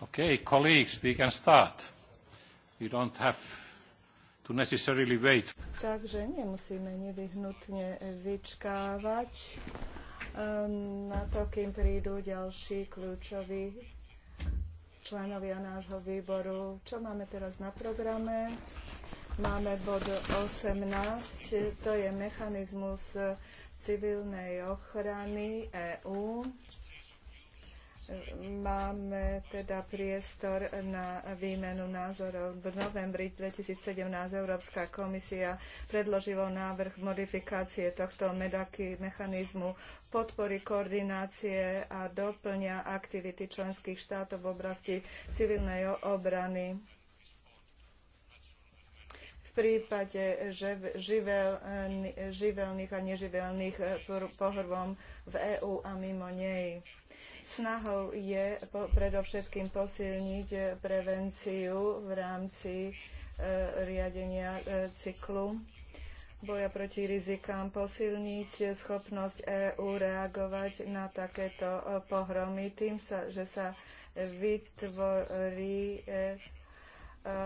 Okay, colleagues, we can start. You don't have to necessarily wait. Takže nemusíme nevyhnutne vyčkávať um, na to, kým prídu ďalší kľúčoví členovia nášho výboru. Čo máme teraz na programe? Máme bod 18, to je mechanizmus civilnej ochrany EÚ. Máme teda priestor na výmenu názorov. V novembri 2017 Európska komisia predložila návrh modifikácie tohto medaky mechanizmu podpory koordinácie a doplňa aktivity členských štátov v oblasti civilnej obrany V prípade živel, živelných a neživelných eh, pohrvom v EÚ a mimo nej. Snahou je po, predovšetkým posilniť prevenciu v rámci e, riadenia e, cyklu boja proti rizikám, posilniť schopnosť EÚ reagovať na takéto e, pohromy tým, sa, že sa vytvorí, e, e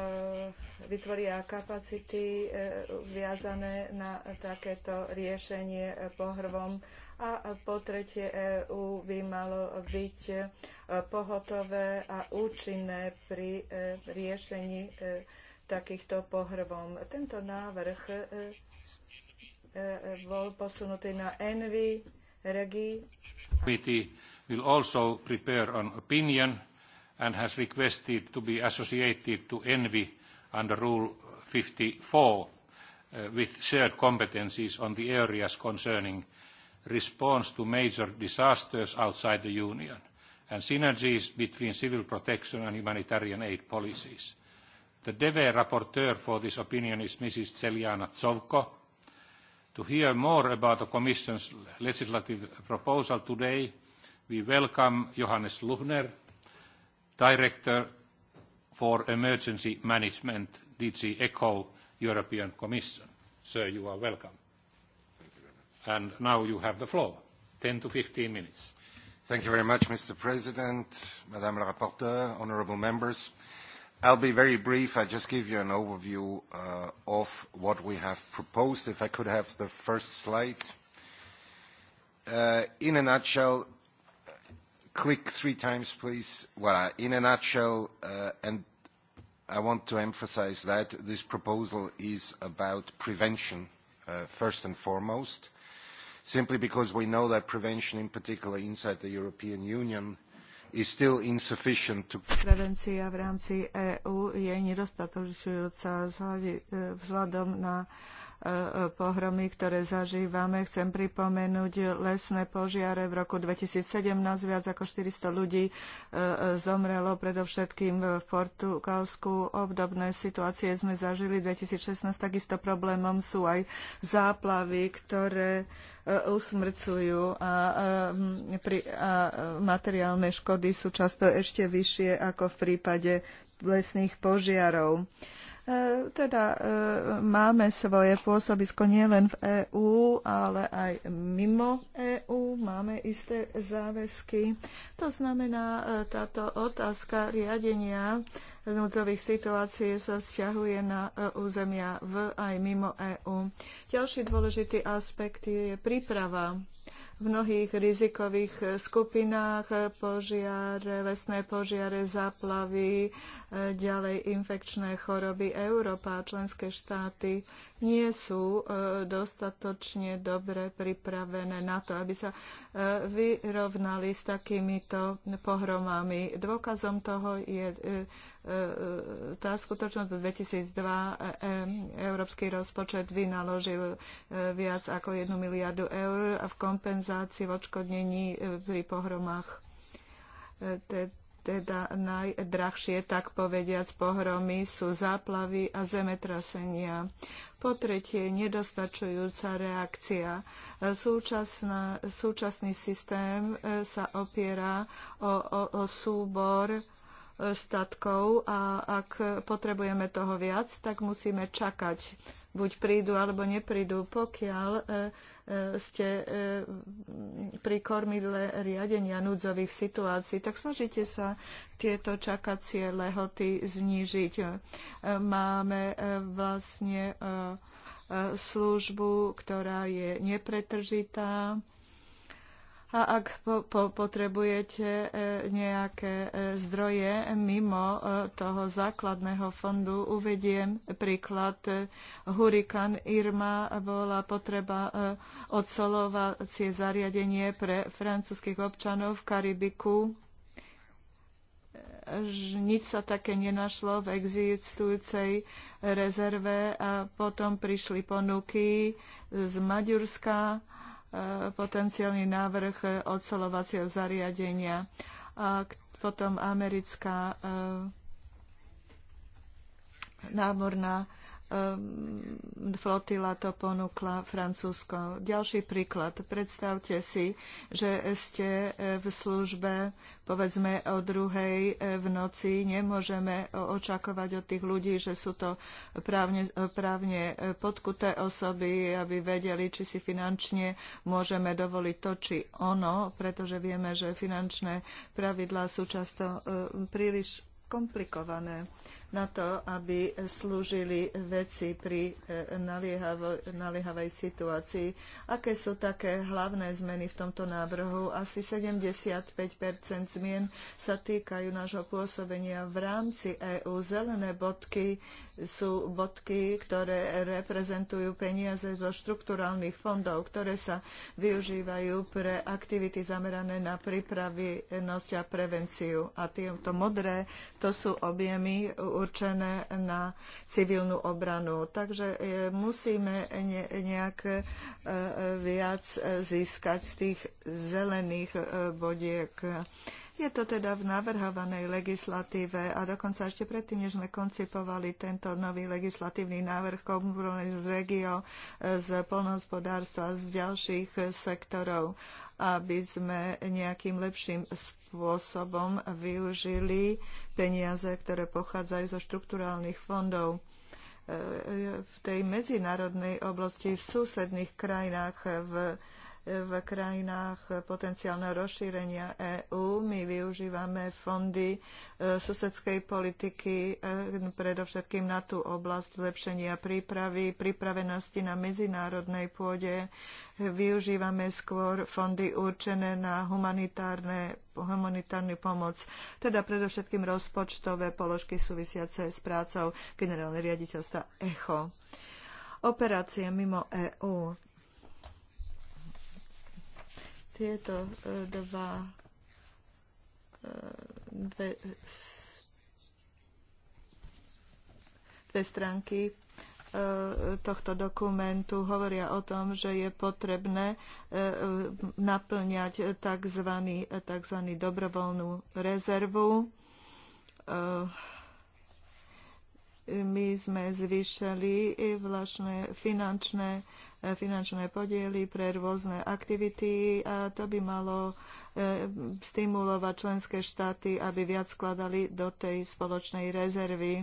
vytvoria kapacity e, viazané na takéto riešenie pohrvom a po tretie EÚ by malo byť e, pohotové a účinné pri e, riešení e, takýchto pohrbom. Tento návrh bol posunutý na Envy, Regi. Committee will also prepare an opinion and has requested to be associated to Envy under Rule 54 uh, with shared competencies on the areas concerning response to major disasters outside the Union and synergies between civil protection and humanitarian aid policies. The DEVE rapporteur for this opinion is Mrs. Celiana Tsovko. To hear more about the Commission's legislative proposal today, we welcome Johannes Luhner, Director for Emergency Management, DG ECHO, European Commission. Sir, you are welcome. And now you have the floor, 10 to 15 minutes. Thank you very much, Mr. President, Madame la Rapporteure, honorable members. I'll be very brief. I'll just give you an overview uh, of what we have proposed. If I could have the first slide. Uh, in a nutshell, uh, click three times, please. Well, uh, in a nutshell, uh, and I want to emphasize that this proposal is about prevention, uh, first and foremost simply because we know that prevention, in particular inside the European Union, is still insufficient to... Prevencia v rámci EÚ je nedostatočujúca eh, vzhľadom na uh, pohromy, ktoré zažívame. Chcem pripomenúť lesné požiare. V roku 2017 viac ako 400 ľudí e, e, zomrelo, predovšetkým v Portugalsku. Obdobné situácie sme zažili v 2016. Takisto problémom sú aj záplavy, ktoré e, usmrcujú a, a materiálne škody sú často ešte vyššie ako v prípade lesných požiarov. E, teda e, máme svoje pôsobisko nielen v EÚ, ale aj mimo EÚ. Máme isté záväzky. To znamená, e, táto otázka riadenia núdzových situácií sa vzťahuje na územia v aj mimo EÚ. Ďalší dôležitý aspekt je príprava v mnohých rizikových eh, skupinách, eh, požiare, lesné požiare, záplavy, eh, ďalej infekčné choroby. Európa a členské štáty nie sú e, dostatočne dobre pripravené na to, aby sa e, vyrovnali s takýmito pohromami. Dôkazom toho je e, tá skutočnosť do 2002 európsky rozpočet vynaložil viac ako 1 miliardu eur a v kompenzácii v odškodnení pri pohromách teda najdrahšie, tak povediac, pohromy sú záplavy a zemetrasenia. Po tretie, nedostačujúca reakcia. Súčasná, súčasný systém e, sa opiera o, o, o súbor e, statkov a ak potrebujeme toho viac, tak musíme čakať buď prídu alebo neprídu. Pokiaľ e, e, ste e, pri kormidle riadenia núdzových situácií, tak snažite sa tieto čakacie lehoty znížiť. Máme vlastne službu, ktorá je nepretržitá a ak po, po, potrebujete e, nejaké e, zdroje mimo e, toho základného fondu, uvediem príklad. Hurikán Irma bola potreba odsolovacie zariadenie pre francúzských občanov v Karibiku nič sa také nenašlo v existujúcej rezerve a potom prišli ponuky z Maďurska, potenciálny návrh odsolovacieho zariadenia a potom americká e, námorná Ehm, flotila to ponúkla Francúzsko. Ďalší príklad. Predstavte si, že ste e, v službe, povedzme o druhej e, v noci. Nemôžeme očakovať od tých ľudí, že sú to právne, e, právne podkuté osoby, aby vedeli, či si finančne môžeme dovoliť to, či ono, pretože vieme, že finančné pravidlá sú často príliš komplikované na to, aby slúžili veci pri e, naliehavej situácii. Aké sú také hlavné zmeny v tomto návrhu? Asi 75 zmien sa týkajú nášho pôsobenia v rámci EÚ. Zelené bodky sú bodky, ktoré reprezentujú peniaze zo štrukturálnych fondov, ktoré sa využívajú pre aktivity zamerané na pripravenosť a prevenciu. A tieto modré, to sú objemy určené na civilnú obranu. Takže e, musíme nejak e, viac získať z tých zelených e, bodiek. Je to teda v navrhovanej legislatíve a dokonca ešte predtým, než sme koncipovali tento nový legislatívny návrh komunizmu z regio, z polnohospodárstva, z ďalších sektorov aby sme nejakým lepším spôsobom využili peniaze, ktoré pochádzajú zo štrukturálnych fondov e, v tej medzinárodnej oblasti, v susedných krajinách, v v krajinách potenciálneho rozšírenia EÚ. My využívame fondy e, susedskej politiky e, predovšetkým na tú oblasť zlepšenia prípravy, pripravenosti na medzinárodnej pôde. Využívame skôr fondy určené na humanitárne, humanitárnu pomoc, teda predovšetkým rozpočtové položky súvisiace s prácou generálne riaditeľstva ECHO. Operácie mimo EÚ tieto e, dva e, dve, dve stránky e, tohto dokumentu hovoria o tom, že je potrebné naplňať tzv. tzv. dobrovoľnú rezervu. My sme zvýšili vlastné finančné finančné podiely pre rôzne aktivity a to by malo e, stimulovať členské štáty, aby viac skladali do tej spoločnej rezervy. E,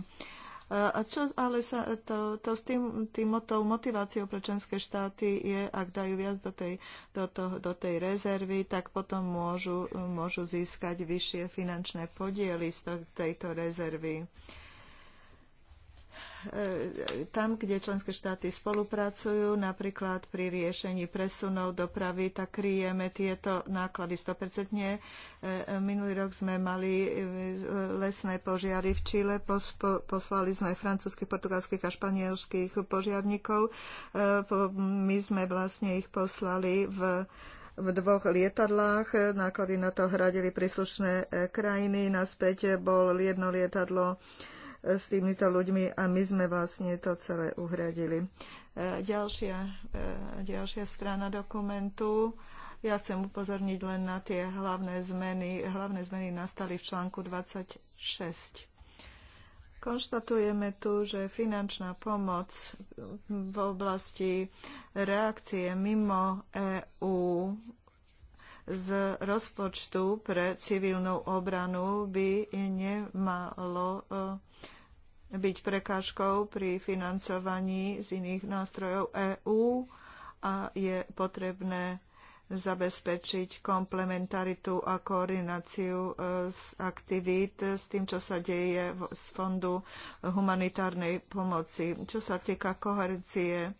a čo ale sa to, to s tým, tým, tou motiváciou pre členské štáty je, ak dajú viac do tej, do, to, do tej rezervy, tak potom môžu, môžu získať vyššie finančné podiely z to, tejto rezervy. E, tam, kde členské štáty spolupracujú, napríklad pri riešení presunov dopravy, tak kryjeme tieto náklady 100%. E, minulý rok sme mali e, lesné požiary v Čile, poslali sme francúzskych, portugalských a španielských požiarníkov. My sme vlastne ich poslali v v dvoch lietadlách. Náklady na to hradili príslušné krajiny. Naspäť bol jedno lietadlo s týmito ľuďmi a my sme vlastne to celé uhradili. E, ďalšia, e, ďalšia strana dokumentu. Ja chcem upozorniť len na tie hlavné zmeny. Hlavné zmeny nastali v článku 26. Konštatujeme tu, že finančná pomoc v oblasti reakcie mimo EÚ z rozpočtu pre civilnú obranu by nemalo eh, byť prekážkou pri financovaní z iných nástrojov EÚ a je potrebné zabezpečiť komplementaritu a koordináciu z eh, aktivít s tým, čo sa deje z Fondu humanitárnej pomoci. Čo sa týka koherencie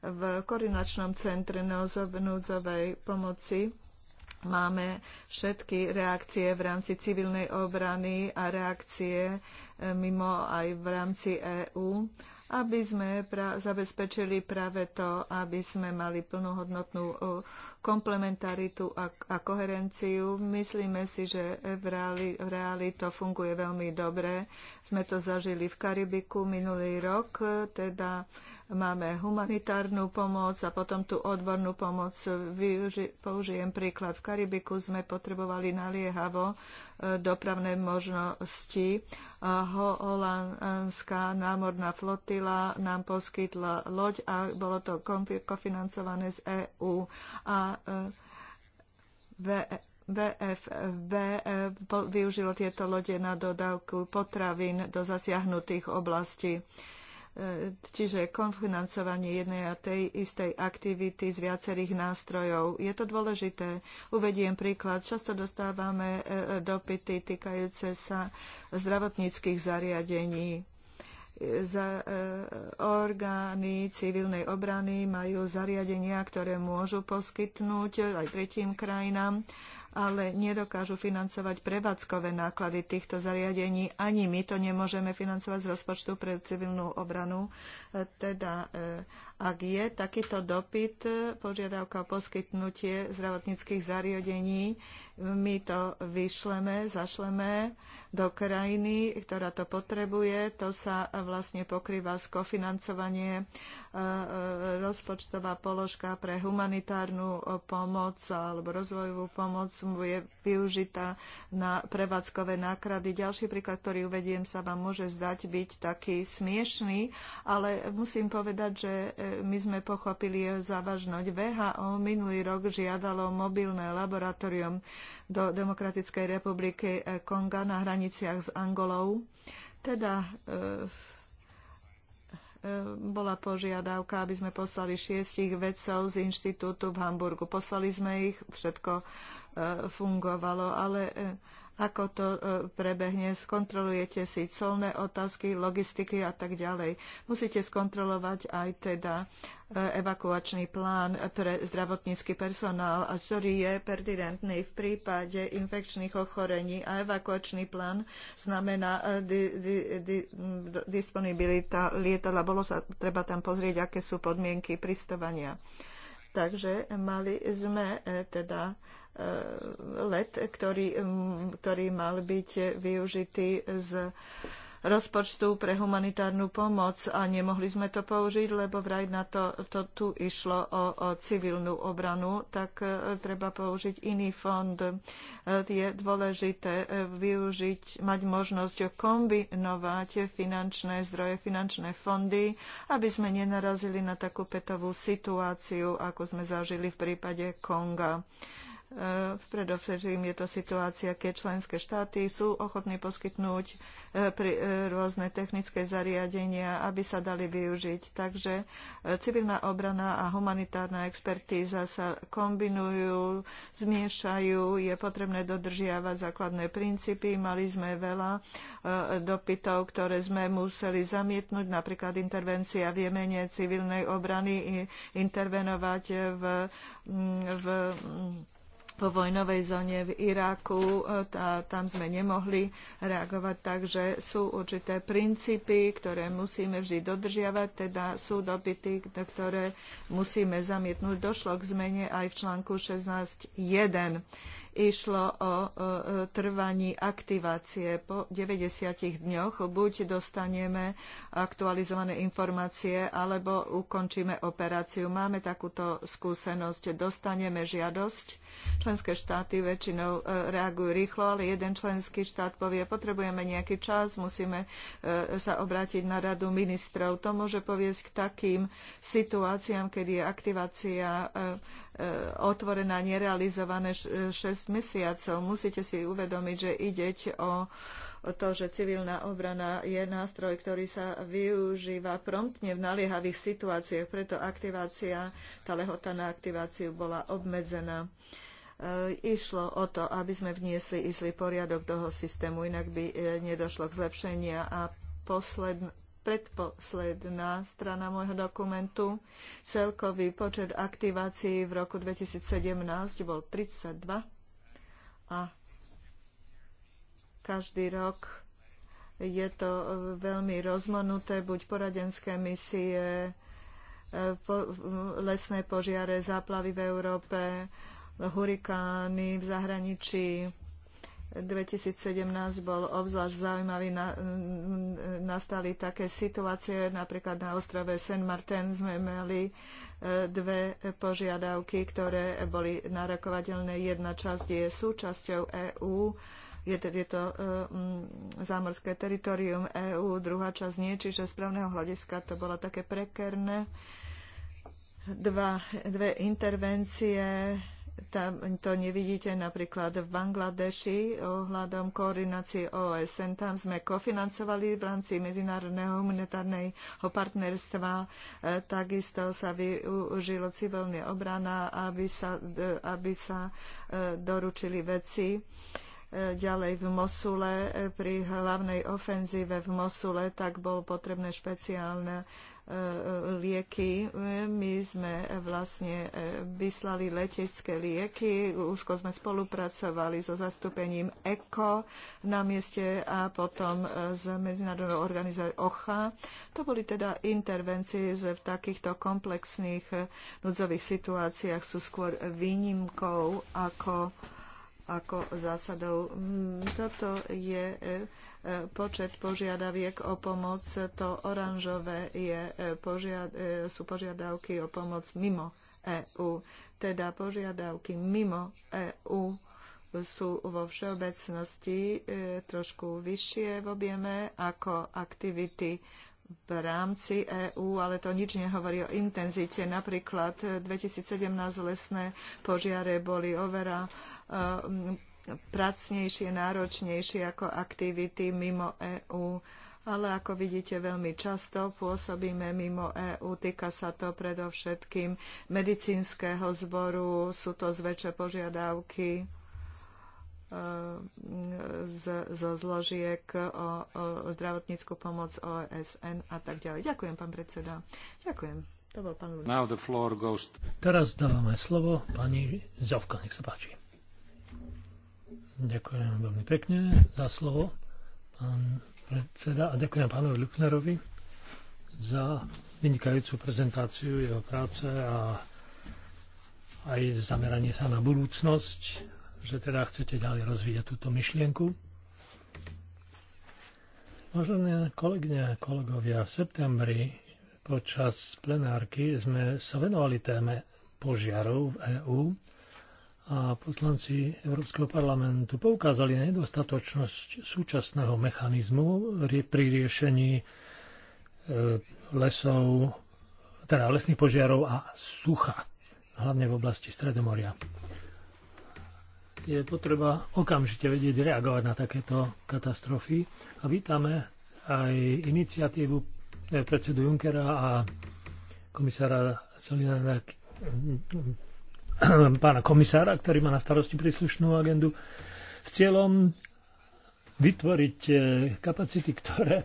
v koordinačnom centre neozovnúdzovej pomoci, máme všetky reakcie v rámci civilnej obrany a reakcie e, mimo aj v rámci EÚ, aby sme pra- zabezpečili práve to, aby sme mali plnohodnotnú e, komplementaritu a, a koherenciu. Myslíme si, že v reáli, v reáli to funguje veľmi dobre. Sme to zažili v Karibiku minulý rok, teda máme humanitárnu pomoc a potom tú odbornú pomoc. Využi- použijem príklad. V Karibiku sme potrebovali naliehavo dopravné možnosti. Holandská námorná flotila nám poskytla loď a bolo to kofinancované z EU A e, VFB e, využilo tieto lode na dodávku potravín do zasiahnutých oblastí čiže konfinancovanie jednej a tej istej aktivity z viacerých nástrojov. Je to dôležité. Uvediem príklad. Často dostávame e, dopity týkajúce sa zdravotníckých zariadení za, e, orgány civilnej obrany majú zariadenia, ktoré môžu poskytnúť aj tretím krajinám ale nedokážu financovať prevádzkové náklady týchto zariadení. Ani my to nemôžeme financovať z rozpočtu pre civilnú obranu. E, teda, e, ak je takýto dopyt, e, požiadavka o poskytnutie zdravotníckých zariadení, my to vyšleme, zašleme do krajiny, ktorá to potrebuje. To sa vlastne pokrýva z kofinancovanie rozpočtová položka pre humanitárnu pomoc alebo rozvojovú pomoc je využitá na prevádzkové náklady. Ďalší príklad, ktorý uvediem, sa vám môže zdať byť taký smiešný, ale musím povedať, že e, my sme pochopili jeho závažnosť. VHO minulý rok žiadalo mobilné laboratórium do Demokratickej republiky e, Konga na hraniciach s Angolou. Teda e, E, bola požiadavka, aby sme poslali šiestich vedcov z inštitútu v Hamburgu. Poslali sme ich, všetko e, fungovalo, ale e, ako to e, prebehne, skontrolujete si colné otázky, logistiky a tak ďalej. Musíte skontrolovať aj teda e, evakuačný plán pre zdravotnícky personál, a ktorý je pertinentný v prípade infekčných ochorení. A evakuačný plán znamená e, di, di, di, disponibilita lietadla. Bolo sa treba tam pozrieť, aké sú podmienky pristovania. Takže mali sme teda let, ktorý, ktorý mal byť využitý z rozpočtu pre humanitárnu pomoc a nemohli sme to použiť, lebo vraj na to, to tu išlo o, o civilnú obranu, tak e, treba použiť iný fond. E, je dôležité e, využiť, mať možnosť kombinovať finančné zdroje, finančné fondy, aby sme nenarazili na takú petovú situáciu, ako sme zažili v prípade Konga. Eh, Predovšetkým je to situácia, keď členské štáty sú ochotní poskytnúť eh, eh, rôzne technické zariadenia, aby sa dali využiť. Takže civilná obrana a humanitárna expertíza sa kombinujú, zmiešajú, je potrebné dodržiavať základné princípy. Mali sme veľa dopytov, ktoré sme museli zamietnúť, napríklad intervencia v Jemene civilnej obrany, intervenovať v, mm, v mm, po vojnovej zóne v Iraku. E, tam sme nemohli reagovať, takže sú určité princípy, ktoré musíme vždy dodržiavať, teda sú dobyty, ktoré musíme zamietnúť. Došlo k zmene aj v článku 16.1 išlo o trvaní aktivácie. Po 90 dňoch buď dostaneme aktualizované informácie, alebo ukončíme operáciu. Máme takúto skúsenosť. Dostaneme žiadosť. Členské štáty väčšinou e, reagujú rýchlo, ale jeden členský štát povie, potrebujeme nejaký čas, musíme e, sa obrátiť na radu ministrov. To môže poviesť k takým situáciám, kedy je aktivácia e, E, otvorená nerealizované 6 e, mesiacov. Musíte si uvedomiť, že ide o to, že civilná obrana je nástroj, ktorý sa využíva promptne v naliehavých situáciách, preto aktivácia, tá lehota na aktiváciu bola obmedzená e, išlo o to, aby sme vniesli istý poriadok toho systému, inak by nedošlo k zlepšenia. A posled, predposledná strana môjho dokumentu. Celkový počet aktivácií v roku 2017 bol 32 a každý rok je to veľmi rozmanuté, buď poradenské misie, lesné požiare, záplavy v Európe, hurikány v zahraničí, 2017 bol obzvlášť zaujímavý. Na, nastali také situácie, napríklad na ostrove Saint Martin sme mali e, dve požiadavky, ktoré boli narakovateľné. Jedna časť je súčasťou EÚ, je, je to e, zámorské teritorium EÚ, druhá časť nie, čiže z právneho hľadiska to bolo také prekerné. Dva, dve intervencie tam to nevidíte napríklad v Bangladeši ohľadom koordinácie OSN. Tam sme kofinancovali v rámci medzinárodného humanitárneho partnerstva. E, takisto sa využilo civilne obrana, aby sa, e, aby sa e, doručili veci ďalej v Mosule, pri hlavnej ofenzíve v Mosule, tak bol potrebné špeciálne lieky. My sme vlastne eh, vyslali letecké lieky, už sme spolupracovali so zastúpením ECO na mieste a potom eh, s medzinárodnou organizáciou OCHA. To boli teda intervencie, že v takýchto komplexných eh, núdzových situáciách sú skôr výnimkou ako ako zásadou. Mm, toto je počet požiadaviek o pomoc. To oranžové je, e, požiad, e, sú požiadavky o pomoc mimo EÚ. Teda požiadavky mimo EÚ sú vo všeobecnosti e, trošku vyššie v objeme ako aktivity v rámci EÚ, ale to nič nehovorí o intenzite. Napríklad 2017 lesné požiare boli overa pracnejšie, náročnejšie ako aktivity mimo EÚ. Ale ako vidíte, veľmi často pôsobíme mimo EÚ. Týka sa to predovšetkým medicínskeho zboru, sú to zväčšie požiadavky e, z, zo zložiek o, o zdravotníckú pomoc OSN a tak ďalej. Ďakujem, pán predseda. Ďakujem. To bol pán Luník. Teraz dávame slovo pani Zovko, nech sa páči. Ďakujem veľmi pekne za slovo, pán predseda, a ďakujem pánovi Luknerovi za vynikajúcu prezentáciu jeho práce a aj zameranie sa na budúcnosť, že teda chcete ďalej rozvíjať túto myšlienku. Vážené kolegyne a kolegovia, v septembri počas plenárky sme sa venovali téme požiarov v EÚ a poslanci Európskeho parlamentu poukázali na nedostatočnosť súčasného mechanizmu pri riešení e, lesov, teda lesných požiarov a sucha, hlavne v oblasti Stredomoria. Je potreba okamžite vedieť reagovať na takéto katastrofy a vítame aj iniciatívu e, predsedu Junckera a komisára Solina pána komisára, ktorý má na starosti príslušnú agendu, s cieľom vytvoriť e, kapacity, ktoré e,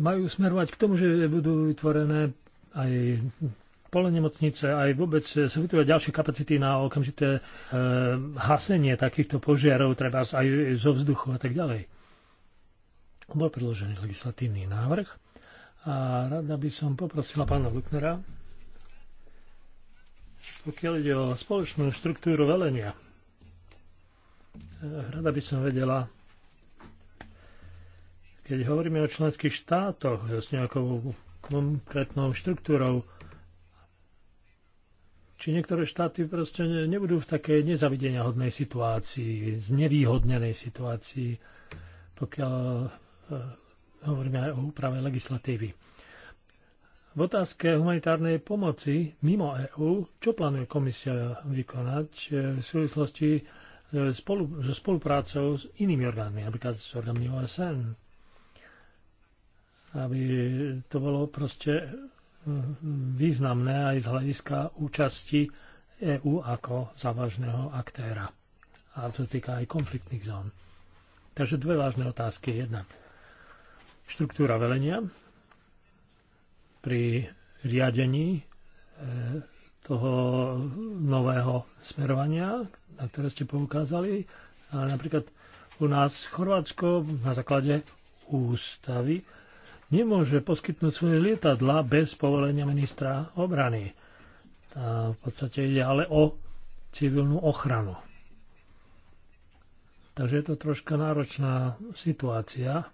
majú smerovať k tomu, že budú vytvorené aj pole nemocnice, aj vôbec sa vytvoria ďalšie kapacity na okamžité e, hasenie takýchto požiarov, treba aj zo vzduchu a tak ďalej. Bol predložený legislatívny návrh a rada by som poprosila pána Luknera, pokiaľ ide o spoločnú štruktúru velenia, eh, rada by som vedela, keď hovoríme o členských štátoch s nejakou konkrétnou štruktúrou, či niektoré štáty proste nebudú v takej nezavidenia hodnej situácii, znevýhodnenej situácii, pokiaľ eh, hovoríme aj o úprave legislatívy. V otázke humanitárnej pomoci mimo EÚ, čo plánuje komisia vykonať e, v súvislosti e, spolu, so spoluprácou s inými orgánmi, napríklad s orgánmi OSN? Aby to bolo proste e, významné aj z hľadiska účasti EÚ ako závažného aktéra. A to týka aj konfliktných zón. Takže dve vážne otázky. Jednak štruktúra velenia pri riadení e, toho nového smerovania, na ktoré ste poukázali. Ale napríklad u nás Chorvátsko na základe ústavy nemôže poskytnúť svoje lietadla bez povolenia ministra obrany. A v podstate ide ale o civilnú ochranu. Takže je to troška náročná situácia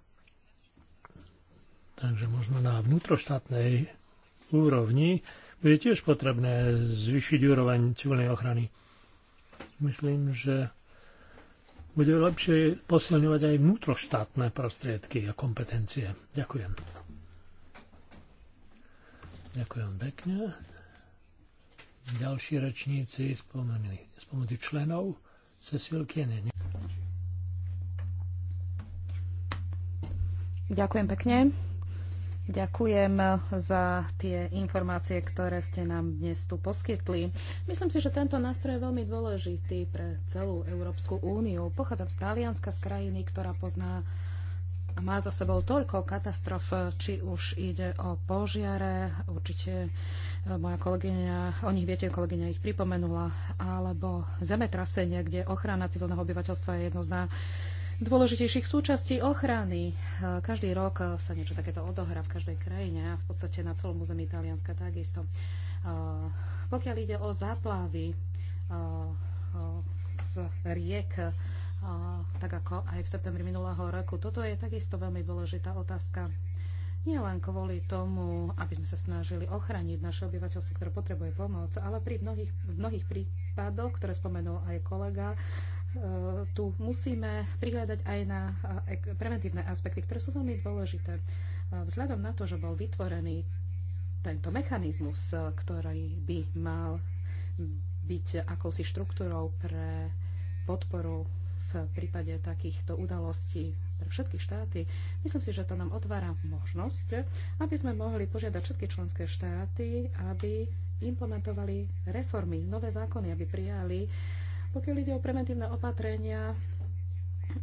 Takže možno na vnútroštátnej úrovni bude tiež potrebné zvyšiť úroveň civilnej ochrany. Myslím, že bude lepšie posilňovať aj vnútroštátne prostriedky a kompetencie. Ďakujem. Ďakujem pekne. Ďalší rečníci spomenuli pomoci členov Cecil Kienen. Ďakujem pekne. Ďakujem za tie informácie, ktoré ste nám dnes tu poskytli. Myslím si, že tento nástroj je veľmi dôležitý pre celú Európsku úniu. Pochádzam z Talianska, z krajiny, ktorá pozná a má za sebou toľko katastrof, či už ide o požiare, určite e, moja kolegyňa, o nich viete, kolegyňa ich pripomenula, alebo zemetrasenie, kde ochrana civilného obyvateľstva je jedno dôležitejších súčastí ochrany. E, Každý rok e, sa niečo takéto odohrá v každej krajine a v podstate na celom území Talianska takisto. E, Pokiaľ ide o záplavy z riek, tak ako aj v septembri minulého roku, toto je takisto veľmi dôležitá otázka. Nie len kvôli tomu, aby sme sa snažili ochraniť naše obyvateľstvo, ktoré potrebuje pomoc, ale pri mnohých, v mnohých prípadoch, ktoré spomenul aj kolega, Eh, tu musíme prihľadať aj na eh, preventívne aspekty, ktoré sú veľmi dôležité. Eh, vzhľadom na to, že bol vytvorený tento mechanizmus, ktorý by mal byť akousi štruktúrou pre podporu v prípade takýchto udalostí pre všetky štáty, myslím si, že to nám otvára možnosť, aby sme mohli požiadať všetky členské štáty, aby implementovali reformy, nové zákony, aby prijali pokiaľ ide o preventívne opatrenia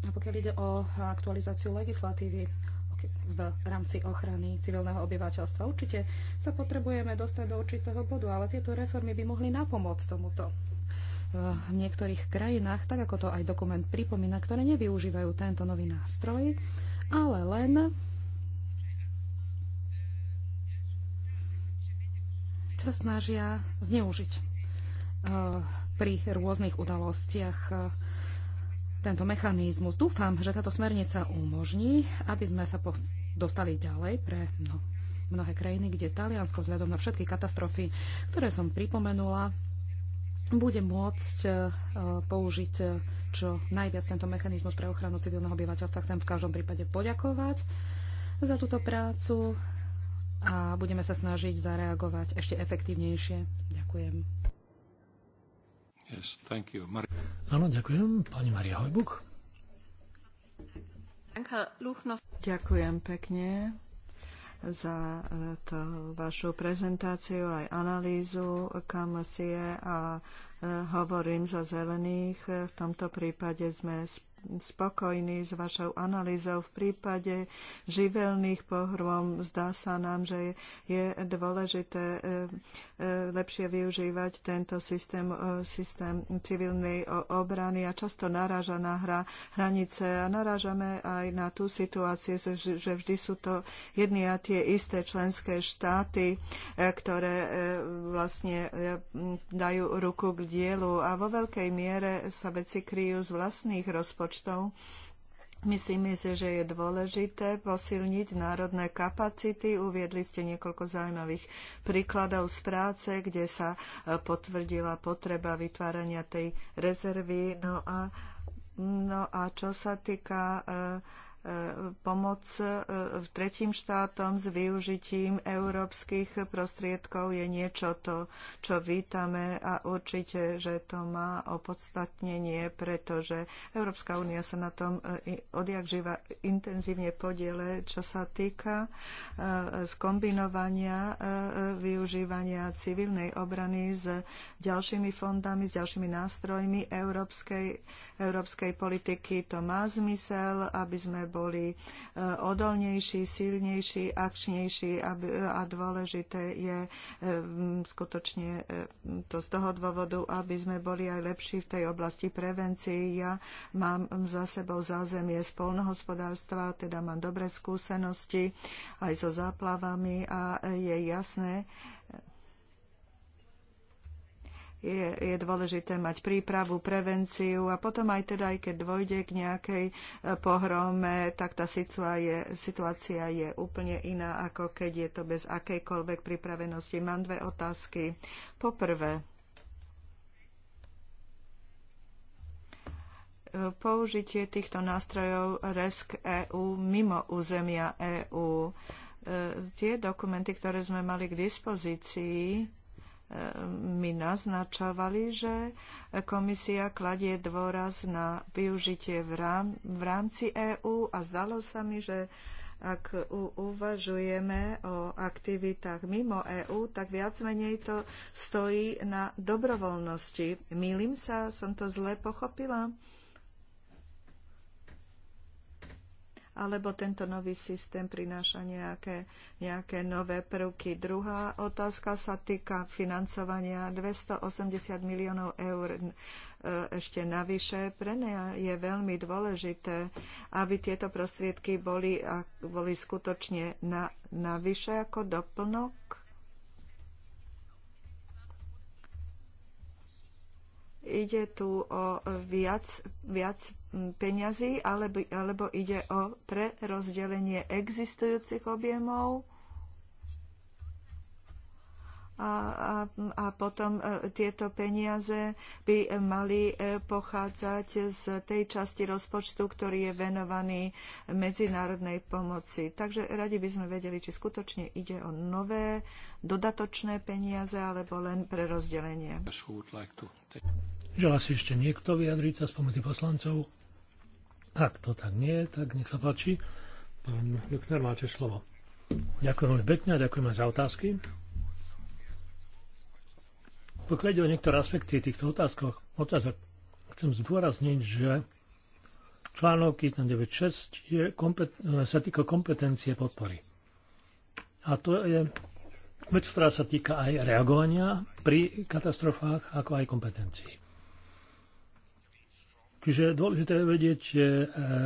a pokiaľ ide o aktualizáciu legislatívy v rámci ochrany civilného obyvateľstva, určite sa potrebujeme dostať do určitého bodu, ale tieto reformy by mohli napomôcť tomuto v niektorých krajinách, tak ako to aj dokument pripomína, ktoré nevyužívajú tento nový nástroj, ale len sa snažia zneužiť eh, pri rôznych udalostiach e, tento mechanizmus. Dúfam, že táto smernica umožní, aby sme sa po- dostali ďalej pre no, mnohé krajiny, kde Taliansko vzhľadom na všetky katastrofy, ktoré som pripomenula, bude môcť uh, použiť e, čo najviac tento mechanizmus pre ochranu civilného obyvateľstva. Chcem v každom prípade poďakovať za túto prácu a budeme sa snažiť zareagovať ešte efektívnejšie. Ďakujem. Yes, thank you. Mar- Áno, ďakujem. Pani Maria Hojbuk. Ďakujem pekne za e, to vašu prezentáciu aj analýzu Kamasie a e, hovorím za zelených. E, v tomto prípade sme spokojní s vašou analýzou. V prípade živelných pohrom. zdá sa nám, že je dôležité e, e, lepšie využívať tento systém, e, systém civilnej obrany a často naráža na hra, hranice a narážame aj na tú situáciu, že vždy sú to jedny a tie isté členské štáty, ktoré vlastne dajú ruku k dielu a vo veľkej miere sa veci kryjú z vlastných rozpočtov rozpočtov. Myslíme si, že je dôležité posilniť národné kapacity. Uviedli ste niekoľko zaujímavých príkladov z práce, kde sa e, potvrdila potreba vytvárania tej rezervy. No a, no a čo sa týka uh, pomoc e, v tretím štátom s využitím európskych prostriedkov je niečo to, čo vítame a určite, že to má opodstatnenie, pretože Európska únia sa na tom e, odjak živa intenzívne podiele, čo sa týka e, skombinovania využívania civilnej obrany s ďalšími fondami, s ďalšími nástrojmi európskej, európskej politiky. To má zmysel, aby sme boli e, odolnejší, silnejší, akčnejší a dôležité je e, skutočne e, to z toho dôvodu, aby sme boli aj lepší v tej oblasti prevencie. Ja mám za sebou zázemie spolnohospodárstva, teda mám dobré skúsenosti aj so záplavami a je jasné, je, je dôležité mať prípravu, prevenciu a potom aj teda, aj keď dôjde k nejakej eh, pohrome, tak tá situácia je, situácia je úplne iná, ako keď je to bez akejkoľvek pripravenosti. Mám dve otázky. Poprvé, eh, použitie týchto nástrojov RESK EU mimo územia EU. Eh, tie dokumenty, ktoré sme mali k dispozícii, mi naznačovali, že komisia kladie dôraz na využitie v, rám, v rámci EÚ a zdalo sa mi, že ak uvažujeme o aktivitách mimo EÚ, tak viac menej to stojí na dobrovoľnosti. Mýlim sa, som to zle pochopila. alebo tento nový systém prináša nejaké, nejaké nové prvky. Druhá otázka sa týka financovania 280 miliónov eur e, ešte navyše. Pre ne je veľmi dôležité, aby tieto prostriedky boli, boli skutočne na, navyše ako doplnok Ide tu o viac, viac peňazí, alebo, alebo ide o prerozdelenie existujúcich objemov a, a, a potom e, tieto peniaze by e, mali e, pochádzať z tej časti rozpočtu, ktorý je venovaný medzinárodnej pomoci. Takže radi by sme vedeli, či skutočne ide o nové dodatočné peniaze alebo len pre rozdelenie. Želá si ešte niekto vyjadriť sa spomedzi poslancov? Ak to tak nie, tak nech sa páči. Pán Lukner, máte slovo. Ďakujem veľmi pekne a ďakujeme za otázky. Pokiaľ ide o niektoré aspekty týchto otázkoch, otázok, chcem zdôrazniť, že článok 196 je kompet- sa týka kompetencie podpory. A to je vec, ktorá sa týka aj reagovania pri katastrofách, ako aj kompetencií. Čiže dôležité je vedieť e,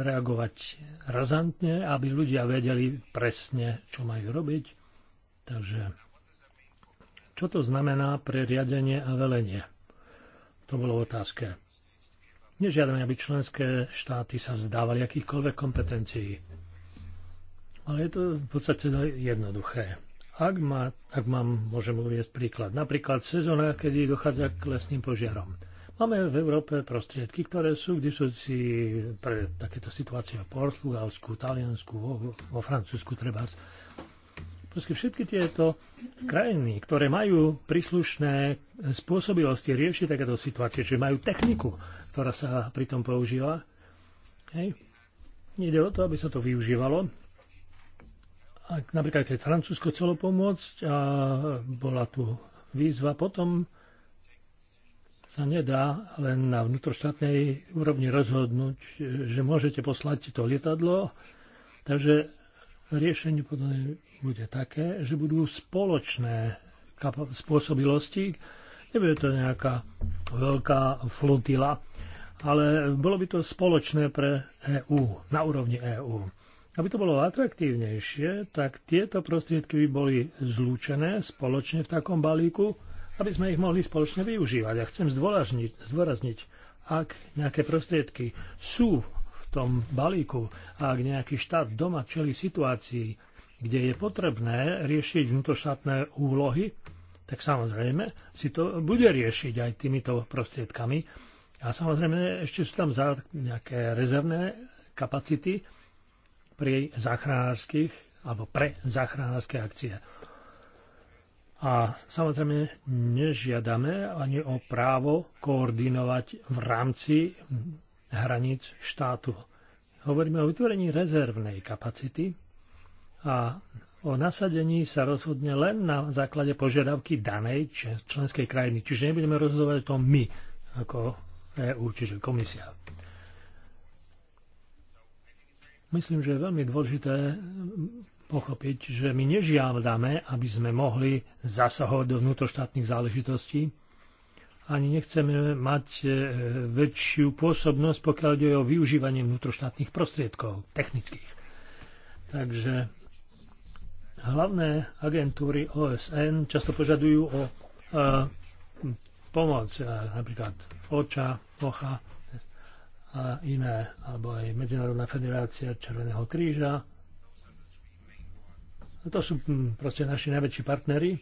reagovať razantne, aby ľudia vedeli presne, čo majú robiť. Takže čo to znamená pre riadenie a velenie? To bolo otázka. Nežiadame, aby členské štáty sa vzdávali akýchkoľvek kompetencií. Ale je to v podstate teda jednoduché. Ak, má, ak mám, môžem uvieť príklad. Napríklad sezóna, kedy dochádza k lesným požiarom. Máme v Európe prostriedky, ktoré sú k disúcii pre takéto situácie v Portugalsku, Taliansku, vo, vo Francúzsku treba všetky tieto krajiny, ktoré majú príslušné spôsobilosti riešiť takéto situácie, že majú techniku, ktorá sa pritom používa. Hej. Nejde o to, aby sa to využívalo. A napríklad, keď Francúzsko chcelo pomôcť a bola tu výzva, potom sa nedá len na vnútroštátnej úrovni rozhodnúť, že môžete poslať to lietadlo. Takže Riešenie potom bude také, že budú spoločné spôsobilosti, nebude to nejaká veľká flotila, ale bolo by to spoločné pre EÚ, na úrovni EÚ. Aby to bolo atraktívnejšie, tak tieto prostriedky by boli zlúčené spoločne v takom balíku, aby sme ich mohli spoločne využívať. Ja chcem zdôrazniť, zdôrazniť ak nejaké prostriedky sú tom balíku. ak nejaký štát doma čeli situácii, kde je potrebné riešiť vnútoštátne úlohy, tak samozrejme si to bude riešiť aj týmito prostriedkami. A samozrejme ešte sú tam nejaké rezervné kapacity pri záchranárskych alebo pre záchranárske akcie. A samozrejme nežiadame ani o právo koordinovať v rámci hraníc štátu. Hovoríme o vytvorení rezervnej kapacity a o nasadení sa rozhodne len na základe požiadavky danej členskej krajiny. Čiže nebudeme rozhodovať to my ako EU, čiže komisia. Myslím, že je veľmi dôležité pochopiť, že my nežiadame, aby sme mohli zasahovať do vnútroštátnych záležitostí, ani nechceme mať e, väčšiu pôsobnosť, pokiaľ ide o využívanie vnútroštátnych prostriedkov technických. Takže hlavné agentúry OSN často požadujú o e, pomoc, e, napríklad OČA, OCHA a iné, alebo aj Medzinárodná federácia Červeného kríža. A to sú proste naši najväčší partnery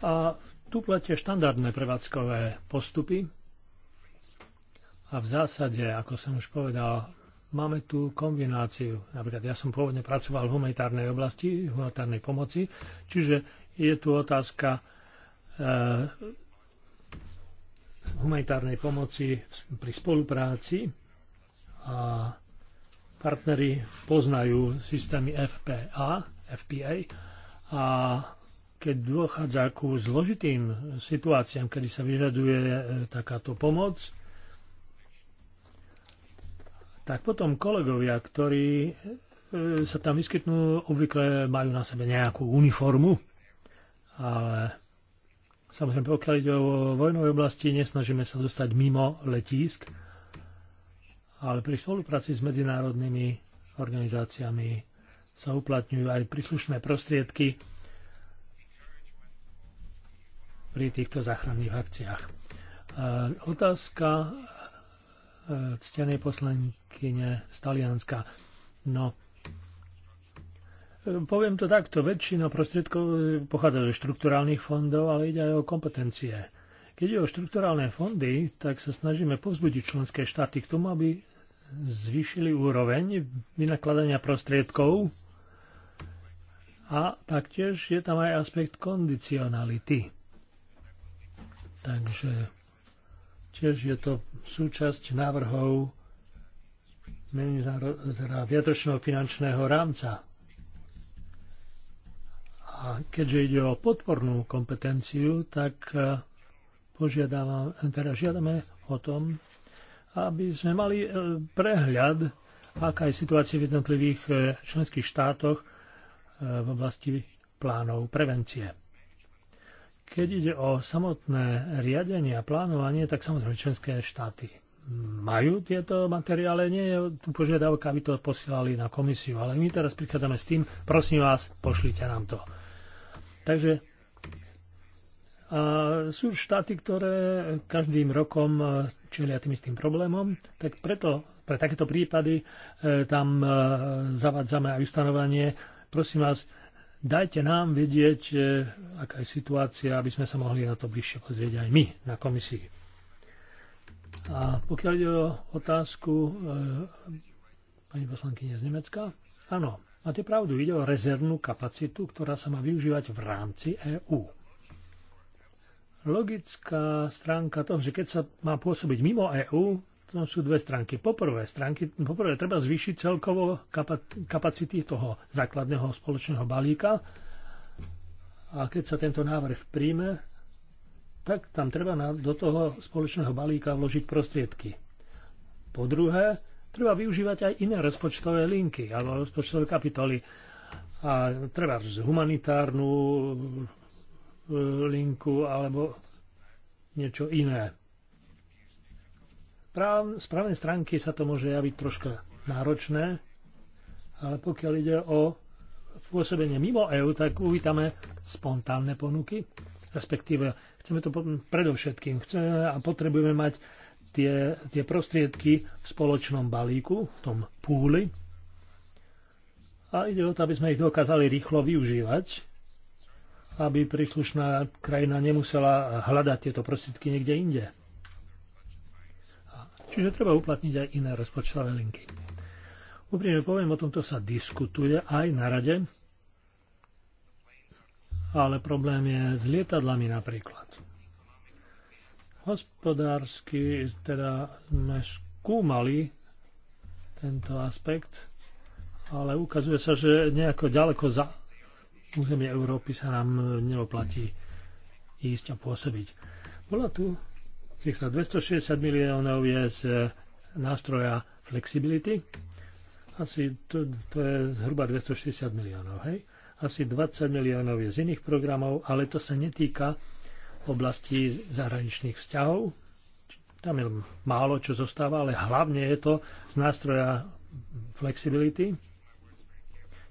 A tu platia štandardné prevádzkové postupy. A v zásade, ako som už povedal, máme tu kombináciu. Napríklad ja som pôvodne pracoval v humanitárnej oblasti, v humanitárnej pomoci, čiže je tu otázka e, humanitárnej pomoci pri spolupráci a partneri poznajú systémy FPA, FPA a keď dochádza ku zložitým situáciám, kedy sa vyžaduje e, takáto pomoc, tak potom kolegovia, ktorí e, sa tam vyskytnú, obvykle majú na sebe nejakú uniformu, ale samozrejme pokiaľ ide o vojnové oblasti, nesnažíme sa dostať mimo letísk, ale pri spolupráci s medzinárodnými organizáciami sa uplatňujú aj príslušné prostriedky, pri týchto záchranných akciách. Otázka e, ctenej poslankyne z Talianska. No, e, poviem to takto, väčšina prostriedkov e, pochádza zo štrukturálnych fondov, ale ide aj o kompetencie. Keď je o štrukturálne fondy, tak sa snažíme povzbudiť členské štáty k tomu, aby zvýšili úroveň vynakladania prostriedkov a taktiež je tam aj aspekt kondicionality. Takže tiež je to súčasť návrhov viatočného finančného rámca. A keďže ide o podpornú kompetenciu, tak eh, teda žiadame o tom, aby sme mali eh, prehľad, aká je situácia v jednotlivých eh, členských štátoch v oblasti plánov prevencie. Keď ide o samotné riadenie a plánovanie, tak samozrejme členské štáty majú tieto materiály, nie je tu požiadavka, aby to posielali na komisiu, ale my teraz prichádzame s tým, prosím vás, pošlite nám to. Takže a sú štáty, ktoré každým rokom čelia tým istým problémom, tak preto pre takéto prípady e, tam e, zavádzame aj ustanovanie, prosím vás, Dajte nám vedieť, e, aká je situácia, aby sme sa mohli na to bližšie pozrieť aj my na komisii. A pokiaľ ide o otázku e, pani poslankyne z Nemecka, áno, máte pravdu, ide o rezervnú kapacitu, ktorá sa má využívať v rámci EÚ logická stránka toho, že keď sa má pôsobiť mimo EÚ, tam no, sú dve stránky. Poprvé, stránky, poprvé treba zvýšiť celkovo kapacity toho základného spoločného balíka a keď sa tento návrh príjme, tak tam treba na, do toho spoločného balíka vložiť prostriedky. Po druhé, treba využívať aj iné rozpočtové linky alebo rozpočtové kapitoly. A treba z humanitárnu e, linku alebo niečo iné správ, správnej stránky sa to môže javiť troška náročné, ale pokiaľ ide o pôsobenie mimo EÚ, tak uvítame spontánne ponuky, respektíve chceme to predovšetkým, chceme a potrebujeme mať tie, tie prostriedky v spoločnom balíku, v tom púli. A ide o to, aby sme ich dokázali rýchlo využívať, aby príslušná krajina nemusela hľadať tieto prostriedky niekde inde. Čiže treba uplatniť aj iné rozpočtové linky. Úprimne poviem, o tomto sa diskutuje aj na rade, ale problém je s lietadlami napríklad. Hospodársky teda sme skúmali tento aspekt, ale ukazuje sa, že nejako ďaleko za územie Európy sa nám neoplatí ísť a pôsobiť. Bola tu Cifra 260 miliónov je z e, nástroja flexibility. Asi to, to je zhruba 260 miliónov, hej? Asi 20 miliónov je z iných programov, ale to sa netýka oblasti zahraničných vzťahov. Tam je málo čo zostáva, ale hlavne je to z nástroja flexibility.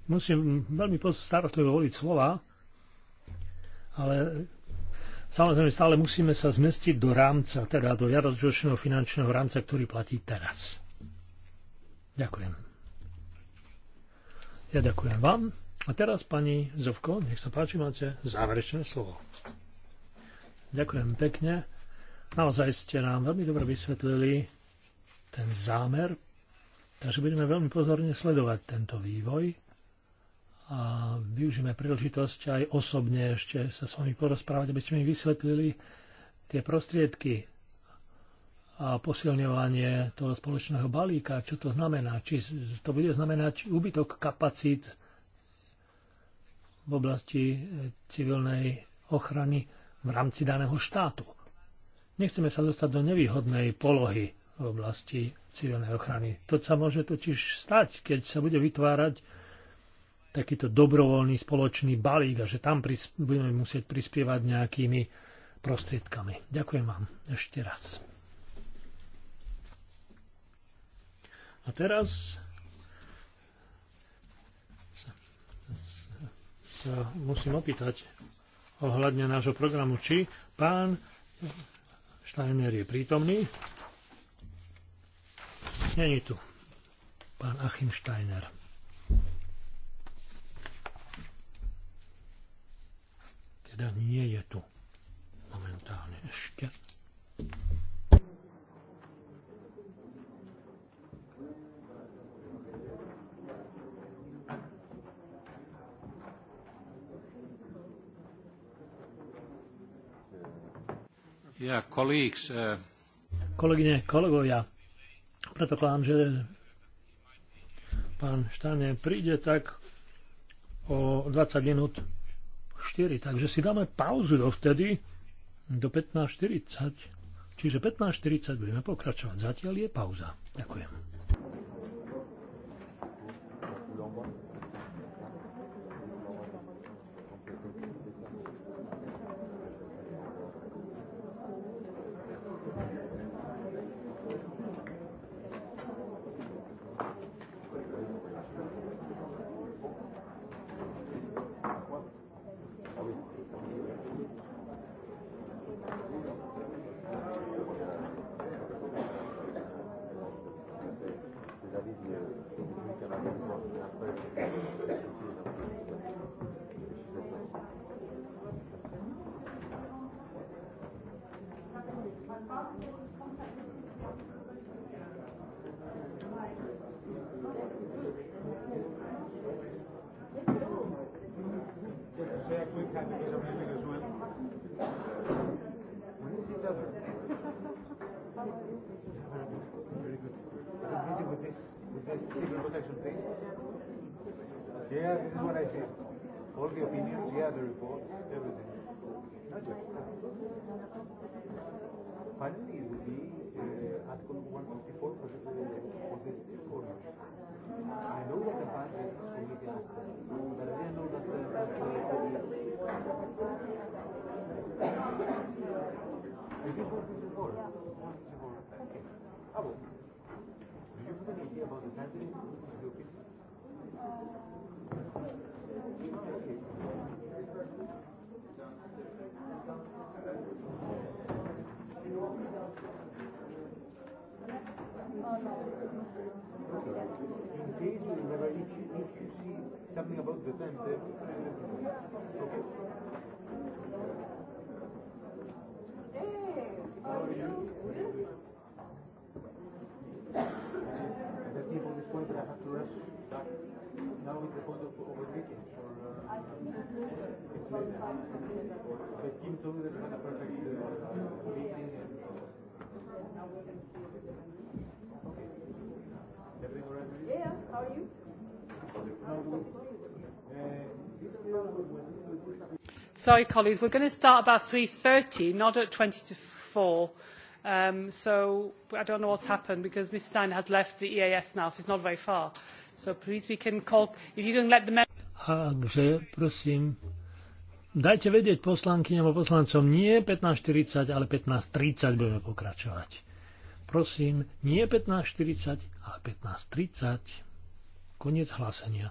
Musím veľmi starostlivo voliť slova, ale Samozrejme, stále musíme sa zmestiť do rámca, teda do jaročného finančného rámca, ktorý platí teraz. Ďakujem. Ja ďakujem vám. A teraz, pani Zovko, nech sa páči, máte záverečné slovo. Ďakujem pekne. Naozaj ste nám veľmi dobre vysvetlili ten zámer, takže budeme veľmi pozorne sledovať tento vývoj a využijeme príležitosť aj osobne ešte sa s vami porozprávať, aby ste mi vysvetlili tie prostriedky a posilňovanie toho spoločného balíka, čo to znamená. Či to bude znamenať úbytok kapacít v oblasti eh, civilnej ochrany v rámci daného štátu. Nechceme sa dostať do nevýhodnej polohy v oblasti civilnej ochrany. To sa môže totiž stať, keď sa bude vytvárať takýto dobrovoľný spoločný balík a že tam budeme musieť prispievať nejakými prostriedkami. Ďakujem vám ešte raz. A teraz sa musím opýtať ohľadne nášho programu, či pán Steiner je prítomný. Není tu pán Achim Steiner. teda nie je tu momentálne ešte. Yeah, eh, uh... Kolegyne, kolegovia, predpokladám, že pán Štáne príde tak o 20 minút 4, takže si dáme pauzu dovtedy do 15.40. Čiže 15.40 budeme pokračovať. Zatiaľ je pauza. Ďakujem. Finally, it will be uh, Article 154 for this, uh, for this ordinance. I know that the bank is committee but I didn't know that the It is 154. 154. Okay. Ah, well. Do you have an idea about the time that it will Okay. In case you remember, if you, see something about the sense, okay. Hey, how are you? I just leave this point, but I have to rush back. Now is the point of overtaking, or uh, it's later. But Kim told me that you had a perfect sorry colleagues we are going to start about. three thirty not at twenty to four um, so i don't know what's happened because ms stein has left the eas now so it's not very far so please we can call if you can let the Takže, prosím, dajte vedieť poslankyňam a poslancom nie 15.40, ale 15.30 budeme pokračovať. Prosím, nie 15.40, ale 15.30. Koniec hlásenia.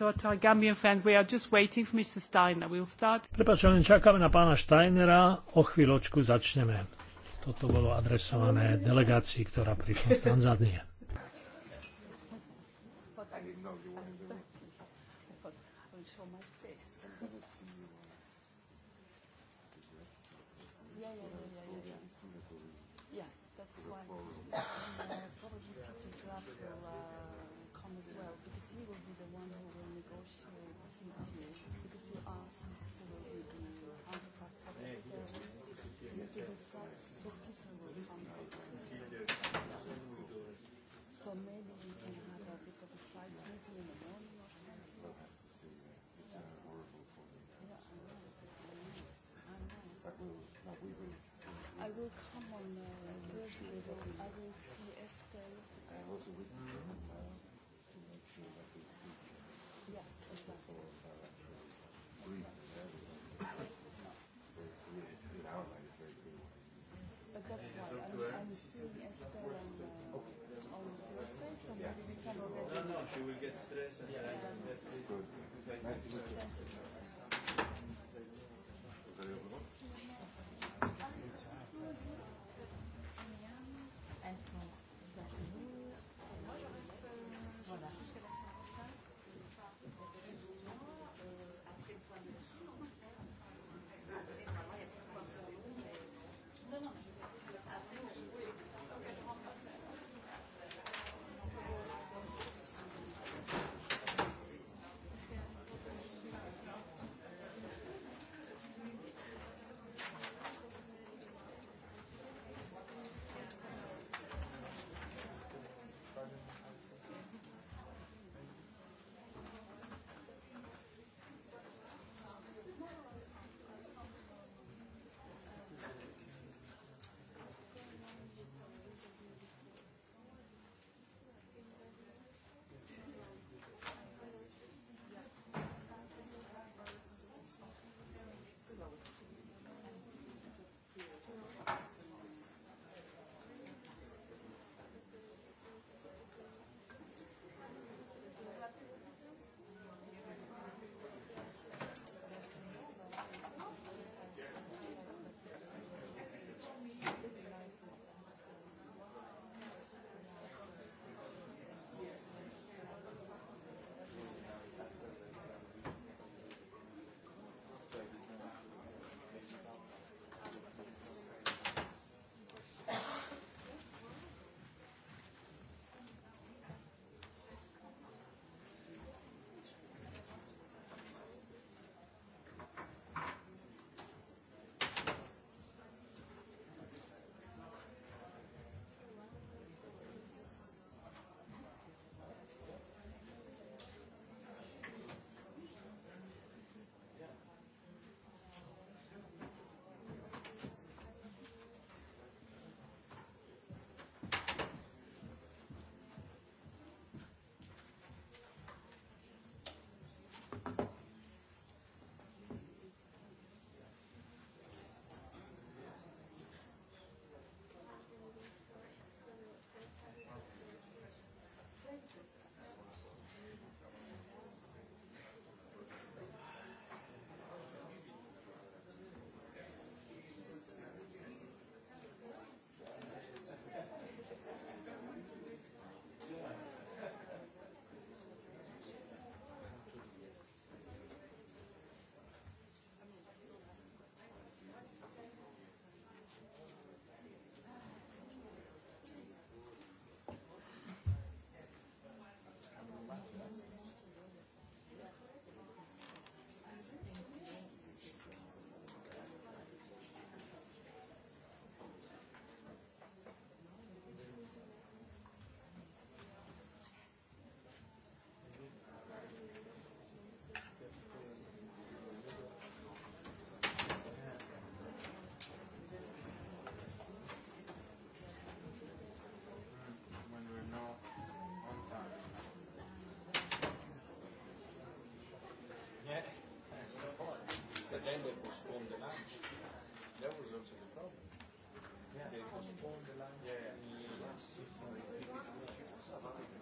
Prepačte, len čakáme na pána Steinera. O chvíľočku začneme. Toto bolo adresované delegácii, ktorá prišla z Tanzánie. get stressed and then I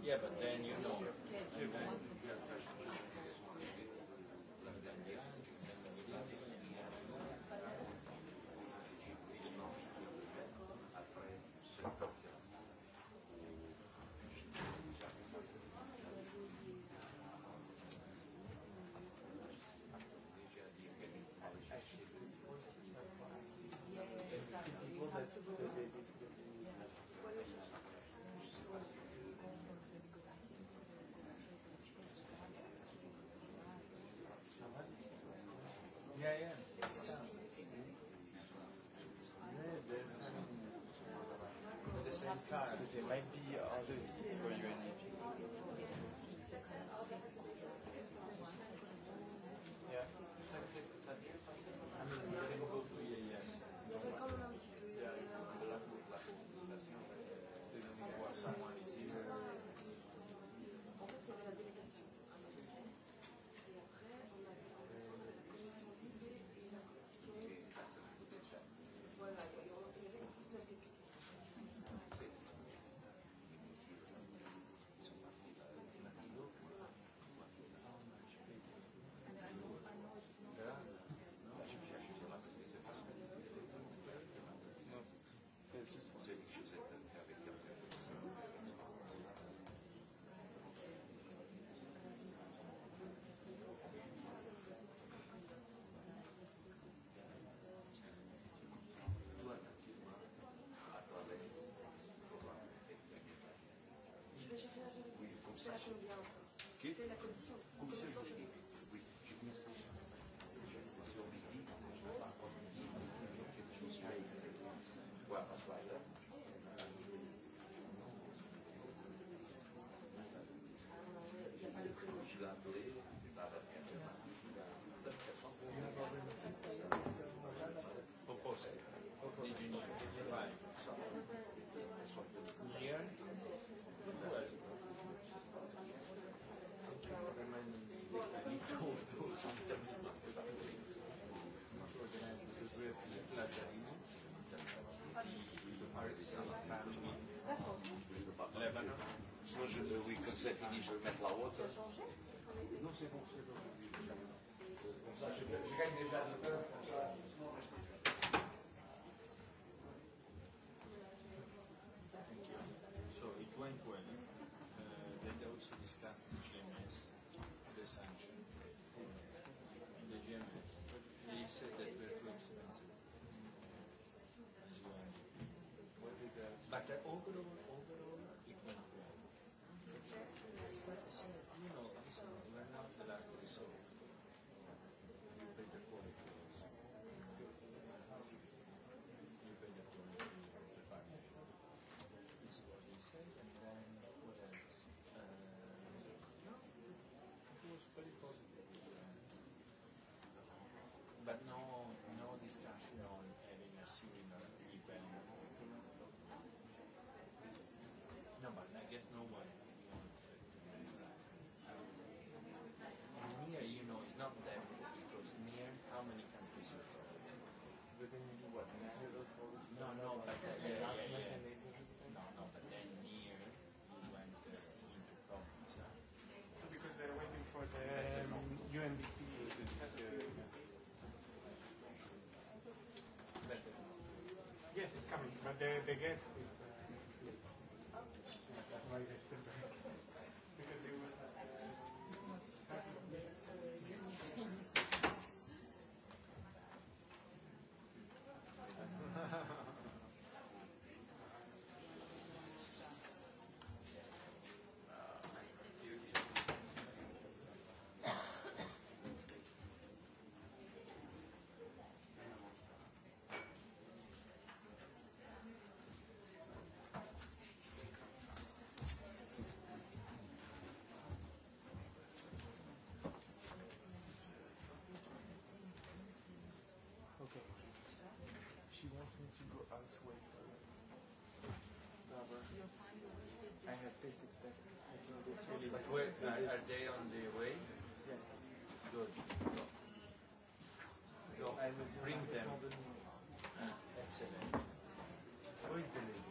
Yeah, but then you know. same time, there might be other uh, seats for you and me. Qui C'est la commission. Commission, fini, je vais mettre la haute. Non, c'est bon, c'est bon. Comme ça, je, je gagne déjà de peur. but then you do what? No, no, but like, yeah, No, but no, then near you went so because they're waiting for the um, UNDP. Yes, it's coming, but the, the guest is. Uh, that's why they're still back. to go out way further. I have this expected. But where, uh, are, are they on the way? Yes. Good. Go. Go. I will bring them. excellent. Who is the lady?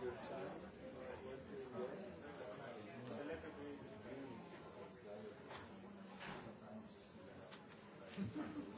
Thank you.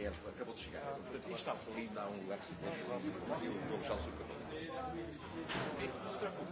IEF acabou de chegar. Portanto, isto está-se lindo, há um lugar lexicon, um novo já super. Sim, não se preocupe.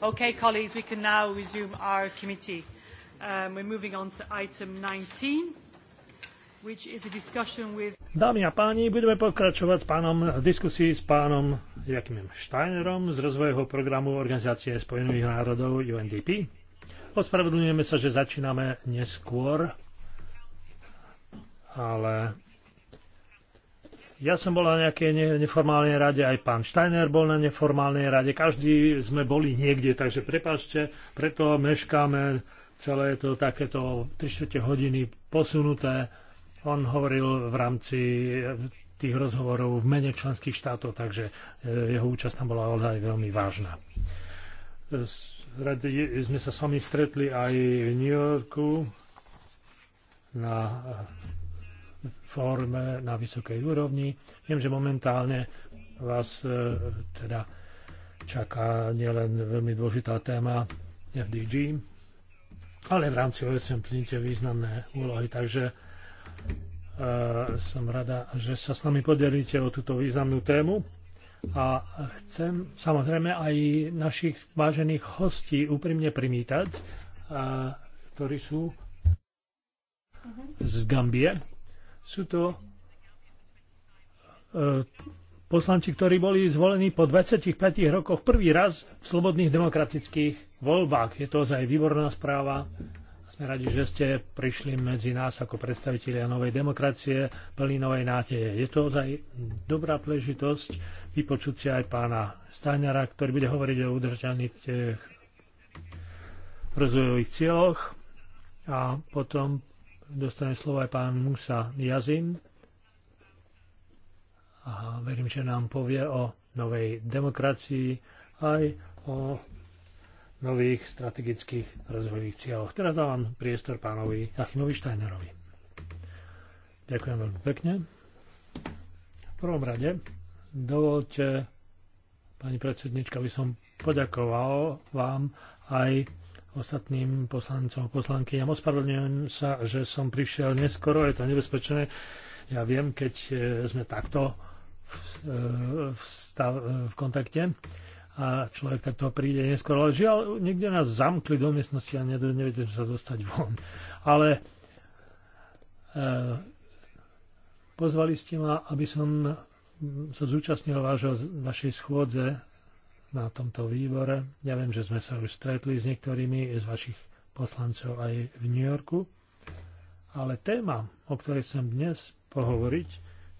Okay, colleagues, we can now resume our committee. Um, we're moving on to item 19, which is a discussion with... Dámy a páni, budeme pokračovať s pánom v diskusii s pánom Jakimem Steinerom z rozvojového programu Organizácie spojených národov UNDP. Ospravedlňujeme sa, že začíname neskôr, ale ja som bol na nejakej neformálnej rade, aj pán Steiner bol na neformálnej rade, každý sme boli niekde, takže prepáčte, preto meškáme, celé to takéto 3 hodiny posunuté. On hovoril v rámci eh, tých rozhovorov v mene členských štátov, takže eh, jeho účasť tam bola aj veľmi vážna. Radi sme sa s vami stretli aj v New Yorku na forme na vysokej úrovni. Viem, že momentálne vás e, teda čaká nielen veľmi dôležitá téma FDG, ale v rámci OSM plníte významné úlohy, takže e, som rada, že sa s nami podelíte o túto významnú tému a chcem samozrejme aj našich vážených hostí úprimne primítať, e, ktorí sú z Gambie. Sú to e, poslanci, ktorí boli zvolení po 25 rokoch prvý raz v slobodných demokratických voľbách. Je to ozaj výborná správa. Sme radi, že ste prišli medzi nás ako predstavitelia novej demokracie, plný novej nádeje. Je to ozaj dobrá príležitosť vypočuť si aj pána Stajnera, ktorý bude hovoriť o udržaných e, rozvojových cieľoch a potom dostane slovo aj pán Musa Jazin a verím, že nám povie o novej demokracii aj o nových strategických rozvojových cieľoch. Teraz dávam priestor pánovi Achimovi Štajnerovi. Ďakujem veľmi pekne. V prvom rade dovolte, pani predsednička, by som poďakoval vám aj ostatným poslancom a poslanky, ja Ospravedlňujem sa, že som prišiel neskoro, je to nebezpečné. Ja viem, keď e, sme takto v, e, v, stav, e, v kontakte a človek takto príde neskoro. Ale žiaľ, niekde nás zamkli do miestnosti a nevedete sa dostať von. Ale pozvali ste ma, aby som sa zúčastnil vašej schôdze na tomto výbore. Ja viem, že sme sa už stretli s niektorými z vašich poslancov aj v New Yorku. Ale téma, o ktorej chcem dnes pohovoriť,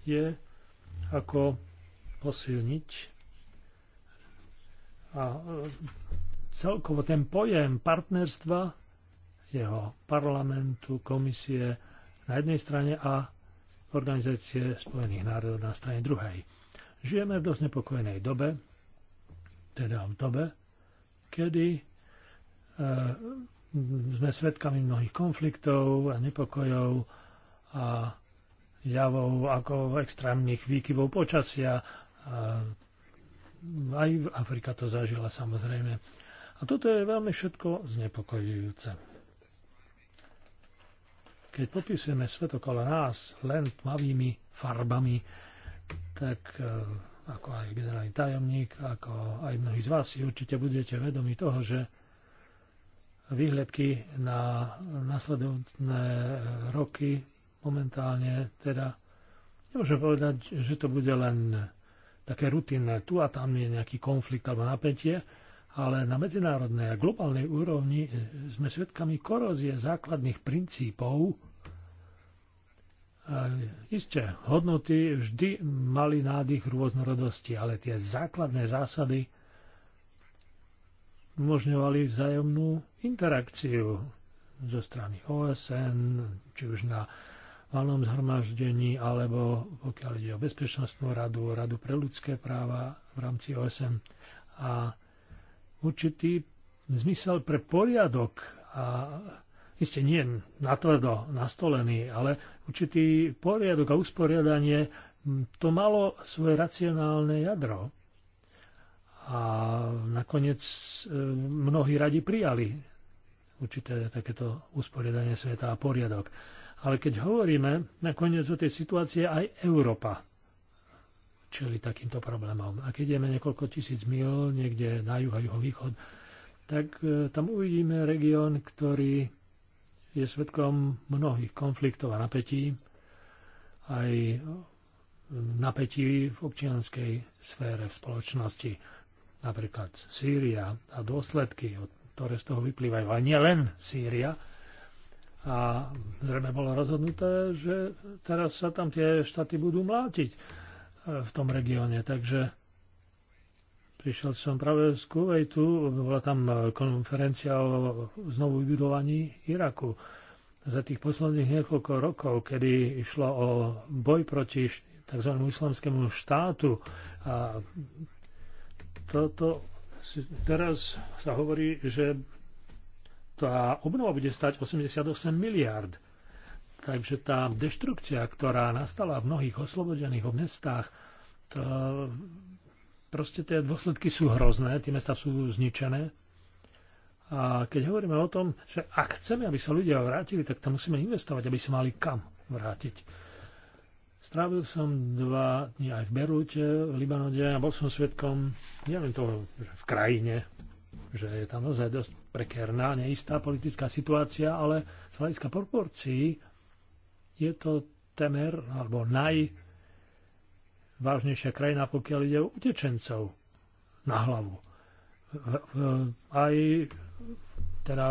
je ako posilniť a e, celkovo ten pojem partnerstva jeho parlamentu, komisie na jednej strane a Organizácie spojených národov na strane druhej. Žijeme v dosť nepokojnej dobe, teda v dobe, kedy eh, sme svedkami mnohých konfliktov a nepokojov a javov ako extrémnych výkyvov počasia. A eh, aj Afrika to zažila samozrejme. A toto je veľmi všetko znepokojujúce. Keď popisujeme svet okolo nás len tmavými farbami, tak eh, ako aj generálny tajomník, ako aj mnohí z vás si určite budete vedomi toho, že výhľadky na nasledujúce roky momentálne teda nemôžem povedať, že to bude len také rutinné. Tu a tam je nejaký konflikt alebo napätie, ale na medzinárodnej a globálnej úrovni sme svedkami korózie základných princípov Isté, hodnoty vždy mali nádych rôznorodosti, ale tie základné zásady umožňovali vzájomnú interakciu zo strany OSN, či už na valnom zhromaždení, alebo pokiaľ ide o Bezpečnostnú radu, Radu pre ľudské práva v rámci OSN. A určitý zmysel pre poriadok a iste nie natvrdo nastolený, ale určitý poriadok a usporiadanie, to malo svoje racionálne jadro. A nakoniec e, mnohí radi prijali určité takéto usporiadanie sveta a poriadok. Ale keď hovoríme nakoniec o tej situácie aj Európa čeli takýmto problémom. A keď ideme niekoľko tisíc mil niekde na juh a juhovýchod, tak e, tam uvidíme región, ktorý je svetkom mnohých konfliktov a napätí, aj napätí v občianskej sfére v spoločnosti, napríklad Sýria a dôsledky, ktoré z toho vyplývajú, a nie len Sýria. A zrejme bolo rozhodnuté, že teraz sa tam tie štáty budú mlátiť e, v tom regióne, takže Prišiel som práve z Kuwaitu, bola tam e, konferencia o znovu vybudovaní Iraku. Za tých posledných niekoľko rokov, kedy išlo o boj proti tzv. islamskému štátu, a toto teraz sa hovorí, že tá obnova bude stať 88 miliard. Takže tá deštrukcia, ktorá nastala v mnohých oslobodených mestách, to proste tie dôsledky sú hrozné, tie mesta sú zničené. A keď hovoríme o tom, že ak chceme, aby sa ľudia vrátili, tak tam musíme investovať, aby sa mali kam vrátiť. Strávil som dva dní aj v Berúte, v Libanode a bol som svetkom, neviem toho, že v krajine, že je tam naozaj dosť prekérna, neistá politická situácia, ale z hľadiska proporcií je to temer, alebo naj vážnejšia krajina, pokiaľ ide o utečencov na hlavu. Aj teda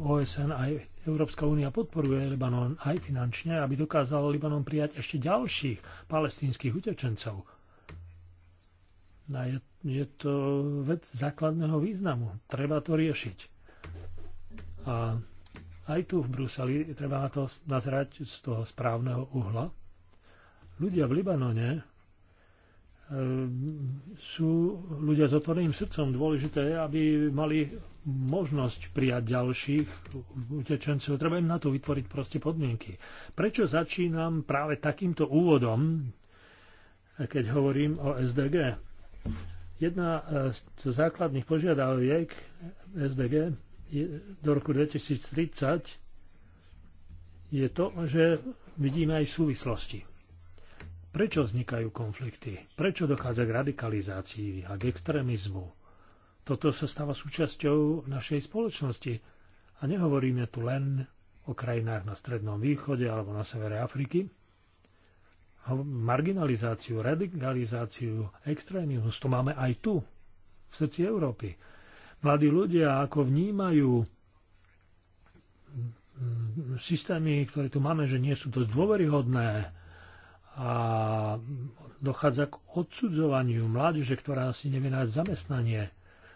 OSN, aj Európska únia podporuje Libanon aj finančne, aby dokázal Libanon prijať ešte ďalších palestínskych utečencov. A je, je to vec základného významu. Treba to riešiť. A aj tu v Bruseli treba na to nazerať z toho správneho uhla. Ľudia v Libanone Ehm, sú ľudia s otvoreným srdcom. Dôležité je, aby mali možnosť prijať ďalších utečencov. Treba im na to vytvoriť proste podmienky. Prečo začínam práve takýmto úvodom, keď hovorím o SDG? Jedna eh, z základných požiadaviek SDG do roku 2030 je to, že vidíme aj súvislosti Prečo vznikajú konflikty? Prečo dochádza k radikalizácii a k extrémizmu? Toto sa stáva súčasťou našej spoločnosti. A nehovoríme tu len o krajinách na Strednom východe alebo na severe Afriky. Marginalizáciu, radikalizáciu, extrémizmus, to máme aj tu, v srdci Európy. Mladí ľudia ako vnímajú mm, mm, systémy, ktoré tu máme, že nie sú dosť dôveryhodné, a dochádza k odsudzovaniu mládeže, ktorá si nevie nájsť zamestnanie,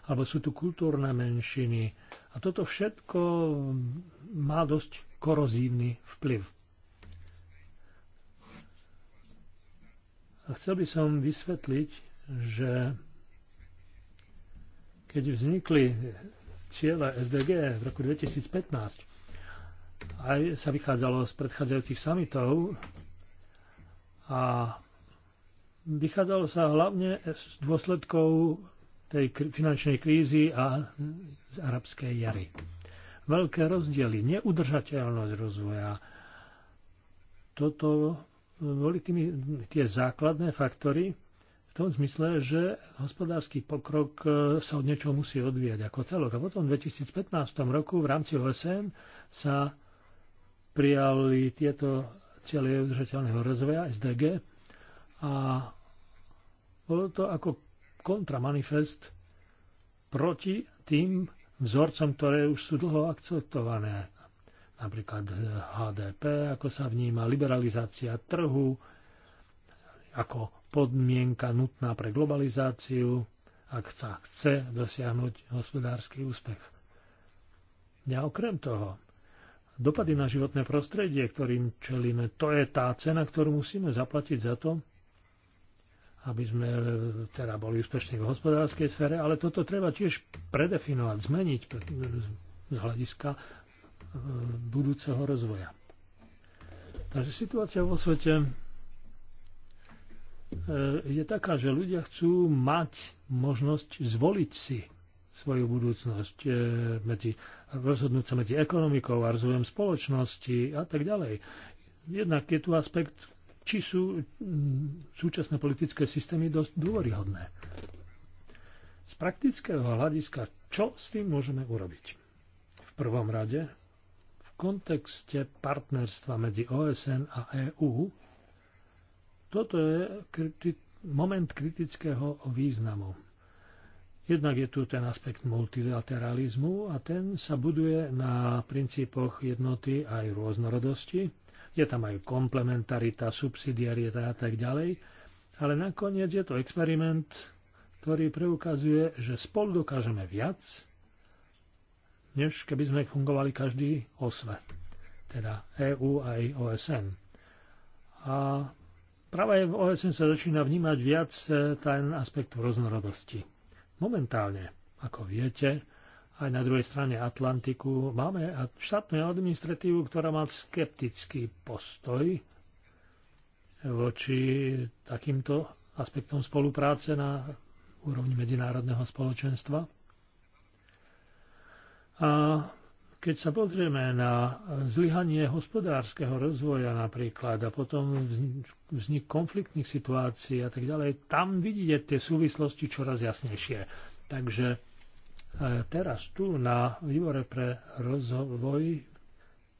alebo sú tu kultúrne menšiny. A toto všetko má dosť korozívny vplyv. A chcel by som vysvetliť, že keď vznikli ciele SDG v roku 2015, aj sa vychádzalo z predchádzajúcich samitov a vychádzalo sa hlavne z dôsledkov tej finančnej krízy a z arabskej jary. Veľké rozdiely, neudržateľnosť rozvoja. Toto e, boli tými, tie základné faktory v tom zmysle, že hospodársky pokrok e, sa od niečoho musí odvíjať ako celok. A potom v 2015 roku v rámci OSN sa prijali tieto cieľe udržateľného rozvoja SDG a bolo to ako kontramanifest proti tým vzorcom, ktoré už sú dlho akceptované. Napríklad HDP, ako sa vníma liberalizácia trhu, ako podmienka nutná pre globalizáciu, ak sa chce dosiahnuť hospodársky úspech. A okrem toho, dopady na životné prostredie, ktorým čelíme, to je tá cena, ktorú musíme zaplatiť za to, aby sme e, teda boli úspešní v hospodárskej sfére, ale toto treba tiež predefinovať, zmeniť z hľadiska e, budúceho rozvoja. Takže situácia vo svete e, je taká, že ľudia chcú mať možnosť zvoliť si svoju budúcnosť, e, medzi, rozhodnúť sa medzi ekonomikou a rozvojom spoločnosti a tak ďalej. Jednak je tu aspekt, či sú mm, súčasné politické systémy dosť dôryhodné. Z praktického hľadiska, čo s tým môžeme urobiť? V prvom rade, v kontexte partnerstva medzi OSN a EÚ, toto je kriti- moment kritického významu Jednak je tu ten aspekt multilateralizmu a ten sa buduje na princípoch jednoty aj rôznorodosti. Je tam aj komplementarita, subsidiarita a tak ďalej. Ale nakoniec je to experiment, ktorý preukazuje, že spolu dokážeme viac, než keby sme fungovali každý o sve, teda EU aj OSN. A práve v OSN sa začína vnímať viac eh, ten aspekt rôznorodosti. Momentálne, ako viete, aj na druhej strane Atlantiku máme štátnu administratívu, ktorá má skeptický postoj voči takýmto aspektom spolupráce na úrovni medzinárodného spoločenstva. A keď sa pozrieme na zlyhanie hospodárskeho rozvoja napríklad a potom vznik konfliktných situácií a tak ďalej, tam vidíte tie súvislosti čoraz jasnejšie. Takže e, teraz tu na výbore pre rozvoj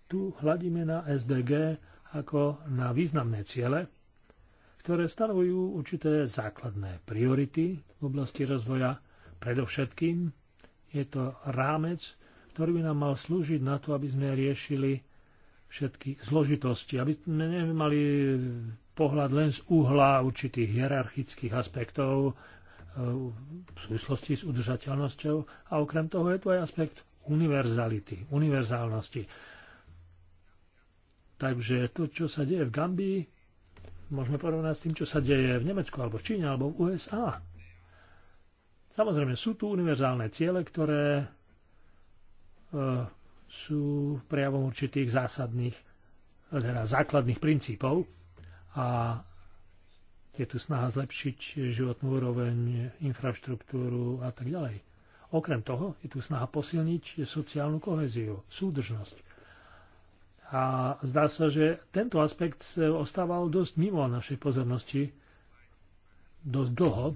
tu hľadíme na SDG ako na významné ciele, ktoré stanovujú určité základné priority v oblasti rozvoja. Predovšetkým je to rámec, ktorý by nám mal slúžiť na to, aby sme riešili všetky zložitosti, aby sme nemali pohľad len z uhla určitých hierarchických aspektov e, v súvislosti s udržateľnosťou a okrem toho je tu aj aspekt univerzality, univerzálnosti. Takže to, čo sa deje v Gambii, môžeme porovnať s tým, čo sa deje v Nemecku, alebo v Číne, alebo v USA. Samozrejme, sú tu univerzálne ciele, ktoré E, sú prejavom určitých zásadných, teda základných princípov a je tu snaha zlepšiť životnú úroveň, infraštruktúru a tak ďalej. Okrem toho je tu snaha posilniť sociálnu koheziu, súdržnosť. A zdá sa, že tento aspekt e, ostával dosť mimo našej pozornosti dosť dlho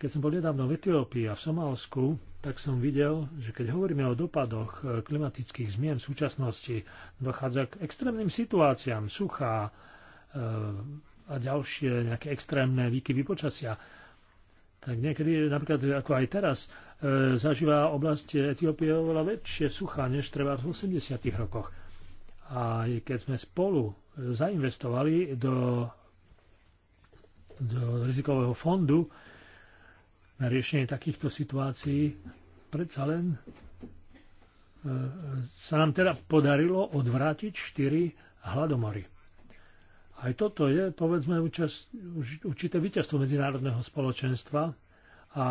keď som bol nedávno v Etiópii a v Somálsku, tak som videl, že keď hovoríme o dopadoch e, klimatických zmien v súčasnosti, dochádza k extrémnym situáciám, suchá e, a ďalšie nejaké extrémne výkyvy počasia. Tak niekedy, napríklad ako aj teraz, e, zažíva oblasť Etiópie oveľa väčšie suchá než treba v 80. rokoch. A keď sme spolu zainvestovali do, do rizikového fondu, na riešenie takýchto situácií predsa len e, e, sa nám teda podarilo odvrátiť štyri hladomory. Aj toto je, povedzme, už, určité víťazstvo medzinárodného spoločenstva a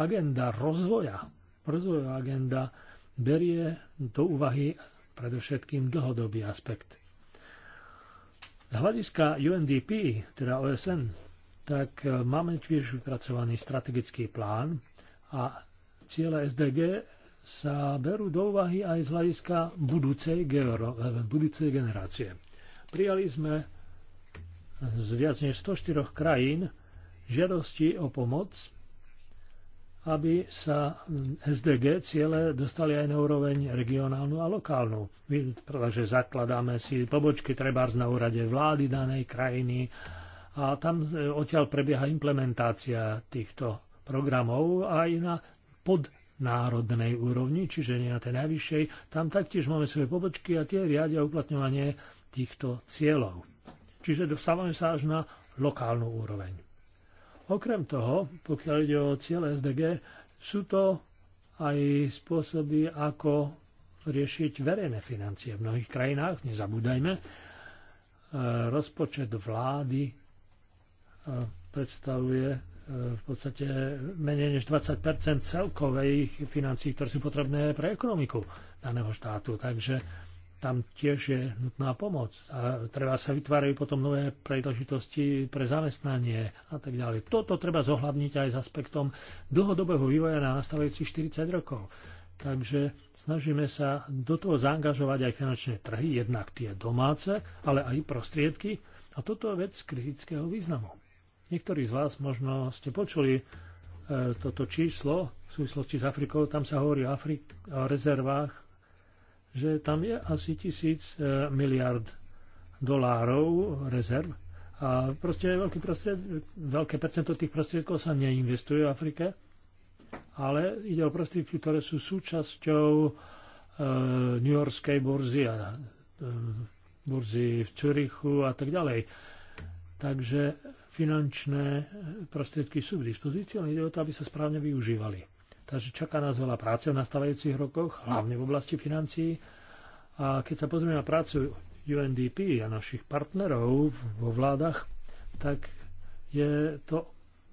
agenda rozvoja, rozvojová agenda berie do úvahy predovšetkým dlhodobý aspekt. Z hľadiska UNDP, teda OSN, tak e, máme tiež vypracovaný strategický plán a ciele SDG sa berú do úvahy aj z hľadiska budúcej, e, budúcej generácie. Prijali sme z viac než 104 krajín žiadosti o pomoc, aby sa SDG ciele dostali aj na úroveň regionálnu a lokálnu. My, pretože zakladáme si pobočky trebárs na úrade vlády danej krajiny a tam e, odtiaľ prebieha implementácia týchto programov aj na podnárodnej úrovni, čiže nie na tej najvyššej. Tam taktiež máme svoje pobočky a tie riadia uplatňovanie týchto cieľov. Čiže dostávame sa až na lokálnu úroveň. Okrem toho, pokiaľ ide o ciele SDG, sú to aj spôsoby, ako riešiť verejné financie v mnohých krajinách, nezabúdajme. E, rozpočet vlády predstavuje e, v podstate menej než 20 celkovej financí, ktoré sú potrebné pre ekonomiku daného štátu. Takže tam tiež je nutná pomoc. A treba sa vytvárajú potom nové príležitosti pre zamestnanie a tak ďalej. Toto treba zohľadniť aj s aspektom dlhodobého vývoja na nastavujúcich 40 rokov. Takže snažíme sa do toho zaangažovať aj finančné trhy, jednak tie domáce, ale aj prostriedky. A toto je vec kritického významu. Niektorí z vás možno ste počuli e, toto číslo v súvislosti s Afrikou, tam sa hovorí o, Afri- o rezervách, že tam je asi tisíc e, miliard dolárov rezerv a proste veľký prostried, veľké percento tých prostriedkov sa neinvestuje v Afrike, ale ide o prostriedky, ktoré sú súčasťou e, New Yorkskej burzy a e, burzy v Čurichu a tak ďalej. Takže finančné e, prostriedky sú k dispozícii, ale ide o to, aby sa správne využívali. Takže čaká nás veľa práce v nastávajúcich rokoch, hlavne v oblasti financií. A keď sa pozrieme na prácu UNDP a našich partnerov vo vládach, tak je to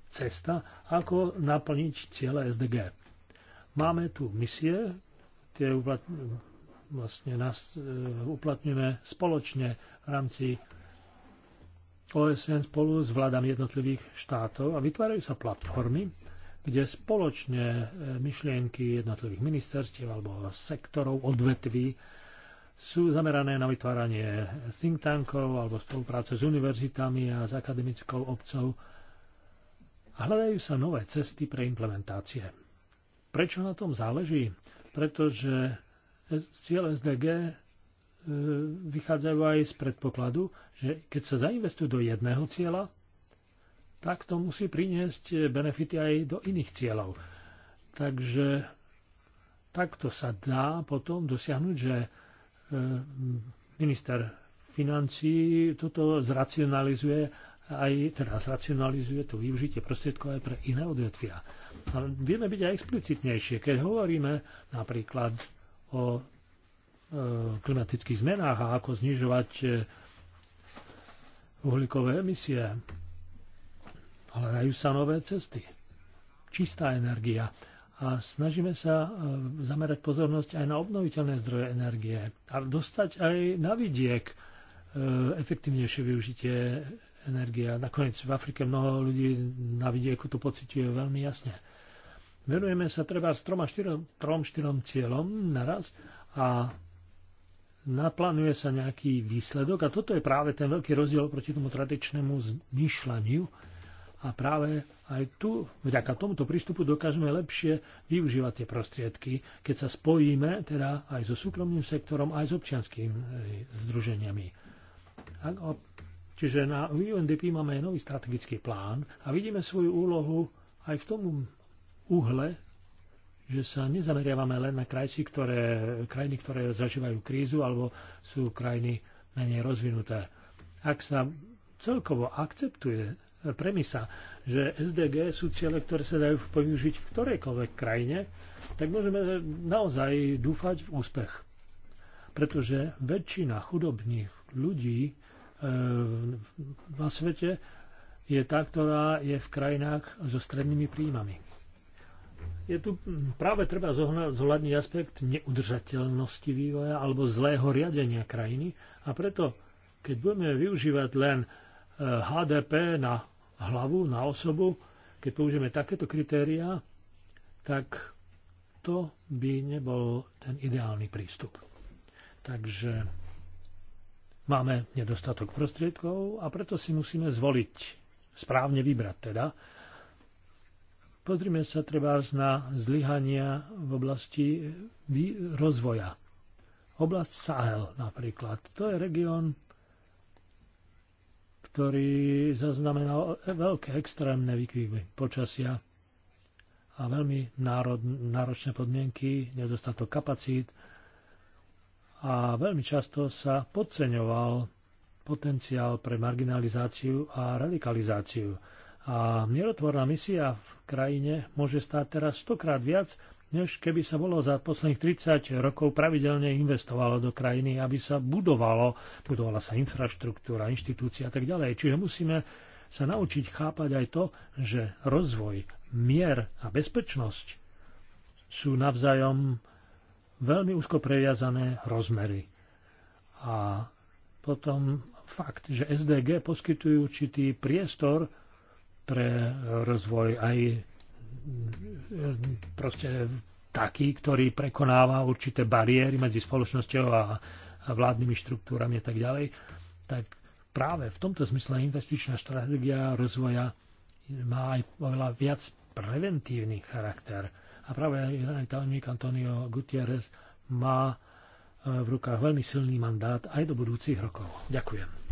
cesta, ako naplniť ciele SDG. Máme tu misie, tie uplatňujeme, vlastne nás, e, uplatňujeme spoločne v rámci OSN spolu s vládami jednotlivých štátov a vytvárajú sa platformy, kde spoločne e, myšlienky jednotlivých ministerstiev alebo sektorov, odvetví sú zamerané na vytváranie think tankov alebo spolupráce s univerzitami a s akademickou obcov a hľadajú sa nové cesty pre implementácie. Prečo na tom záleží? Pretože cieľ SDG E, vychádzajú aj z predpokladu, že keď sa zainvestujú do jedného cieľa, tak to musí priniesť benefity aj do iných cieľov. Takže takto sa dá potom dosiahnuť, že e, minister financí toto zracionalizuje aj teraz zracionalizuje to využitie prostriedkov aj pre iné odvetvia. Ale vieme byť aj explicitnejšie, keď hovoríme napríklad o Eh, klimatických zmenách a ako znižovať eh, uhlíkové emisie. dajú sa nové cesty. Čistá energia. A snažíme sa eh, zamerať pozornosť aj na obnoviteľné zdroje energie a dostať aj na vidiek efektívnejšie využitie energie. A nakoniec v Afrike mnoho ľudí na vidieku to pociťuje veľmi jasne. Venujeme sa treba s troma, štyrom, trom, štyrom cieľom naraz a naplánuje sa nejaký výsledok a toto je práve ten veľký rozdiel proti tomu tradičnému zmýšľaniu a práve aj tu vďaka tomuto prístupu dokážeme lepšie využívať tie prostriedky, keď sa spojíme teda aj so súkromným sektorom, aj s občianskými eh, združeniami. Čiže na UNDP máme nový strategický plán a vidíme svoju úlohu aj v tom uhle, že sa nezameriavame len na krajci, ktoré, krajiny, ktoré zažívajú krízu alebo sú krajiny menej rozvinuté. Ak sa celkovo akceptuje premisa, že SDG sú ciele, ktoré sa dajú použiť v ktorejkoľvek krajine, tak môžeme naozaj dúfať v úspech. Pretože väčšina chudobných ľudí e, na svete je tá, ktorá je v krajinách so strednými príjmami je tu práve treba zohľadniť aspekt neudržateľnosti vývoja alebo zlého riadenia krajiny a preto, keď budeme využívať len e, HDP na hlavu, na osobu, keď použijeme takéto kritériá, tak to by nebol ten ideálny prístup. Takže máme nedostatok prostriedkov a preto si musíme zvoliť, správne vybrať teda, Pozrime sa treba na zlyhania v oblasti rozvoja. Oblasť Sahel napríklad. To je región, ktorý zaznamenal veľké extrémne výkyvy počasia a veľmi náročné podmienky, nedostatok kapacít a veľmi často sa podceňoval potenciál pre marginalizáciu a radikalizáciu a mierotvorná misia v krajine môže stáť teraz stokrát viac, než keby sa bolo za posledných 30 rokov pravidelne investovalo do krajiny, aby sa budovalo, budovala sa infraštruktúra, inštitúcia a tak ďalej. Čiže musíme sa naučiť chápať aj to, že rozvoj, mier a bezpečnosť sú navzájom veľmi úzko previazané rozmery. A potom fakt, že SDG poskytujú určitý priestor pre rozvoj aj e, proste taký, ktorý prekonáva určité bariéry medzi spoločnosťou a vládnymi štruktúrami a tak ďalej, tak práve v tomto zmysle investičná stratégia rozvoja má aj oveľa viac preventívny charakter. A práve generálny tajomník Antonio Gutierrez má e, v rukách veľmi silný mandát aj do budúcich rokov. Ďakujem.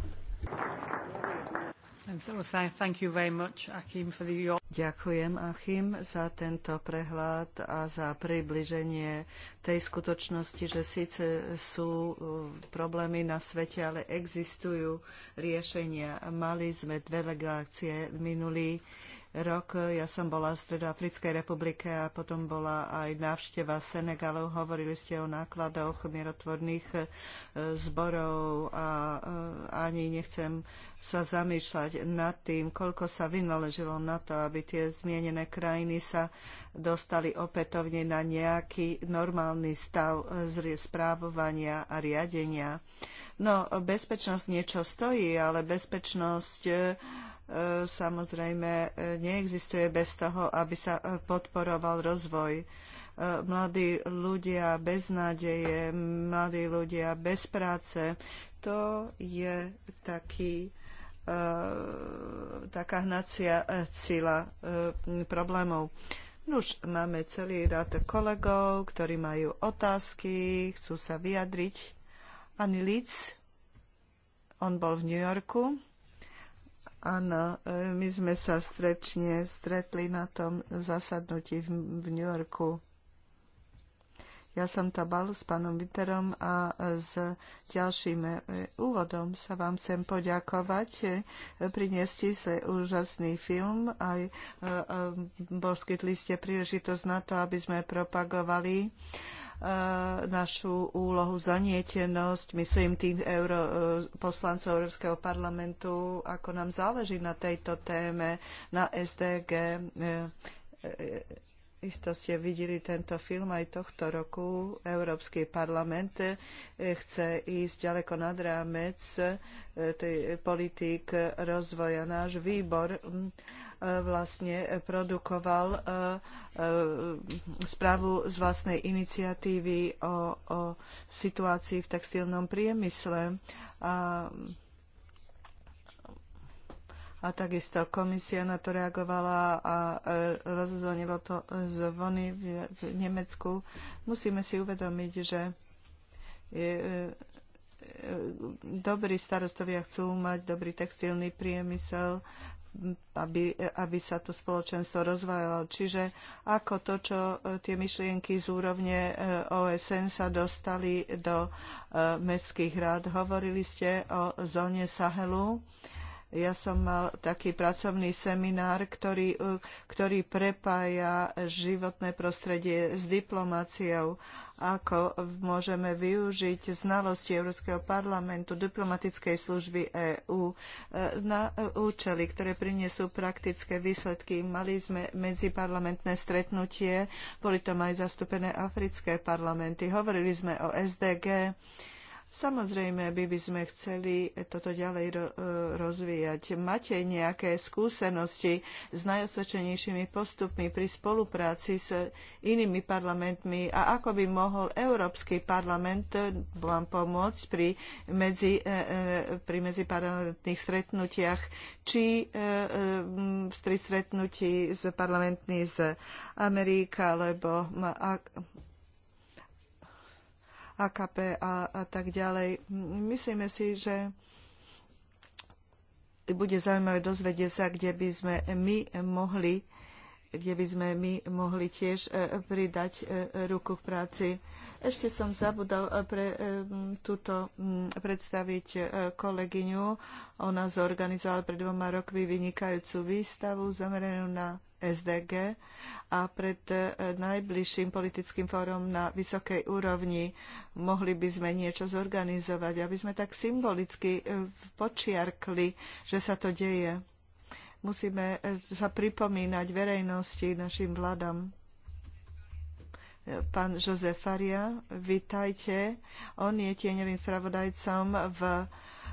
Ďakujem, Achim, za tento prehľad a za približenie tej skutočnosti, že síce sú uh, problémy na svete, ale existujú riešenia. Mali sme dve delegácie minulý rok. Ja som bola v Stredoafrickej republike a potom bola aj návšteva Senegalu. Hovorili ste o nákladoch mierotvorných e, zborov a e, ani nechcem sa zamýšľať nad tým, koľko sa vynaležilo na to, aby tie zmienené krajiny sa dostali opätovne na nejaký normálny stav e, správovania a riadenia. No, bezpečnosť niečo stojí, ale bezpečnosť E, samozrejme e, neexistuje bez toho, aby sa e, podporoval rozvoj. Mladí ľudia bez nádeje, mladí ľudia bez práce, to je taký taká hnacia sila problémov. Už máme celý rad kolegov, ktorí majú otázky, chcú sa vyjadriť. Ani Lic, on bol v New Yorku. Áno, e, my sme sa strečne stretli na tom zasadnutí v, v New Yorku. Ja som to bal s pánom Viterom a s ďalším e, úvodom sa vám chcem poďakovať. E, Priniesti sa úžasný film aj e, poskytli ste príležitosť na to, aby sme propagovali našu úlohu zanietenosť, myslím tých euro, poslancov Európskeho parlamentu, ako nám záleží na tejto téme, na SDG, Isto ste videli tento film aj tohto roku. Európsky parlament eh, chce ísť ďaleko nad rámec eh, tej politík rozvoja. Náš výbor mm, eh, vlastne produkoval správu z vlastnej iniciatívy o, o situácii v textilnom priemysle. A mm, a takisto komisia na to reagovala a e, rozzvonilo to zvony v Nemecku. Musíme si uvedomiť, že e, e, dobrí starostovia chcú mať dobrý textilný priemysel, aby, aby sa to spoločenstvo rozvájalo. Čiže ako to, čo tie myšlienky z úrovne OSN sa dostali do mestských rád. Hovorili ste o zóne Sahelu. Ja som mal taký pracovný seminár, ktorý, e, ktorý prepája životné prostredie s diplomáciou ako môžeme využiť znalosti Európskeho parlamentu, diplomatickej služby EÚ e, na účely, ktoré priniesú praktické výsledky. Mali sme medziparlamentné stretnutie, boli tam aj zastúpené africké parlamenty. Hovorili sme o SDG, Samozrejme, by by sme chceli toto ďalej e, rozvíjať. Máte nejaké skúsenosti s najosvedčenejšími postupmi pri spolupráci s inými parlamentmi a ako by mohol Európsky parlament e, vám pomôcť pri, medzi, e, pri medziparlamentných stretnutiach, či pri stretnutí s parlamentmi z Ameriky alebo AKP a, a tak ďalej. Myslíme si, že bude zaujímavé dozvedieť sa, kde by sme my mohli kde by sme my mohli tiež e, pridať e, ruku k práci. Ešte som zabudal e, pre túto predstaviť kolegyňu. Ona zorganizovala pred dvoma rokmi vynikajúcu výstavu zameranú na SDG a pred e, najbližším politickým fórom na vysokej úrovni mohli by sme niečo zorganizovať, aby sme tak symbolicky e, počiarkli, že sa to deje. Musíme e, sa pripomínať verejnosti, našim vládam pán Jozef Faria. Vitajte. On je tieňovým spravodajcom v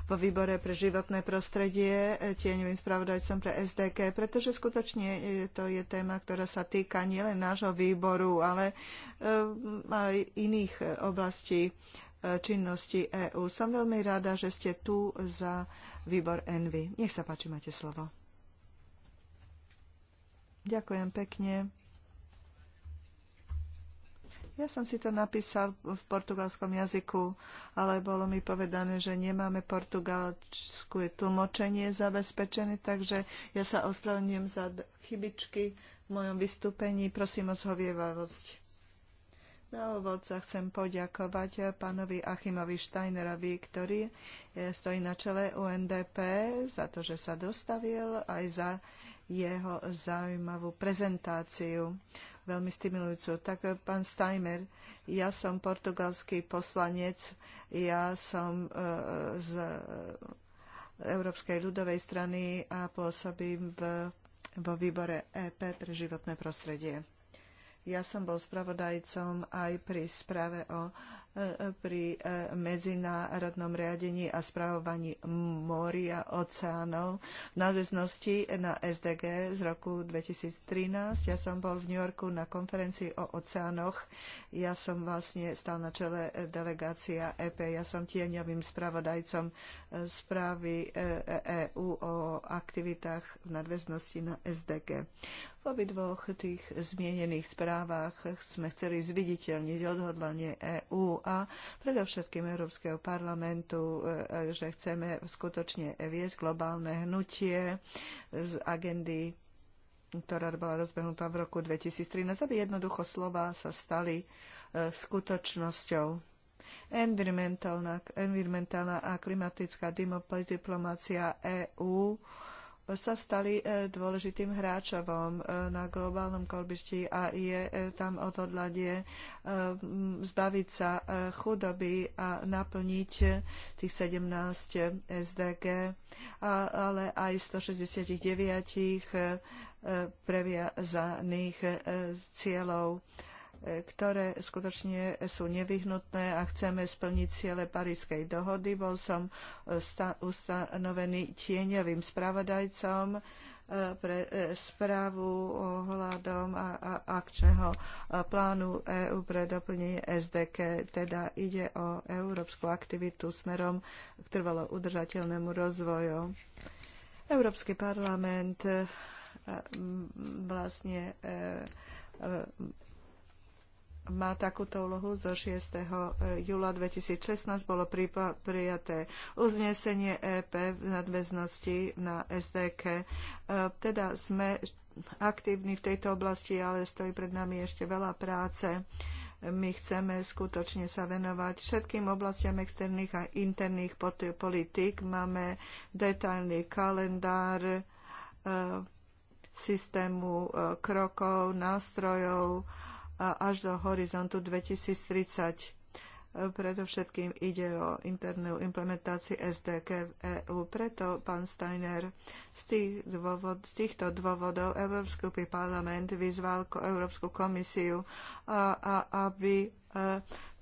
vo výbore pre životné prostredie e, tieňovým spravodajcom pre SDK, pretože skutočne e, to je téma, ktorá sa týka nielen nášho výboru, ale e, aj iných oblastí činnosti EÚ. Som veľmi rada, že ste tu za výbor Envy. Nech sa páči, máte slovo. Ďakujem pekne. Ja som si to napísal v portugalskom jazyku, ale bolo mi povedané, že nemáme portugalskú tlmočenie zabezpečené, takže ja sa ospravedlňujem za chybičky v mojom vystúpení. Prosím o zhovievavosť. Na úvod sa chcem poďakovať pánovi Achimovi Steinerovi, ktorý eh, stojí na čele UNDP za to, že sa dostavil, aj za jeho zaujímavú prezentáciu, veľmi stimulujúcu. Tak, pán Steimer, ja som portugalský poslanec, ja som e, z Európskej ľudovej strany a pôsobím v, vo výbore EP pre životné prostredie. Ja som bol spravodajcom aj pri správe o pri e, medzinárodnom riadení a spravovaní moria oceánov v nadväznosti na SDG z roku 2013. Ja som bol v New Yorku na konferencii o oceánoch. Ja som vlastne stal na čele delegácia EP. Ja som tieňovým spravodajcom správy EÚ e, e o aktivitách v nadväznosti na SDG. V obidvoch tých zmienených správach sme chceli zviditeľniť odhodlanie EÚ a predovšetkým Európskeho parlamentu, e, že chceme skutočne viesť globálne hnutie z agendy ktorá bola rozbehnutá v roku 2013, aby jednoducho slova sa stali skutočnosťou. Environmentálna, environmentálna a klimatická diplomácia EÚ sa stali e, dôležitým hráčovom e, na globálnom kolbišti a je e, tam odhodlanie zbaviť sa chudoby a naplniť tých 17 SDG, ale aj 169 previazaných cieľov ktoré skutočne sú nevyhnutné a chceme splniť ciele Parískej dohody. Bol som e, ustanovený tieňovým spravodajcom e, pre e, správu ohľadom a, a akčného plánu EÚ pre doplnenie SDK. Teda ide o európsku aktivitu smerom k trvalo udržateľnému rozvoju. Európsky parlament vlastne má takúto úlohu zo 6. Eh, júla 2016 bolo prijaté uznesenie EP v nadväznosti na SDK. Eh, teda sme aktívni v tejto oblasti, ale stojí pred nami ešte veľa práce. My chceme skutočne sa venovať všetkým oblastiam externých a interných politík. Máme detailný kalendár eh, systému krokov, nástrojov, až do horizontu 2030. Predovšetkým ide o internú implementáciu SDK v EÚ. Preto, pán Steiner, z, tých dôvod, z týchto dôvodov Európsky parlament vyzval Európsku komisiu, a, a, aby e,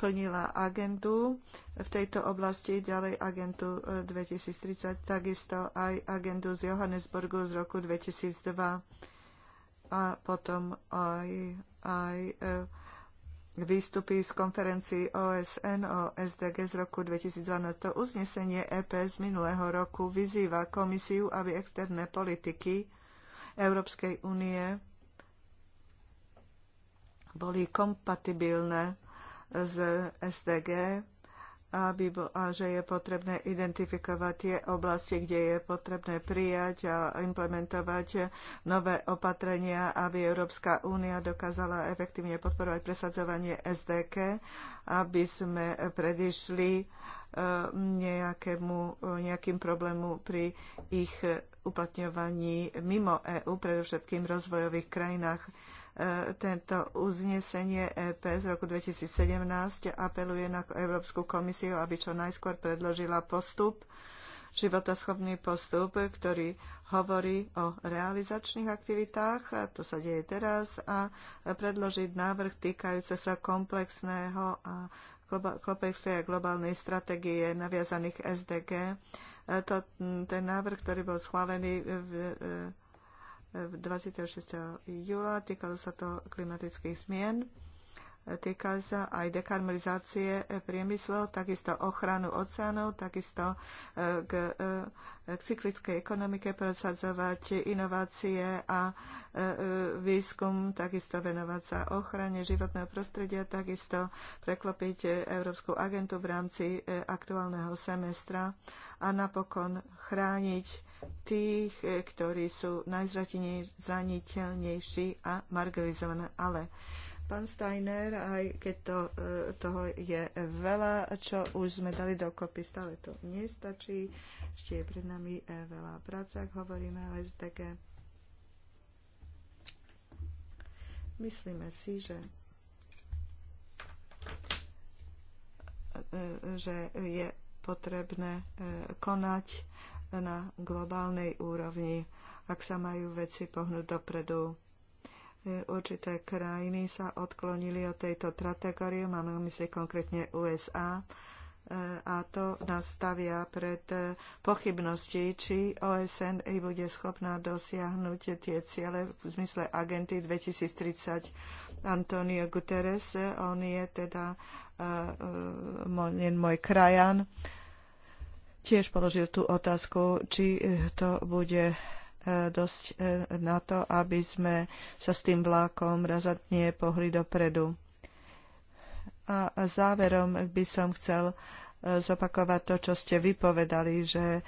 plnila agendu v tejto oblasti, ďalej agentu 2030, e, takisto aj agendu z Johannesburgu z roku 2002 a potom aj aj e, výstupy z konferencií OSN o SDG z roku 2012. To uznesenie EP z minulého roku vyzýva komisiu, aby externé politiky Európskej únie boli kompatibilné s SDG aby, a že je potrebné identifikovať tie oblasti, kde je potrebné prijať a implementovať nové opatrenia, aby Európska únia dokázala efektívne podporovať presadzovanie SDK, aby sme predišli e, nejakému, e, nejakým problému pri ich uplatňovaní mimo EÚ, predovšetkým v rozvojových krajinách tento uznesenie EP z roku 2017 apeluje na Európsku komisiu, aby čo najskôr predložila postup, životoschopný postup, ktorý hovorí o realizačných aktivitách, a to sa deje teraz, a predložiť návrh týkajúce sa komplexného a komplexnej a globálnej stratégie naviazaných SDG. E, to, ten návrh, ktorý bol schválený v, v e, 26. júla. Týkalo sa to klimatických zmien. Týka sa aj dekarmalizácie priemyslu, takisto ochranu oceánov, takisto e, k, e, k cyklickej ekonomike presadzovať inovácie a e, výskum, takisto venovať sa ochrane životného prostredia, takisto preklopiť Európsku agentu v rámci aktuálneho semestra a napokon chrániť tých, e, ktorí sú najzraniteľnejší a marginalizované. Ale pán Steiner, aj keď to, e, toho je veľa, čo už sme dali dokopy, stále to nestačí. Ešte je pred nami e, veľa práce, ak hovoríme o SDG. Myslíme si, že že je potrebné konať na globálnej úrovni, ak sa majú veci pohnúť dopredu. E, určité krajiny sa odklonili od tejto kategórie, máme na mysli konkrétne USA, e, a to nás stavia pred e, pochybnosti, či OSN bude schopná dosiahnuť tie ciele v zmysle agenty 2030. Antonio Guterres, on je teda uh, môj krajan, tiež položil tú otázku, či eh, to bude eh, dosť eh, na to, aby sme sa s tým vlákom razantne pohli dopredu. A záverom by som chcel zopakovať to, čo ste vypovedali, že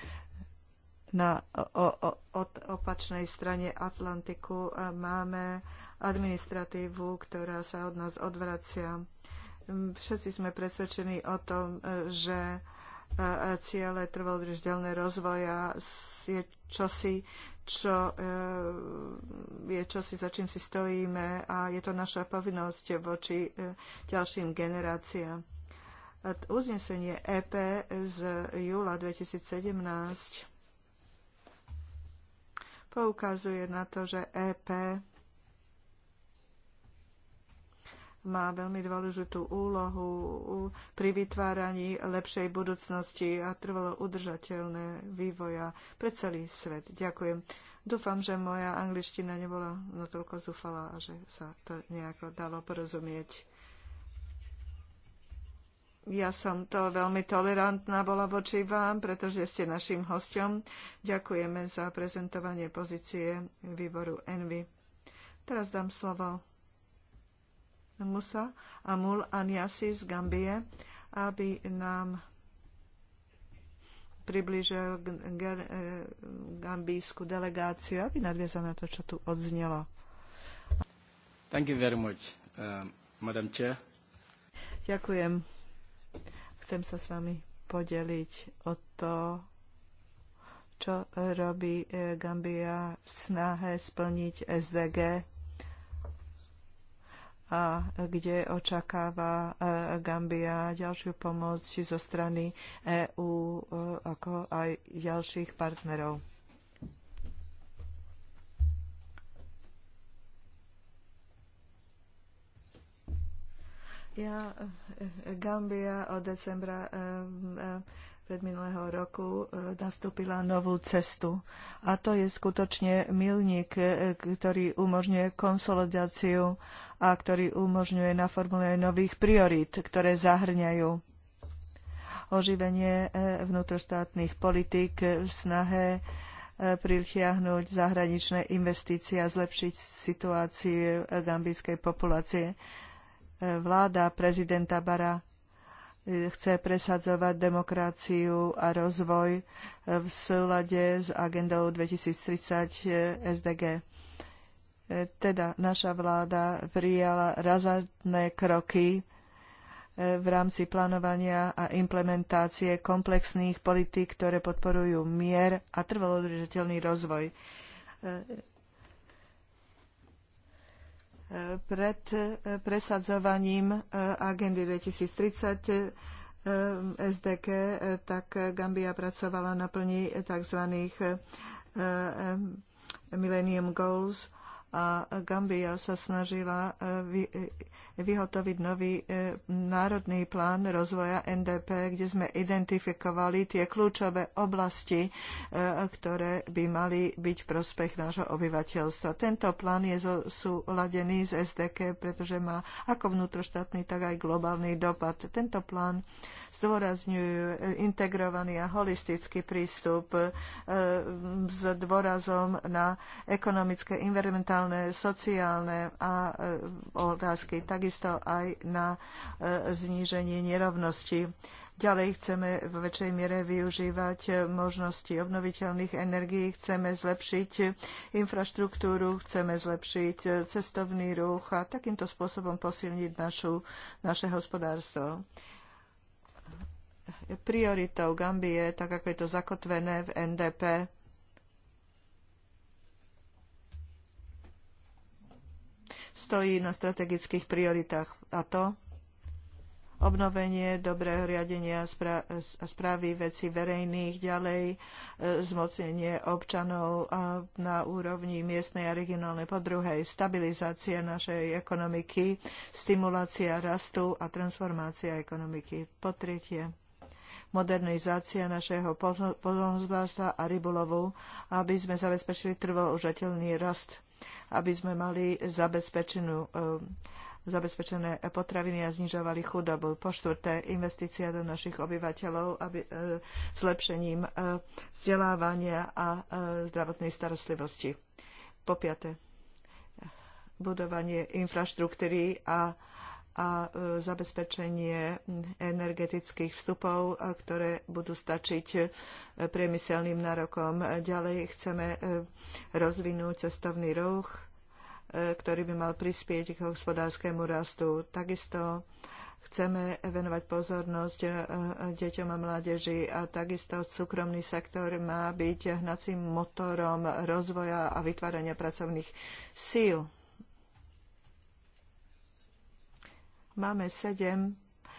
na o, o, od opačnej strane Atlantiku máme administratívu, ktorá sa od nás odvracia. Hm, všetci sme presvedčení o tom, že a ciele trvalodržiteľné rozvoja je čosi, čo e, je čosi, za čím si stojíme a je to naša povinnosť voči e, ďalším generáciám. Uznesenie EP z júla 2017 poukazuje na to, že EP má veľmi dôležitú úlohu pri vytváraní lepšej budúcnosti a trvalo udržateľné vývoja pre celý svet. Ďakujem. Dúfam, že moja angličtina nebola natoľko zúfalá a že sa to nejako dalo porozumieť. Ja som to veľmi tolerantná bola voči vám, pretože ste našim hostom. Ďakujeme za prezentovanie pozície výboru Envy. Teraz dám slovo Musa a Mul Aniasi z Gambie, aby nám priblížil eh, gambijskú delegáciu, aby nadviazal na to, čo tu odznelo. Thank you very much, uh, Madam Chair. Ďakujem. Chcem sa s vami podeliť o to, čo robí eh, Gambia v snahe splniť SDG a kde očakáva e, Gambia ďalšiu pomoc či zo strany EÚ e, ako aj ďalších partnerov. Ja, e, Gambia od decembra predminulého roku nastúpila novú cestu. A to je skutočne milník, ktorý umožňuje konsolidáciu a ktorý umožňuje naformulovanie nových priorít, ktoré zahrňajú oživenie e, vnútroštátnych politik, v snahe e, pritiahnuť zahraničné investície a zlepšiť situáciu gambijskej populácie. E, vláda prezidenta Bara chce presadzovať demokraciu a rozvoj v súlade s agendou 2030 SDG. E, teda naša vláda prijala razantné kroky e, v rámci plánovania a implementácie komplexných politík, ktoré podporujú mier a trvalodržateľný rozvoj. E, pred presadzovaním agendy 2030 SDK, tak Gambia pracovala na plni tzv. Millennium Goals – a Gambia sa snažila e, e, vyhotoviť nový e, národný plán rozvoja NDP, kde sme identifikovali tie kľúčové oblasti, ktoré by mali byť v prospech nášho obyvateľstva. Tento plán je súladený z SDK, pretože má ako vnútroštátny, tak aj globálny dopad. Tento plán zdôrazňuje integrovaný a holistický prístup s dôrazom na ekonomické, environmentálne environmentálne, sociálne a e, otázky, takisto aj na e, zníženie nerovnosti. Ďalej chceme v väčšej miere využívať možnosti obnoviteľných energií, chceme zlepšiť infraštruktúru, chceme zlepšiť cestovný ruch a takýmto spôsobom posilniť našu, naše hospodárstvo prioritou Gambie, tak ako je to zakotvené v NDP, stojí na strategických prioritách a to obnovenie dobrého riadenia a správy veci verejných, ďalej e, zmocnenie občanov na úrovni miestnej a regionálnej, po stabilizácia našej ekonomiky, stimulácia rastu a transformácia ekonomiky, po tretie modernizácia našeho poľnohospodárstva a rybolovu, aby sme zabezpečili trvo užateľný rast aby sme mali zabezpečenú um, zabezpečené potraviny a znižovali chudobu. Po štvrté, investícia do našich obyvateľov aby, e, zlepšením e, vzdelávania a e, zdravotnej starostlivosti. Po piaté, budovanie infraštruktúry a e, a e, zabezpečenie energetických vstupov, e, ktoré budú stačiť e, priemyselným nárokom. Ďalej chceme rozvinúť cestovný ruch, ktorý by mal prispieť k hospodárskému rastu. Takisto chceme venovať pozornosť deťom a mládeži a takisto súkromný sektor má byť hnacím motorom rozvoja a vytvárania pracovných síl. Máme sedem eh,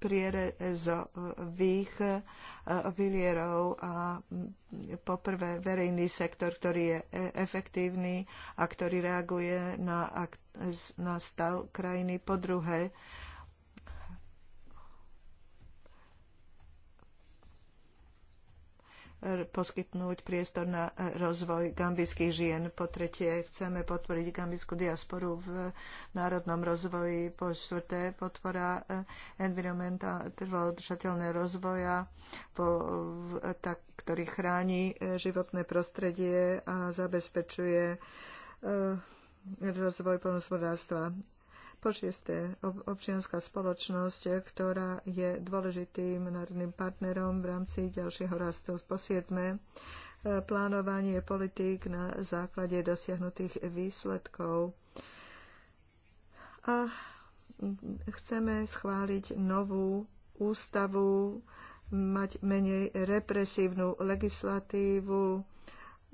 prierezových eh, pilierov a mm, poprvé verejný sektor, ktorý je eh, efektívny a ktorý reaguje na, na stav krajiny. Po druhé, poskytnúť priestor na rozvoj gambijských žien. Po tretie, chceme podporiť gambijskú diasporu v národnom rozvoji. Po štvrté, podpora e, environmenta trvalo rozvoja, po, tak, ktorý chráni e, životné prostredie a zabezpečuje e, rozvoj polnospodárstva. Po šiesté, občianská spoločnosť, ktorá je dôležitým národným partnerom v rámci ďalšieho rastu. Po siedme, e, plánovanie politík na základe dosiahnutých výsledkov. A chceme schváliť novú ústavu, mať menej represívnu legislatívu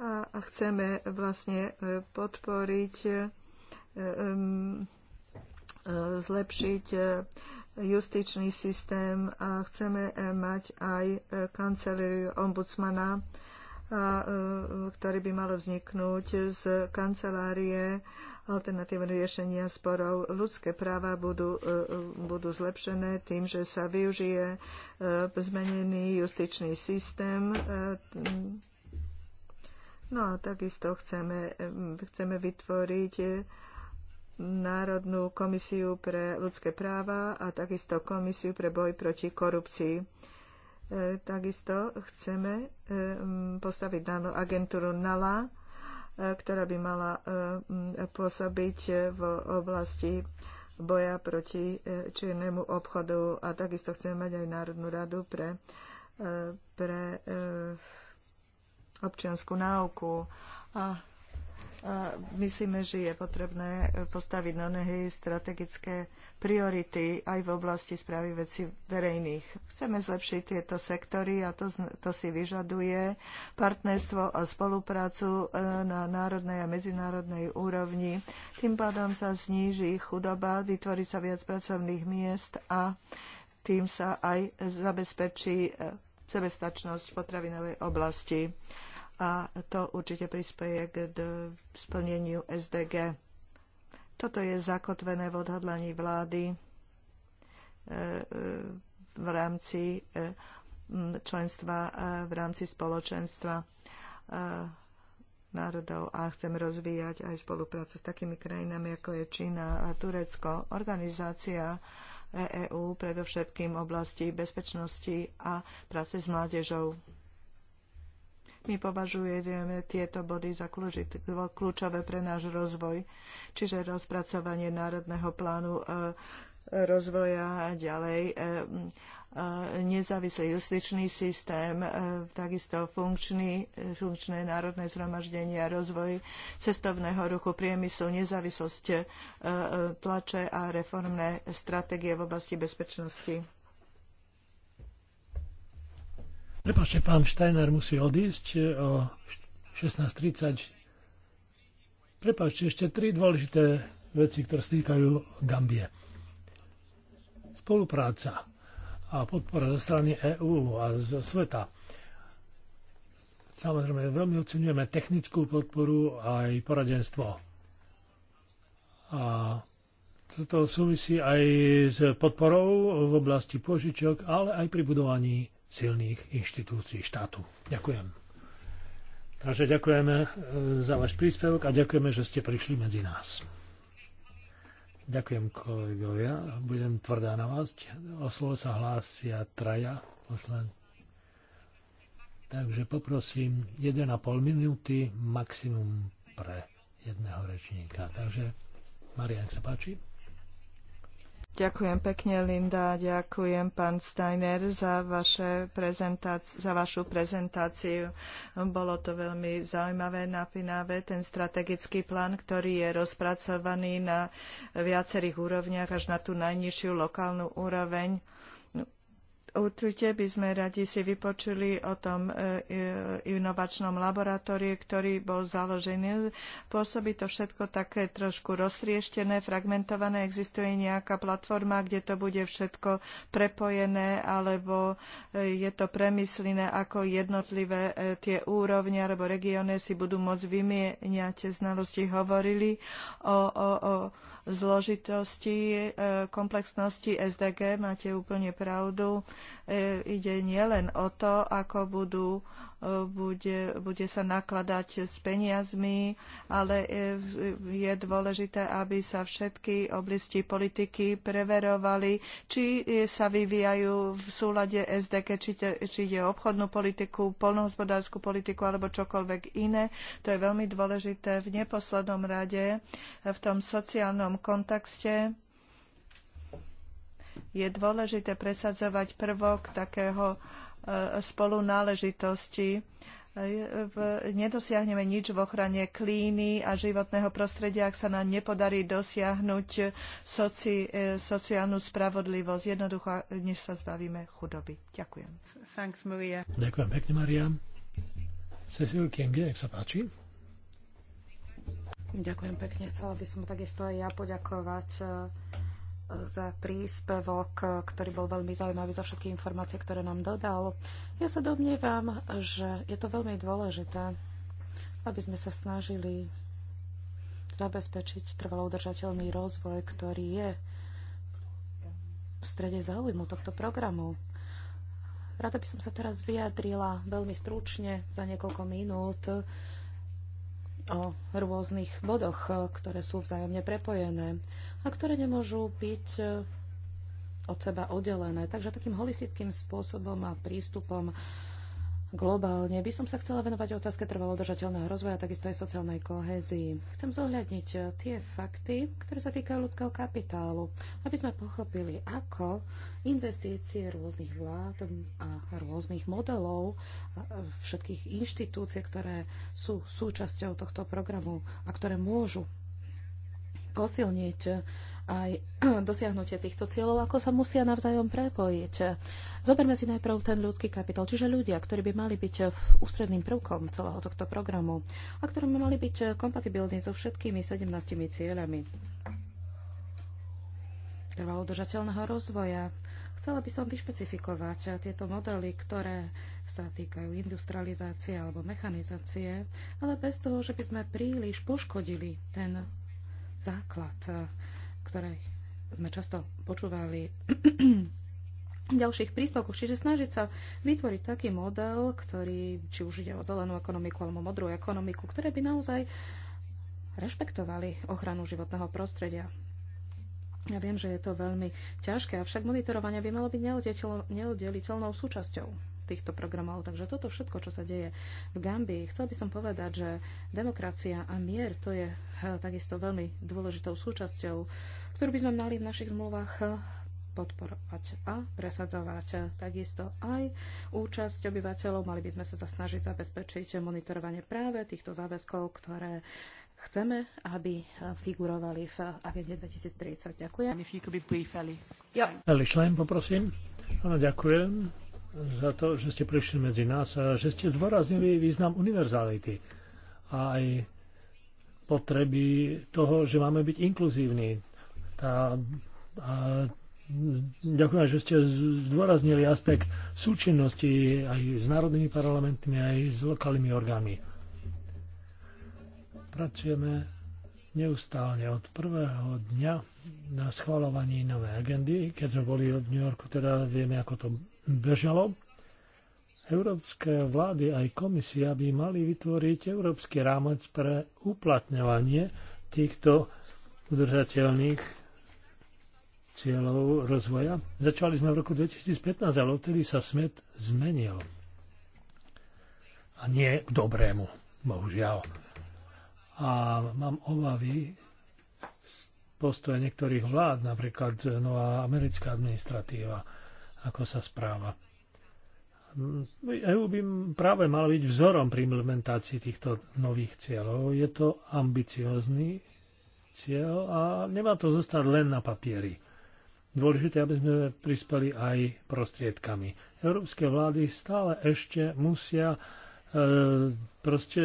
a chceme vlastne e, podporiť e, zlepšiť e, justičný systém a chceme e, mať aj e, kanceláriu ombudsmana, ktorý by mal vzniknúť z kancelárie alternatívne riešenia sporov. Ľudské práva budú, budú zlepšené tým, že sa využije zmenený justičný systém. No a takisto chceme, chceme vytvoriť Národnú komisiu pre ľudské práva a takisto komisiu pre boj proti korupcii. E, takisto chceme e, postaviť danú agentúru NALA, e, ktorá by mala pôsobiť v oblasti boja proti čiernemu obchodu a takisto chceme mať aj Národnú radu pre, pre občianskú náuku. A myslíme, že je potrebné postaviť na nohy strategické priority aj v oblasti správy veci verejných. Chceme zlepšiť tieto sektory a to, to si vyžaduje partnerstvo a spoluprácu e, na národnej a medzinárodnej úrovni. Tým pádom sa zníži chudoba, vytvorí sa viac pracovných miest a tým sa aj zabezpečí e, sebestačnosť v potravinovej oblasti a to určite prispieje k splneniu SDG. Toto je zakotvené v odhodlaní vlády e, e, v rámci e, členstva, v rámci spoločenstva národov a chcem rozvíjať aj spoluprácu s takými krajinami, ako je Čína a Turecko. Organizácia EÚ, predovšetkým oblasti bezpečnosti a práce s mládežou. My považujeme tieto body za kľúčové pre náš rozvoj, čiže rozpracovanie národného plánu e, rozvoja a ďalej e, e, nezávislý justičný systém, takisto funkčný, funkčné národné zhromaždenie a rozvoj cestovného ruchu, priemyslu, nezávislosť tlače a reformné stratégie v oblasti bezpečnosti. Prepačte, pán Steiner musí odísť e, o 16.30. Prepačte, ešte tri dôležité veci, ktoré stýkajú týkajú Gambie. Spolupráca a podpora zo strany EÚ a zo sveta. Samozrejme, veľmi oceňujeme technickú podporu a aj poradenstvo. A toto súvisí aj s podporou v oblasti požičok, ale aj pri budovaní silných inštitúcií štátu. Ďakujem. Takže ďakujeme e, za váš príspevok a ďakujeme, že ste prišli medzi nás. Ďakujem kolegovia, budem tvrdá na vás. O slovo sa hlásia traja poslen. Takže poprosím 1,5 minúty maximum pre jedného rečníka. Takže Marian, sa páči. Ďakujem pekne, Linda, ďakujem, pán Steiner, za, vaše za vašu prezentáciu. Bolo to veľmi zaujímavé, napínavé, ten strategický plán, ktorý je rozpracovaný na viacerých úrovniach, až na tú najnižšiu lokálnu úroveň Určite by sme radi si vypočuli o tom e, e, inovačnom laboratóriu, ktorý bol založený. Pôsobí to všetko také trošku roztrieštené, fragmentované. Existuje nejaká platforma, kde to bude všetko prepojené, alebo e, je to premyslené, ako jednotlivé tie úrovne alebo regióny si budú môcť vymieňať znalosti. Hovorili o, o, o zložitosti, e, komplexnosti SDG. Máte úplne pravdu. E, ide nielen o to, ako budú bude, bude sa nakladať s peniazmi, ale e, je dôležité, aby sa všetky oblasti politiky preverovali, či e, sa vyvíjajú v súlade SDK, či, te, či ide o obchodnú politiku, polnohospodárskú politiku alebo čokoľvek iné. To je veľmi dôležité v neposlednom rade v tom sociálnom kontexte je dôležité presadzovať prvok takého spolunáležitosti nedosiahneme nič v ochrane klímy a životného prostredia, ak sa nám nepodarí dosiahnuť soci, e, sociálnu spravodlivosť. Jednoducho, než sa zbavíme chudoby. Ďakujem. Thanks, Maria. Ďakujem pekne, Maria. Cecil Kienge, nech sa páči. Ďakujem pekne. Chcela by som takisto aj ja poďakovať e, za príspevok, ktorý bol veľmi zaujímavý, za všetky informácie, ktoré nám dodal. Ja sa domnievam, že je to veľmi dôležité, aby sme sa snažili zabezpečiť trvalo udržateľný rozvoj, ktorý je v strede záujmu tohto programu. Rada by som sa teraz vyjadrila veľmi stručne za niekoľko minút o rôznych bodoch, e, ktoré sú vzájomne prepojené a ktoré nemôžu byť e, od seba oddelené. Takže takým holistickým spôsobom a prístupom globálne. By som sa chcela venovať otázke trvalo držateľného rozvoja, takisto aj sociálnej kohézii. Chcem zohľadniť eh, tie fakty, ktoré sa týkajú ľudského kapitálu, aby sme pochopili, ako investície rôznych vlád a rôznych modelov všetkých inštitúcií, ktoré sú súčasťou tohto programu a ktoré môžu posilniť eh, aj dosiahnutie týchto cieľov, ako sa musia navzájom prepojiť. Zoberme si najprv ten ľudský kapitál, čiže ľudia, ktorí by mali byť ústredným prvkom celého tohto programu a ktorí by mali byť kompatibilní so všetkými 17 cieľami trvalo udržateľného rozvoja. Chcela by som vyšpecifikovať tieto modely, ktoré sa týkajú industrializácie alebo mechanizácie, ale bez toho, že by sme príliš poškodili ten základ ktoré sme často počúvali v ďalších príspevkoch. Čiže snažiť sa vytvoriť taký model, ktorý, či už ide o zelenú ekonomiku alebo modrú ekonomiku, ktoré by naozaj rešpektovali ochranu životného prostredia. Ja viem, že je to veľmi ťažké, avšak monitorovanie by malo byť neoddeliteľnou súčasťou týchto programov. Takže toto všetko, čo sa deje v Gambii, chcel by som povedať, že demokracia a mier to je eh, takisto veľmi dôležitou súčasťou, ktorú by sme mali v našich zmluvách eh, podporovať a presadzovať. Takisto aj účasť obyvateľov. Mali by sme sa snažiť zabezpečiť monitorovanie práve týchto záväzkov, ktoré chceme, aby eh, figurovali v agende 2030. Ďakujem. Eli Schlein, poprosím. Áno, ďakujem za to, že ste prišli medzi nás a že ste zdôraznili význam univerzality a aj potreby toho, že máme byť inkluzívni. Tá, a, ďakujem, že ste zdôraznili aspekt súčinnosti aj s národnými parlamentmi, aj s lokálnymi orgánmi. Pracujeme neustále od prvého dňa na schvalovaní novej agendy. Keď sme boli v New Yorku, teda vieme, ako to bežalo. Európske vlády aj komisia by mali vytvoriť európsky rámec pre uplatňovanie týchto udržateľných cieľov rozvoja. Začali sme v roku 2015, ale odtedy sa smet zmenil. A nie k dobrému, bohužiaľ. A mám obavy z postoja niektorých vlád, napríklad nová americká administratíva, ako sa správa. EU by práve mal byť vzorom pri implementácii týchto nových cieľov. Je to ambiciózny cieľ a nemá to zostať len na papieri. Dôležité, aby sme prispeli aj prostriedkami. Európske vlády stále ešte musia e, proste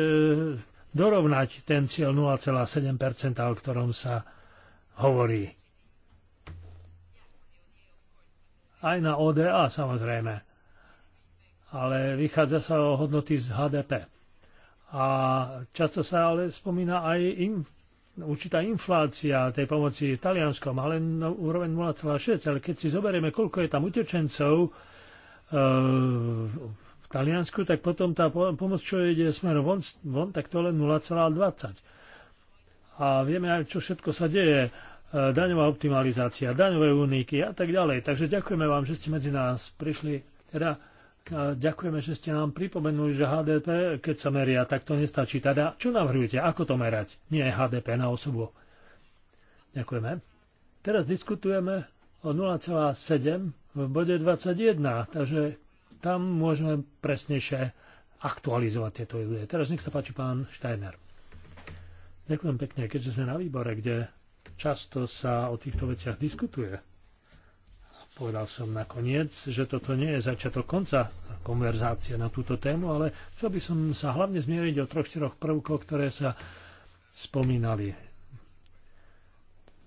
dorovnať ten cieľ 0,7%, o ktorom sa hovorí. aj na ODA samozrejme. Ale vychádza sa o hodnoty z HDP. A často sa ale spomína aj im, určitá inflácia tej pomoci v Talianskom, ale na no, úroveň 0,6. Ale keď si zoberieme, koľko je tam utečencov e, v Taliansku, tak potom tá pomoc, čo ide smerom von, von tak to len 0,20. A vieme aj, čo všetko sa deje E, daňová optimalizácia, daňové úniky a tak ďalej. Takže ďakujeme vám, že ste medzi nás prišli. Teda a e, ďakujeme, že ste nám pripomenuli, že HDP, keď sa meria, tak to nestačí. Teda, čo navrhujete? Ako to merať? Nie HDP na osobu. Ďakujeme. Teraz diskutujeme o 0,7 v bode 21, takže tam môžeme presnejšie aktualizovať tieto údaje. Teraz nech sa páči pán Steiner. Ďakujem pekne, keďže sme na výbore, kde Často sa o týchto veciach diskutuje. Povedal som nakoniec, že toto nie je začiatok konca konverzácie na túto tému, ale chcel by som sa hlavne zmieriť o troch, štyroch prvkoch, ktoré sa spomínali.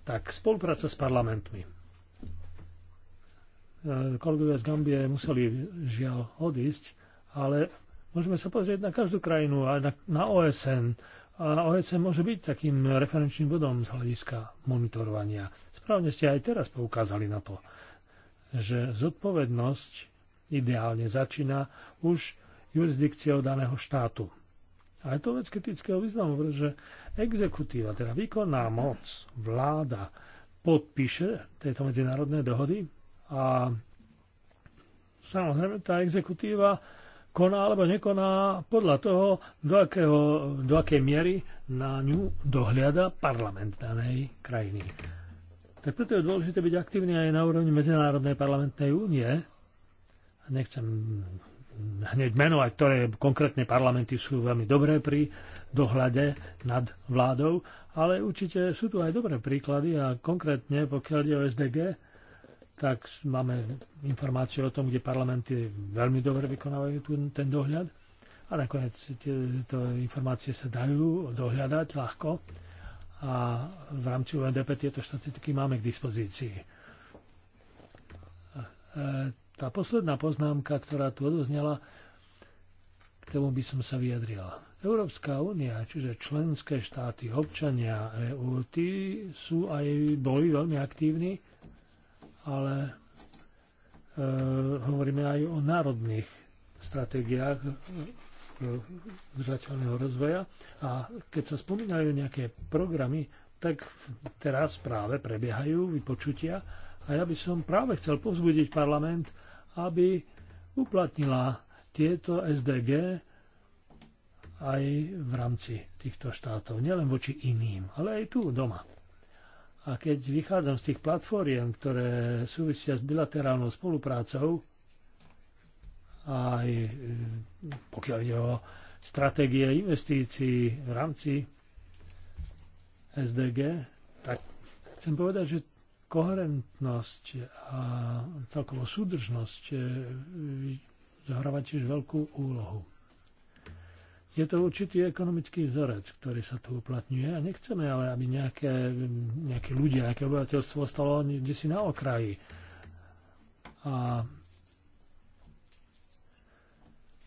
Tak, spolupráca s parlamentmi e, kolegovia z Gambie museli žiaľ odísť, ale môžeme sa pozrieť na každú krajinu aj na, na OSN, a OSN môže byť takým referenčným bodom z hľadiska monitorovania. Správne ste aj teraz poukázali na to, že zodpovednosť ideálne začína už jurisdikciou daného štátu. A je to vec kritického významu, pretože exekutíva, teda výkonná moc, vláda podpíše tieto medzinárodné dohody a samozrejme tá exekutíva koná alebo nekoná podľa toho, do, akého, do akej miery na ňu dohliada parlament danej krajiny. Tak preto je dôležité byť aktívny aj na úrovni Medzinárodnej parlamentnej únie. Nechcem hneď menovať, ktoré konkrétne parlamenty sú veľmi dobré pri dohľade nad vládou, ale určite sú tu aj dobré príklady a konkrétne, pokiaľ je o SDG, tak máme informáciu o tom, kde parlamenty veľmi dobre vykonávajú ten dohľad. A nakoniec tieto informácie sa dajú dohľadať ľahko. A v rámci UNDP tieto štatistiky máme k dispozícii. E, tá posledná poznámka, ktorá tu odoznela, k tomu by som sa vyjadrila. Európska únia, čiže členské štáty, občania EÚ, tí sú aj boli veľmi aktívni ale e, hovoríme aj o národných stratégiách e, udržateľného rozvoja. A keď sa spomínajú nejaké programy, tak teraz práve prebiehajú vypočutia a ja by som práve chcel povzbudiť parlament, aby uplatnila tieto SDG aj v rámci týchto štátov, nielen voči iným, ale aj tu doma. A keď vychádzam z tých platformiem, ktoré súvisia s bilaterálnou spoluprácou, aj e, pokiaľ ide o stratégie investícií v rámci SDG, tak chcem povedať, že koherentnosť a celkovo súdržnosť e, zohráva tiež veľkú úlohu. Je to určitý ekonomický vzorec, ktorý sa tu uplatňuje a nechceme ale, aby nejaké, nejaké ľudia, nejaké obyvateľstvo stalo kde si na okraji. A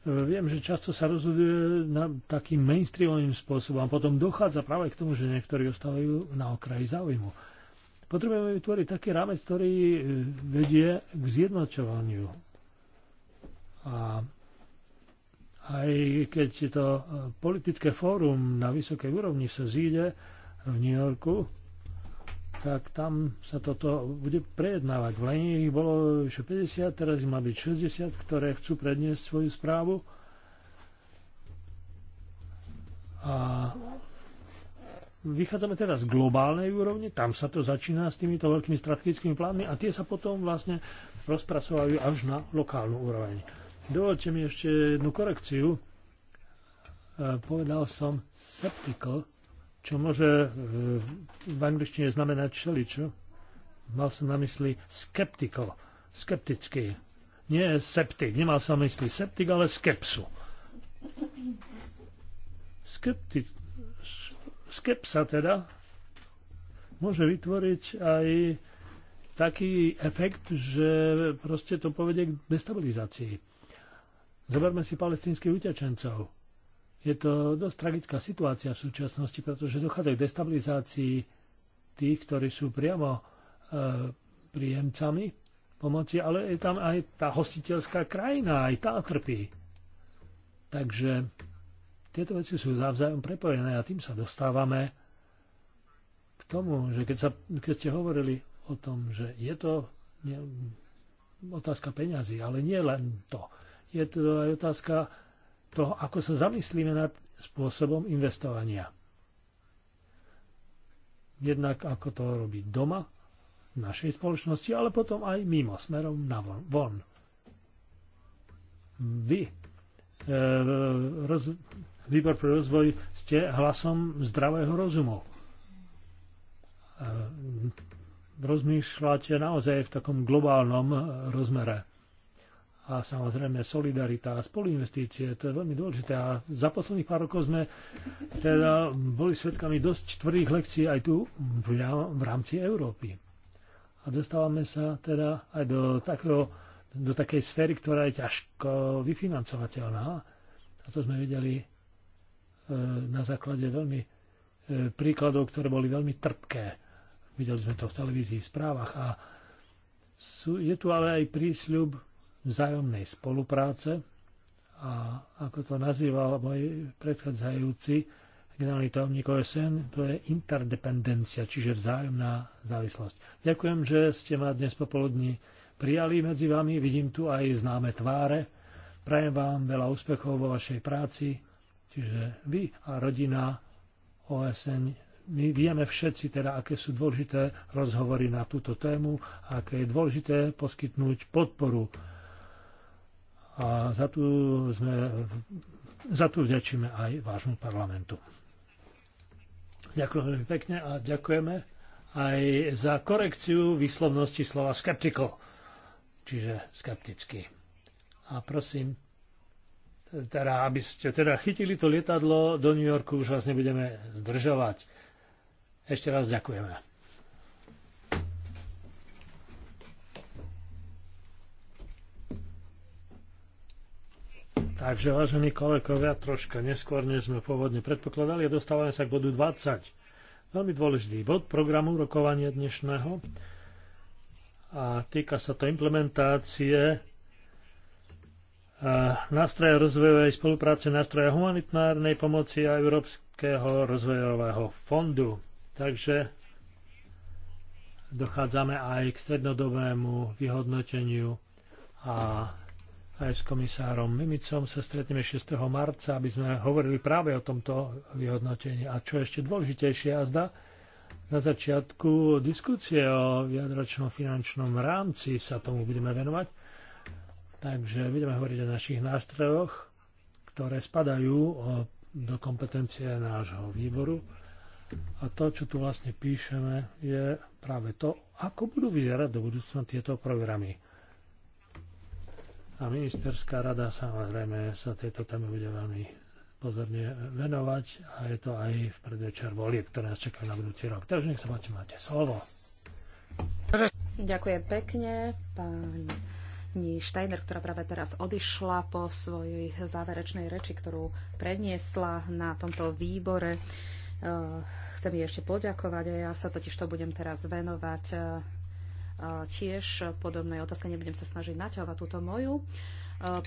e, viem, že často sa rozhoduje na takým mainstreamovým spôsobom a potom dochádza práve k tomu, že niektorí ostávajú na okraji záujmu. Potrebujeme vytvoriť taký rámec, ktorý e, vedie k zjednočovaniu. A aj keď to eh, politické fórum na vysokej úrovni sa zíde v New Yorku, tak tam sa toto bude prejednávať. V Lene ich bolo vyše 50, teraz ich má byť 60, ktoré chcú predniesť svoju správu. A vychádzame teraz z globálnej úrovne, tam sa to začína s týmito veľkými strategickými plánmi a tie sa potom vlastne rozpracovajú až na lokálnu úroveň. Dovolte mi ešte jednu korekciu. E, povedal som septical, čo môže e, v angličtine znamenať šeličo. Mal som na mysli skeptical, skeptický. Nie septik, nemal som na mysli septik, ale skepsu. Skepti- skepsa teda môže vytvoriť aj taký efekt, že proste to povedie k destabilizácii Zoberme si palestínskych utečencov. Je to dosť tragická situácia v súčasnosti, pretože dochádza k destabilizácii tých, ktorí sú priamo e, príjemcami pomoci, ale je tam aj tá hostiteľská krajina, aj tá trpí. Takže tieto veci sú navzájom prepojené a tým sa dostávame k tomu, že keď, sa, keď ste hovorili o tom, že je to nie, otázka peňazí, ale nie len to je to aj otázka toho, ako sa zamyslíme nad spôsobom investovania. Jednak ako to robiť doma, v našej spoločnosti, ale potom aj mimo, smerom na von. von. Vy, e, roz, výbor pre rozvoj, ste hlasom zdravého rozumu. E, rozmýšľate naozaj v takom globálnom rozmere a samozrejme solidarita a spoluinvestície, to je veľmi dôležité. A za posledných pár rokov sme teda boli svedkami dosť tvrdých lekcií aj tu v rámci Európy. A dostávame sa teda aj do, takého, do takej sféry, ktorá je ťažko vyfinancovateľná. A to sme videli e, na základe veľmi e, príkladov, ktoré boli veľmi trpké. Videli sme to v televízii, v správach. A sú, je tu ale aj prísľub vzájomnej spolupráce a ako to nazýval môj predchádzajúci generálny tajomník OSN, to je interdependencia, čiže vzájomná závislosť. Ďakujem, že ste ma dnes popoludní prijali medzi vami, vidím tu aj známe tváre. Prajem vám veľa úspechov vo vašej práci, čiže vy a rodina OSN my vieme všetci teda, aké sú dôležité rozhovory na túto tému, a aké je dôležité poskytnúť podporu a za tu, sme, za tu vďačíme aj vášmu parlamentu. Ďakujem veľmi pekne a ďakujeme aj za korekciu výslovnosti slova skeptical, čiže skeptický. A prosím, teda, aby ste teda chytili to lietadlo do New Yorku, už vás nebudeme zdržovať. Ešte raz ďakujeme. Takže, vážení kolegovia, troška neskôr, než sme pôvodne predpokladali, a dostávame sa k bodu 20. Veľmi dôležitý bod programu rokovania dnešného a týka sa to implementácie nástroja rozvojovej spolupráce, nástroja humanitárnej pomoci a Európskeho rozvojového fondu. Takže dochádzame aj k strednodobému vyhodnoteniu a aj s komisárom Mimicom sa stretneme 6. marca, aby sme hovorili práve o tomto vyhodnotení. A čo ešte dôležitejšie, a zda, na začiatku diskusie o viadračnom finančnom rámci sa tomu budeme venovať. Takže budeme hovoriť o našich nástrojoch, ktoré spadajú do kompetencie nášho výboru. A to, čo tu vlastne píšeme, je práve to, ako budú vyzerať do budúcna tieto programy. A ministerská rada samozrejme sa tejto téme bude veľmi pozorne venovať a je to aj v predvečer volie, ktoré nás čakajú na budúci rok. Takže nech sa máte máte slovo. Ďakujem pekne, pani Steiner, ktorá práve teraz odišla po svojej záverečnej reči, ktorú predniesla na tomto výbore. E, chcem jej ešte poďakovať a ja sa totiž to budem teraz venovať e, tiež podobnej otázke. Nebudem sa snažiť naťahovať túto moju e,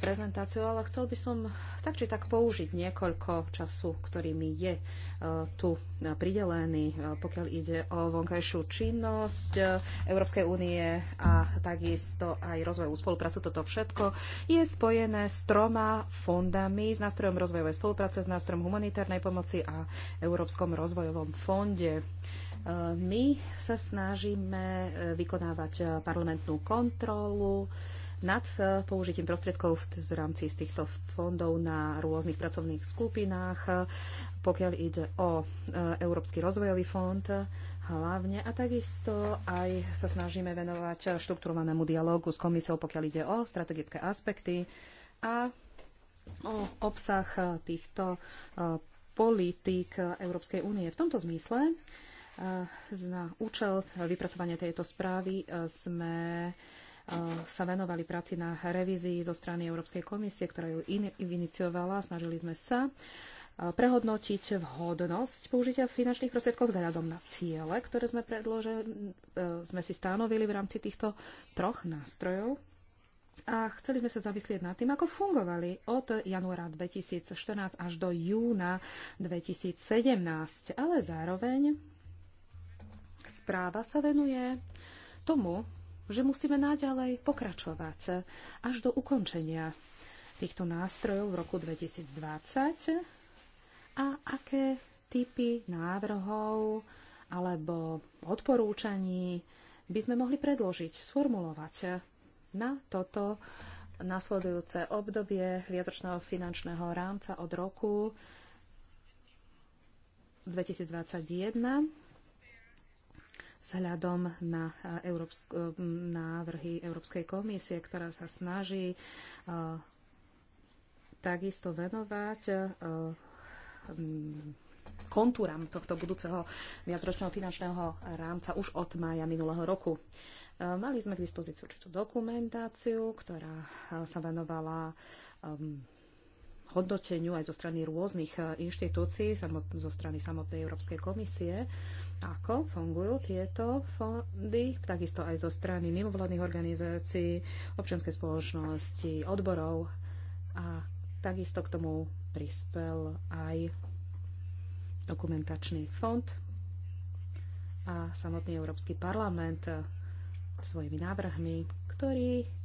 prezentáciu, ale chcel by som tak či tak použiť niekoľko času, ktorý mi je e, tu pridelený, e, pokiaľ ide o vonkajšiu činnosť Európskej únie a takisto aj rozvojovú spoluprácu. Toto všetko je spojené s troma fondami, s nástrojom rozvojovej spolupráce, s nástrojom humanitárnej pomoci a Európskom rozvojovom fonde. My sa snažíme eh, vykonávať eh, parlamentnú kontrolu nad eh, použitím prostriedkov z rámci z týchto fondov na rôznych pracovných skupinách, pokiaľ ide o Európsky rozvojový fond hlavne a takisto aj sa snažíme venovať štruktúrovanému dialogu s komisiou, pokiaľ ide o strategické aspekty a o obsah týchto politík Európskej únie. V tomto zmysle na účel vypracovania tejto správy e, sme e, sa venovali práci na revízii zo strany Európskej komisie, ktorá ju iniciovala. Snažili sme sa e, prehodnotiť vhodnosť použitia finančných prostriedkov vzhľadom na ciele, ktoré sme, predložili, sme si stanovili v rámci týchto troch nástrojov. A chceli sme sa zamyslieť nad tým, ako fungovali od januára 2014 až do júna 2017, ale zároveň správa sa venuje tomu, že musíme naďalej pokračovať až do ukončenia týchto nástrojov v roku 2020 a aké typy návrhov alebo odporúčaní by sme mohli predložiť, sformulovať na toto nasledujúce obdobie viacročného finančného rámca od roku 2021 vzhľadom na eh, Európsk- eh, návrhy Európskej komisie, ktorá sa snaží eh, takisto venovať mm, kontúram tohto budúceho viacročného finančného rámca už od mája minulého roku. mali sme k dispozícii určitú dokumentáciu, ktorá sa venovala um, hodnoteniu aj zo strany rôznych e, inštitúcií, zo strany samotnej Európskej komisie, ako fungujú tieto fondy, takisto aj zo strany mimovládnych organizácií, občianskej spoločnosti, odborov a takisto k tomu prispel aj dokumentačný fond a samotný Európsky parlament e, svojimi návrhmi, ktorý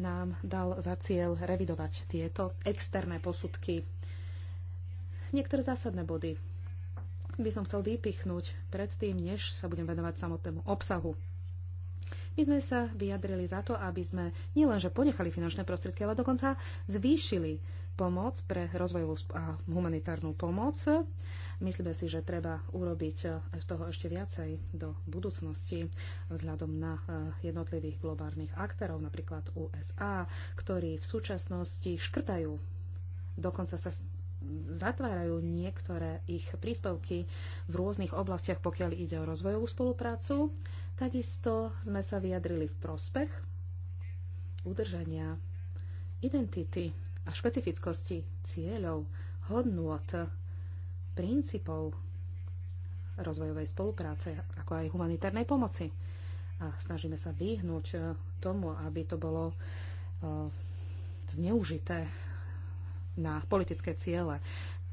nám dal za cieľ revidovať tieto externé posudky. Niektoré zásadné body by som chcel vypichnúť predtým, než sa budem venovať samotnému obsahu. My sme sa vyjadrili za to, aby sme nielenže ponechali finančné prostriedky, ale dokonca zvýšili pomoc pre rozvojovú a humanitárnu pomoc Myslíme si, že treba urobiť e, toho ešte viacej do budúcnosti vzhľadom na e, jednotlivých globálnych aktérov, napríklad USA, ktorí v súčasnosti škrtajú, dokonca sa zatvárajú niektoré ich príspevky v rôznych oblastiach, pokiaľ ide o rozvojovú spoluprácu. Takisto sme sa vyjadrili v prospech udržania identity a špecifickosti cieľov, od princípov rozvojovej spolupráce, ako aj humanitárnej pomoci. A snažíme sa vyhnúť e, tomu, aby to bolo e, zneužité na politické ciele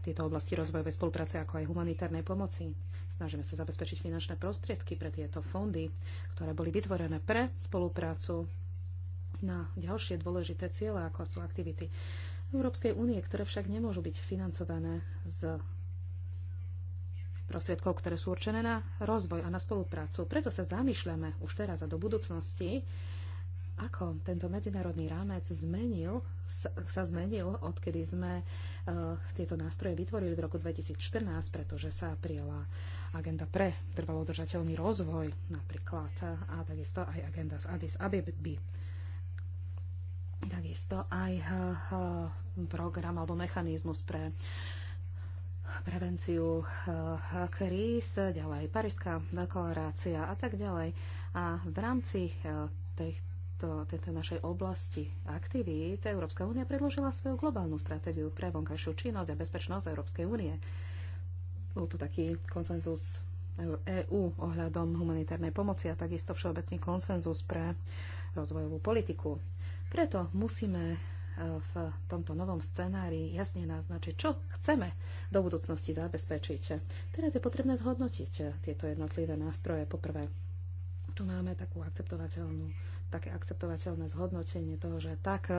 tieto oblasti rozvojovej spolupráce, ako aj humanitárnej pomoci. Snažíme sa zabezpečiť finančné prostriedky pre tieto fondy, ktoré boli vytvorené pre spoluprácu na ďalšie dôležité ciele, ako sú aktivity Európskej únie, ktoré však nemôžu byť financované z prostriedkov, ktoré sú určené na rozvoj a na spoluprácu. Preto sa zamýšľame už teraz a do budúcnosti, ako tento medzinárodný rámec zmenil, sa zmenil, odkedy sme uh, tieto nástroje vytvorili v roku 2014, pretože sa prijala agenda pre trvalodržateľný rozvoj napríklad a takisto aj agenda z Addis Abeby. Takisto aj uh, program alebo mechanizmus pre uh, prevenciu eh, kríz, ďalej Parížská deklarácia a tak ďalej. A v rámci eh, tejto, tejto našej oblasti aktivít Európska únia predložila svoju globálnu stratégiu pre vonkajšiu činnosť a bezpečnosť Európskej únie. Bol tu taký konsenzus EÚ eh, e ohľadom humanitárnej pomoci a takisto všeobecný konsenzus pre rozvojovú politiku. Preto musíme v tomto novom scenári jasne naznačiť, čo chceme do budúcnosti zabezpečiť. Teraz je potrebné zhodnotiť tieto jednotlivé nástroje. Poprvé, tu máme takú akceptovateľnú, také akceptovateľné zhodnotenie toho, že tak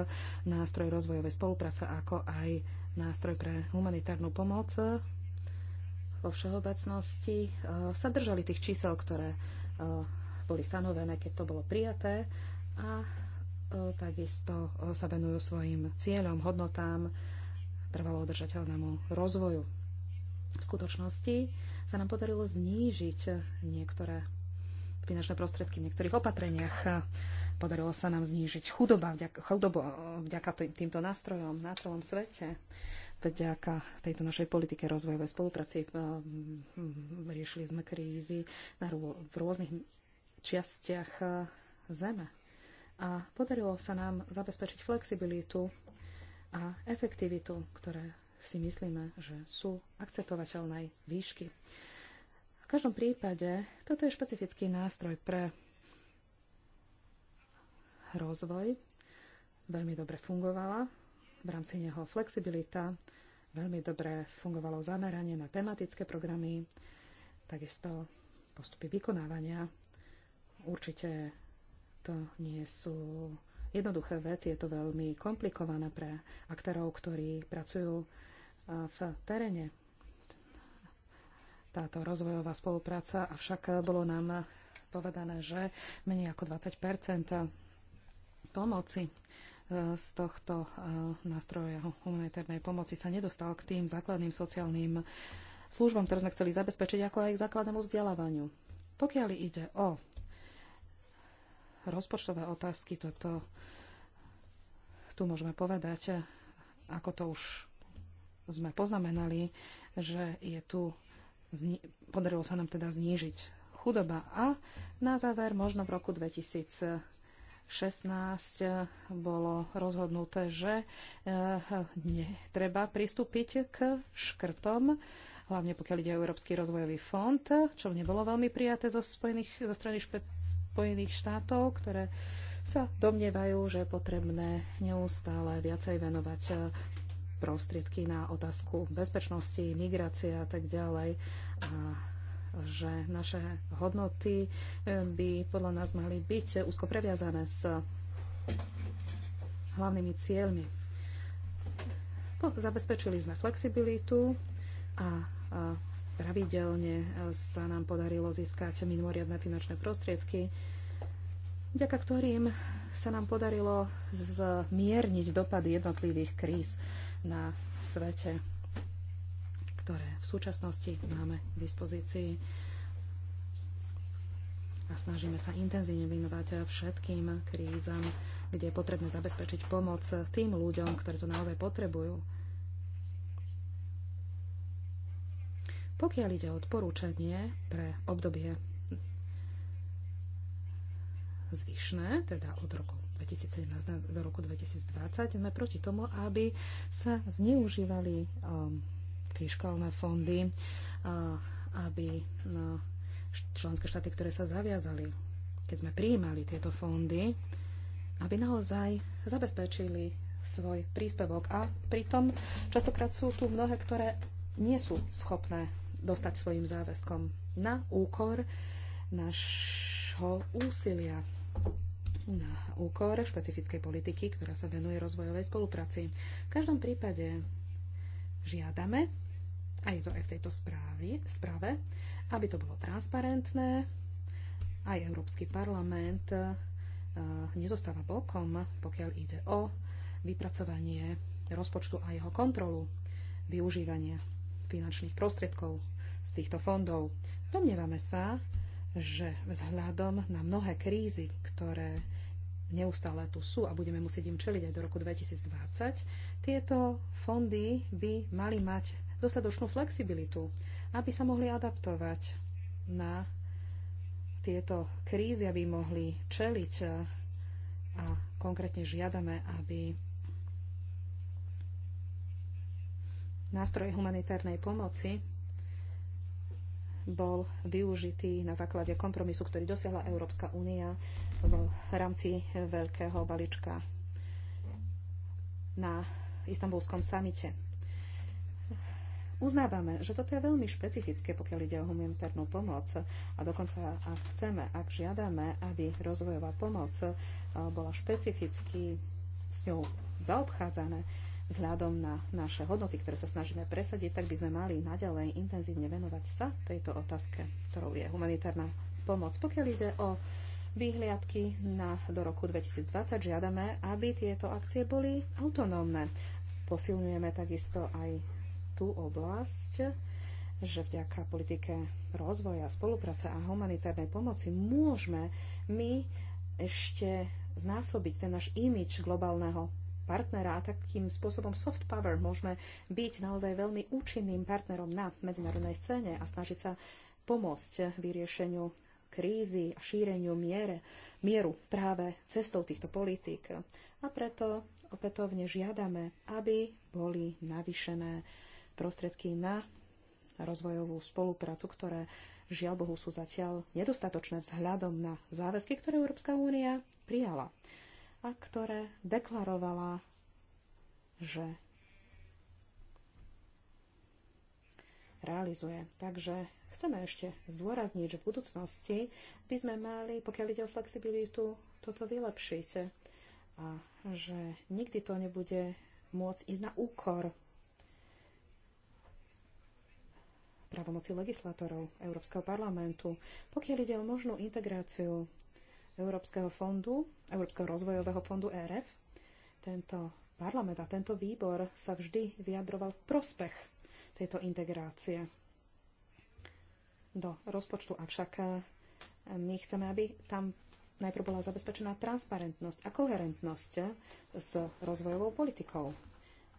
nástroj rozvojovej spolupráce, ako aj nástroj pre humanitárnu pomoc vo všeobecnosti e, sa držali tých čísel, ktoré e, boli stanovené, keď to bolo prijaté a E, takisto e, sa venujú svojim cieľom, hodnotám, trvalo udržateľnému rozvoju. V skutočnosti sa nám podarilo znížiť niektoré finančné prostriedky v niektorých opatreniach. Podarilo sa nám znížiť chudoba vďaka, chudobo e, vďaka týmto nástrojom na celom svete. Vďaka tejto našej politike rozvojovej spolupráci riešili sme krízy v rôznych častiach zeme a podarilo sa nám zabezpečiť flexibilitu a efektivitu, ktoré si myslíme, že sú akceptovateľnej výšky. V každom prípade toto je špecifický nástroj pre rozvoj. Veľmi dobre fungovala, v rámci neho flexibilita, veľmi dobre fungovalo zameranie na tematické programy, takisto postupy vykonávania. Určite to nie sú jednoduché veci, je to veľmi komplikované pre aktérov, ktorí pracujú v teréne. Táto rozvojová spolupráca, avšak bolo nám povedané, že menej ako 20 pomoci e, z tohto e, nástroja humanitárnej pomoci sa nedostal k tým základným sociálnym službám, ktoré sme chceli zabezpečiť, ako aj k základnému vzdelávaniu. Pokiaľ ide o rozpočtové otázky, toto tu môžeme povedať, ako to už sme poznamenali, že je tu, podarilo sa nám teda znížiť chudoba. A na záver, možno v roku 2016 bolo rozhodnuté, že eh, netreba treba pristúpiť k škrtom, hlavne pokiaľ ide o Európsky rozvojový fond, čo nebolo veľmi prijaté zo, spojených, zo strany špec- Spojených štátov, ktoré sa domnievajú, že je potrebné neustále viacej venovať e, prostriedky na otázku bezpečnosti, migrácie a tak ďalej. A že naše hodnoty e, by podľa nás mali byť úzko previazané s hlavnými cieľmi. Zabezpečili sme flexibilitu a, a pravidelne e, sa nám podarilo získať mimoriadne finančné prostriedky, vďaka ktorým sa nám podarilo zmierniť dopady jednotlivých kríz na svete, ktoré v súčasnosti máme k dispozícii a snažíme sa intenzívne venovať všetkým krízam, kde je potrebné zabezpečiť pomoc tým ľuďom, ktorí to naozaj potrebujú. Pokiaľ ide o odporúčanie pre obdobie zvyšné, teda od roku 2017 do roku 2020, sme proti tomu, aby sa zneužívali um, fiskálne fondy, uh, aby no, členské štáty, ktoré sa zaviazali, keď sme prijímali tieto fondy, aby naozaj zabezpečili svoj príspevok. A pritom častokrát sú tu mnohé, ktoré nie sú schopné dostať svojim záväzkom na úkor našho úsilia na úkor špecifickej politiky, ktorá sa venuje rozvojovej spolupráci. V každom prípade žiadame, a je to aj v tejto správy, správe, aby to bolo transparentné, aj Európsky parlament uh, nezostáva bokom, pokiaľ ide o vypracovanie rozpočtu a jeho kontrolu využívania finančných prostriedkov z týchto fondov. Domnievame sa, že vzhľadom na mnohé krízy, ktoré neustále tu sú a budeme musieť im čeliť aj do roku 2020, tieto fondy by mali mať dostatočnú flexibilitu, aby sa mohli adaptovať na tieto krízy, aby mohli čeliť a konkrétne žiadame, aby nástroje humanitárnej pomoci bol využitý na základe kompromisu, ktorý dosiahla Európska únia v rámci veľkého balíčka na istambulskom samite. Uznávame, že toto je veľmi špecifické, pokiaľ ide o humanitárnu pomoc a dokonca ak chceme, ak žiadame, aby rozvojová pomoc eh, bola špecificky s ňou zaobchádzané, vzhľadom na naše hodnoty, ktoré sa snažíme presadiť, tak by sme mali naďalej intenzívne venovať sa tejto otázke, ktorou je humanitárna pomoc. Pokiaľ ide o výhliadky na, do roku 2020, žiadame, aby tieto akcie boli autonómne. Posilňujeme takisto aj tú oblasť, že vďaka politike rozvoja, spolupráce a humanitárnej pomoci môžeme my ešte znásobiť ten náš imič globálneho partnera a takým spôsobom soft power môžeme byť naozaj veľmi účinným partnerom na medzinárodnej scéne a snažiť sa pomôcť vyriešeniu krízy a šíreniu miere, mieru práve cestou týchto politík. A preto opätovne žiadame, aby boli navýšené prostriedky na rozvojovú spoluprácu, ktoré žiaľ Bohu sú zatiaľ nedostatočné vzhľadom na záväzky, ktoré Európska únia prijala a ktoré deklarovala, že realizuje. Takže chceme ešte zdôrazniť, že v budúcnosti by sme mali, pokiaľ ide o flexibilitu, toto vylepšiť. A že nikdy to nebude môcť ísť na úkor právomoci legislatorov Európskeho parlamentu, pokiaľ ide o možnú integráciu Európskeho fondu, Európskeho rozvojového fondu ERF. Tento parlament a tento výbor sa vždy vyjadroval v prospech tejto integrácie do rozpočtu. Avšak eh, my chceme, aby tam najprv bola zabezpečená transparentnosť a koherentnosť eh, s rozvojovou politikou.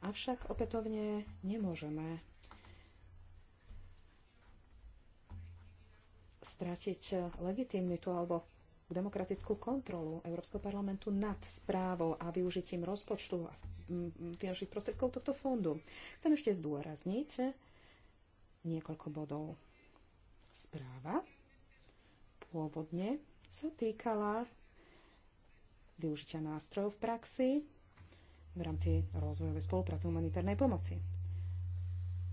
Avšak opätovne nemôžeme stratiť eh, legitimitu alebo demokratickú kontrolu Európskeho parlamentu nad správou a využitím rozpočtu a mm, mm, finančných prostriedkov tohto fondu. Chcem ešte zdôrazniť niekoľko bodov. Správa pôvodne sa týkala využitia nástrojov v praxi v rámci rozvojovej spolupráce humanitárnej pomoci.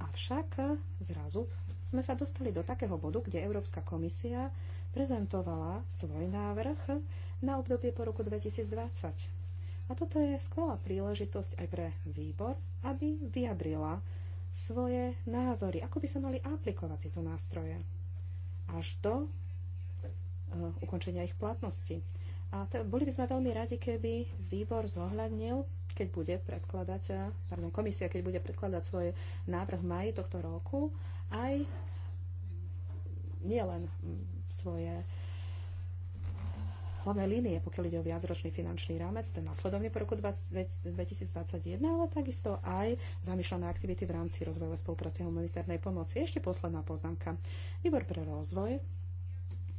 Avšak zrazu sme sa dostali do takého bodu, kde Európska komisia prezentovala svoj návrh na obdobie po roku 2020. A toto je skvelá príležitosť aj pre výbor, aby vyjadrila svoje názory, ako by sa mali aplikovať tieto nástroje až do uh, ukončenia ich platnosti. A boli by sme veľmi radi, keby výbor zohľadnil, keď bude predkladať, eh, pardon, komisia, keď bude predkladať svoj návrh maji tohto roku, aj nielen svoje hlavné línie, pokiaľ ide o viacročný finančný rámec, ten následovne po roku 2021, ale takisto aj zamýšľané aktivity v rámci rozvojovej spolupráce humanitárnej pomoci. Ešte posledná poznámka. Výbor pre rozvoj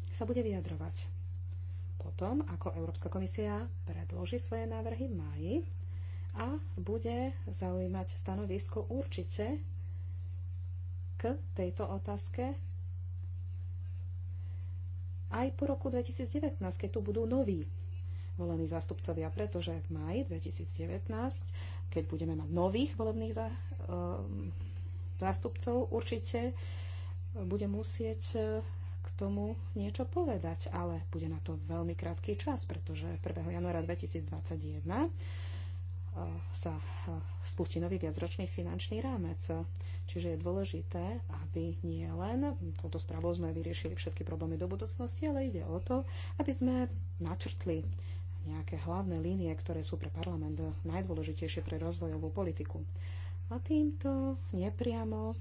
sa bude vyjadrovať potom, ako Európska komisia predloží svoje návrhy v máji a bude zaujímať stanovisko určite k tejto otázke aj po roku 2019, keď tu budú noví volení zástupcovia, pretože v maji 2019, keď budeme mať nových volebných zá, um, zástupcov, určite e, bude musieť e, k tomu niečo povedať, ale bude na to veľmi krátky čas, pretože 1. januára 2021 e, sa spustí nový viacročný finančný rámec. Čiže je dôležité, aby nie len touto správou sme vyriešili všetky problémy do budúcnosti, ale ide o to, aby sme načrtli nejaké hlavné línie, ktoré sú pre parlament najdôležitejšie pre rozvojovú politiku. A týmto nepriamo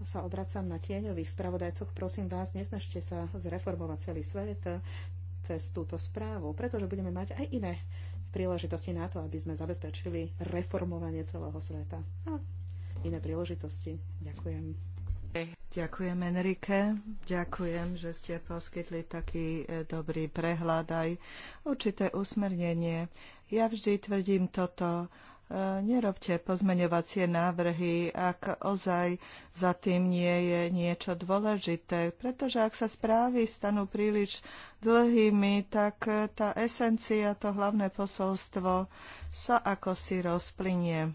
sa obracam na tieňových spravodajcoch. Prosím vás, nesnažte sa zreformovať celý svet cez túto správu, pretože budeme mať aj iné príležitosti na to, aby sme zabezpečili reformovanie celého sveta. A iné príležitosti. Ďakujem. Ďakujem Enrike, ďakujem, že ste poskytli taký e, dobrý prehľad aj určité usmernenie. Ja vždy tvrdím toto, e, nerobte pozmeňovacie návrhy, ak ozaj za tým nie je niečo dôležité, pretože ak sa správy stanú príliš dlhými, tak e, tá esencia, to hlavné posolstvo sa ako si rozplynie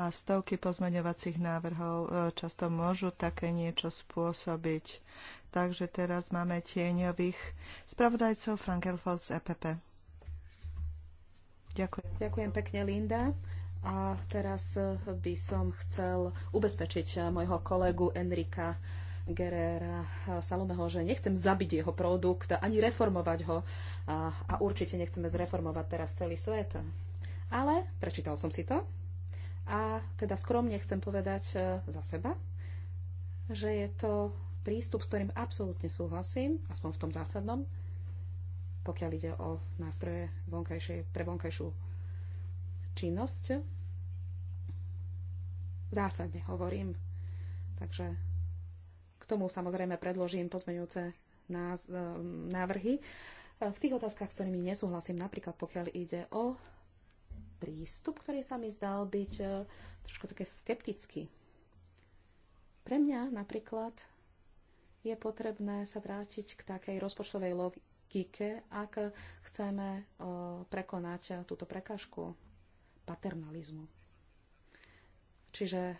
a stovky pozmeňovacích návrhov e, často môžu také niečo spôsobiť. Takže teraz máme tieňových spravodajcov Frankelfos z e EPP. Ďakujem. Ďakujem pekne, Linda. A teraz e, by som chcel ubezpečiť môjho kolegu Enrika Gerera Salomeho, že nechcem zabiť jeho produkt ani reformovať ho a, a určite nechceme zreformovať teraz celý svet. Ale prečítal som si to a teda skromne chcem povedať e, za seba, že je to prístup, s ktorým absolútne súhlasím, aspoň v tom zásadnom, pokiaľ ide o nástroje pre vonkajšiu činnosť. Zásadne hovorím. Takže k tomu samozrejme predložím pozmeňujúce e, návrhy. E, v tých otázkach, s ktorými nesúhlasím, napríklad pokiaľ ide o prístup, ktorý sa mi zdal byť e, trošku také skeptický. Pre mňa napríklad je potrebné sa vrátiť k takej rozpočtovej logike, ak chceme e, prekonať e, túto prekážku paternalizmu. Čiže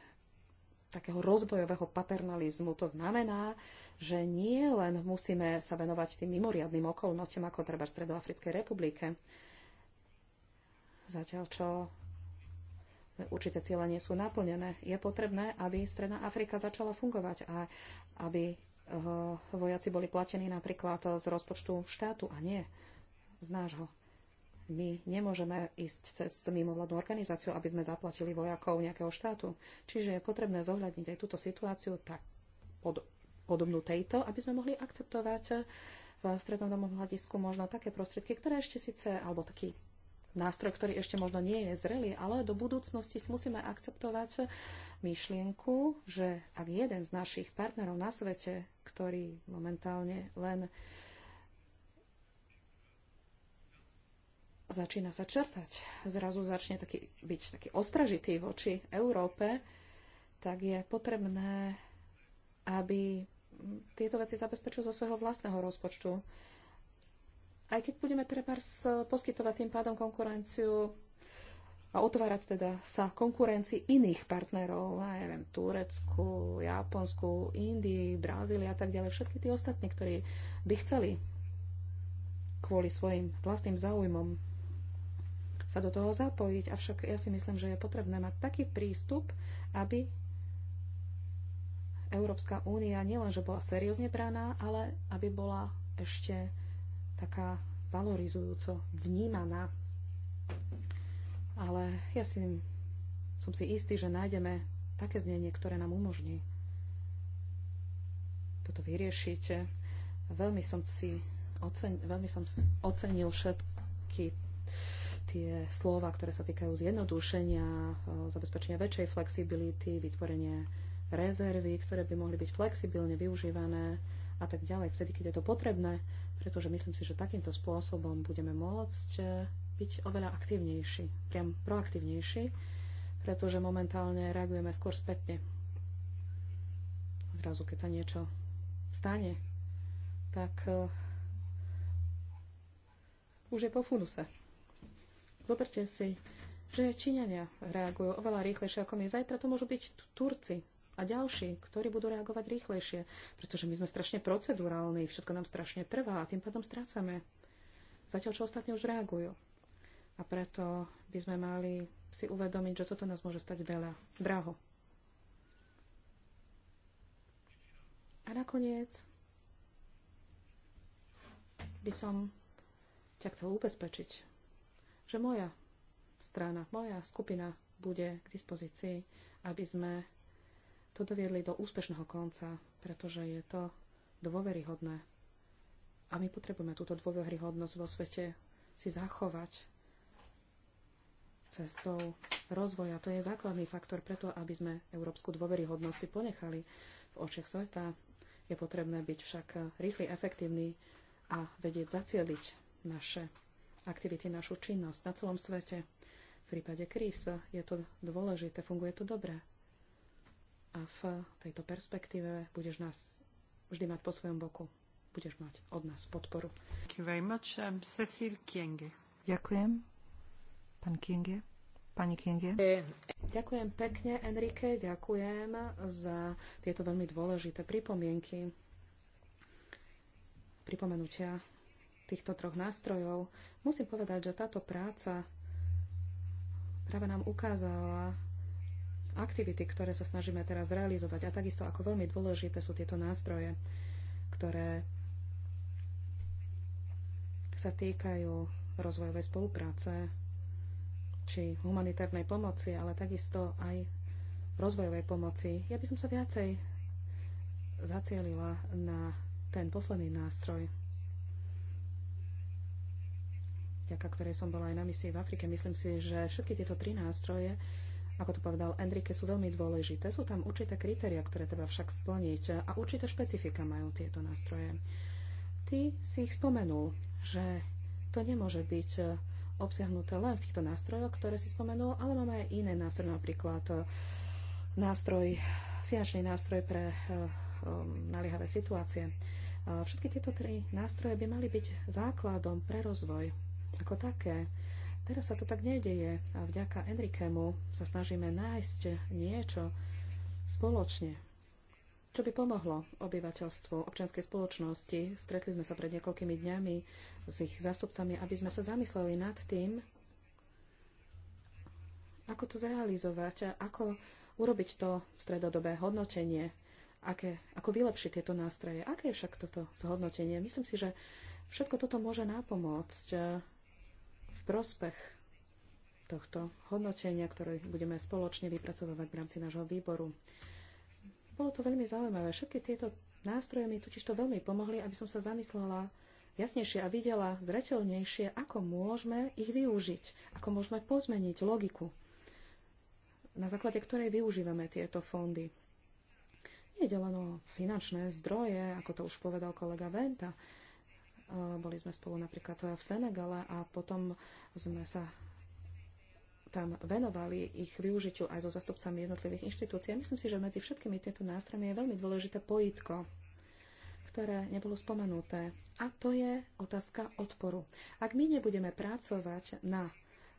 takého rozbojového paternalizmu. To znamená, že nie len musíme sa venovať tým mimoriadným okolnostiam, ako treba v Stredoafrickej republike, zatiaľ čo určité ciele nie sú naplnené. Je potrebné, aby Stredná Afrika začala fungovať a aby eh, vojaci boli platení napríklad z rozpočtu štátu a nie z nášho. My nemôžeme ísť cez mimovládnu organizáciu, aby sme zaplatili vojakov nejakého štátu. Čiže je potrebné zohľadniť aj túto situáciu tak pod, podobnú tejto, aby sme mohli akceptovať eh, v strednodobom hľadisku možno také prostriedky, ktoré ešte síce, alebo taký nástroj, ktorý ešte možno nie je zrelý, ale do budúcnosti si musíme akceptovať myšlienku, že ak jeden z našich partnerov na svete, ktorý momentálne len začína sa čertať, zrazu začne taký, byť taký ostražitý voči Európe, tak je potrebné, aby tieto veci zabezpečil zo svojho vlastného rozpočtu aj keď budeme treba poskytovať tým pádom konkurenciu a otvárať teda sa konkurencii iných partnerov, ja neviem, Turecku, Japonsku, Indii, Brazílii a tak ďalej, všetky tí ostatní, ktorí by chceli kvôli svojim vlastným záujmom sa do toho zapojiť. Avšak ja si myslím, že je potrebné mať taký prístup, aby Európska únia nielenže bola seriózne braná, ale aby bola ešte taká valorizujúco vnímaná. Ale ja si, som si istý, že nájdeme také znenie, ktoré nám umožní toto vyriešiť. Veľmi som, si ocen, veľmi som ocenil všetky tie slova, ktoré sa týkajú zjednodušenia, e, zabezpečenia väčšej flexibility, vytvorenie rezervy, ktoré by mohli byť flexibilne využívané a tak ďalej, vtedy, keď je to potrebné pretože myslím si, že takýmto spôsobom budeme môcť e, byť oveľa aktívnejší, priam proaktívnejší, pretože momentálne reagujeme skôr spätne. Zrazu, keď sa niečo stane, tak uh, už je po funuse. Zoberte si, že Číňania reagujú oveľa rýchlejšie ako my. Zajtra to môžu byť Turci, a ďalší, ktorí budú reagovať rýchlejšie, pretože my sme strašne procedurálni, všetko nám strašne trvá a tým pádom strácame. Zatiaľ, čo ostatní už reagujú. A preto by sme mali si uvedomiť, že toto nás môže stať veľa, draho. A nakoniec by som ťa chcel ubezpečiť, že moja strana, moja skupina bude k dispozícii, aby sme to doviedli do úspešného konca, pretože je to dôveryhodné. A my potrebujeme túto dôveryhodnosť vo svete si zachovať cestou rozvoja. To je základný faktor preto, aby sme európsku dôveryhodnosť si ponechali v očiach sveta. Je potrebné byť však rýchly, efektívny a vedieť zacieliť naše aktivity, našu činnosť na celom svete. V prípade kríz je to dôležité, funguje to dobre a v tejto perspektíve budeš nás vždy mať po svojom boku. Budeš mať od nás podporu. Much, um, Ďakujem. Pán Kienge. Pani Kienge. E, ďakujem pekne, Enrique. Ďakujem za tieto veľmi dôležité pripomienky, pripomenutia týchto troch nástrojov. Musím povedať, že táto práca práve nám ukázala, aktivity, ktoré sa snažíme teraz realizovať. A takisto ako veľmi dôležité sú tieto nástroje, ktoré sa týkajú rozvojovej spolupráce či humanitárnej pomoci, ale takisto aj rozvojovej pomoci. Ja by som sa viacej zacielila na ten posledný nástroj, ďaká ktorej som bola aj na misii v Afrike. Myslím si, že všetky tieto tri nástroje ako to povedal Enrique, sú veľmi dôležité. Sú tam určité kritéria, ktoré treba však splniť a určité špecifika majú tieto nástroje. Ty si ich spomenul, že to nemôže byť e, obsiahnuté len v týchto nástrojoch, ktoré si spomenul, ale máme aj iné nástroje, napríklad e, nástroj, finančný nástroj pre e, naliehavé situácie. Všetky tieto tri nástroje by mali byť základom pre rozvoj ako také Teraz sa to tak nedeje a vďaka Enrikemu sa snažíme nájsť niečo spoločne, čo by pomohlo obyvateľstvu občianskej spoločnosti. Stretli sme sa pred niekoľkými dňami s ich zástupcami, aby sme sa zamysleli nad tým, ako to zrealizovať a ako urobiť to stredodobé hodnotenie, aké, ako vylepšiť tieto nástroje. Aké je však toto zhodnotenie? Myslím si, že všetko toto môže napomôcť prospech tohto hodnotenia, ktoré budeme spoločne vypracovať v rámci nášho výboru. Bolo to veľmi zaujímavé. Všetky tieto nástroje mi totiž to veľmi pomohli, aby som sa zamyslela jasnejšie a videla zreteľnejšie, ako môžeme ich využiť, ako môžeme pozmeniť logiku, na základe ktorej využívame tieto fondy. Nie len o finančné zdroje, ako to už povedal kolega Venta, boli sme spolu napríklad v Senegale a potom sme sa tam venovali ich využitiu aj so zastupcami jednotlivých inštitúcií. A myslím si, že medzi všetkými tieto nástrojmi je veľmi dôležité pojitko, ktoré nebolo spomenuté. A to je otázka odporu. Ak my nebudeme pracovať na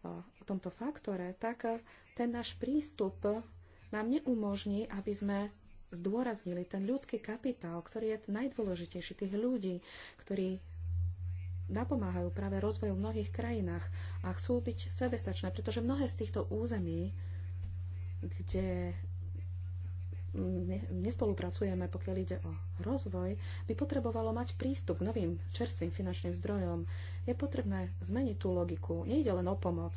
o e, tomto faktore, tak e, ten náš prístup nám neumožní, aby sme zdôraznili ten ľudský kapitál, ktorý je najdôležitejší, tých ľudí, ktorí napomáhajú práve rozvoju v mnohých krajinách a chcú byť sebestačné, pretože mnohé z týchto území, kde nespolupracujeme, pokiaľ ide o rozvoj, by potrebovalo mať prístup k novým čerstvým finančným zdrojom. Je potrebné zmeniť tú logiku. Nejde len o pomoc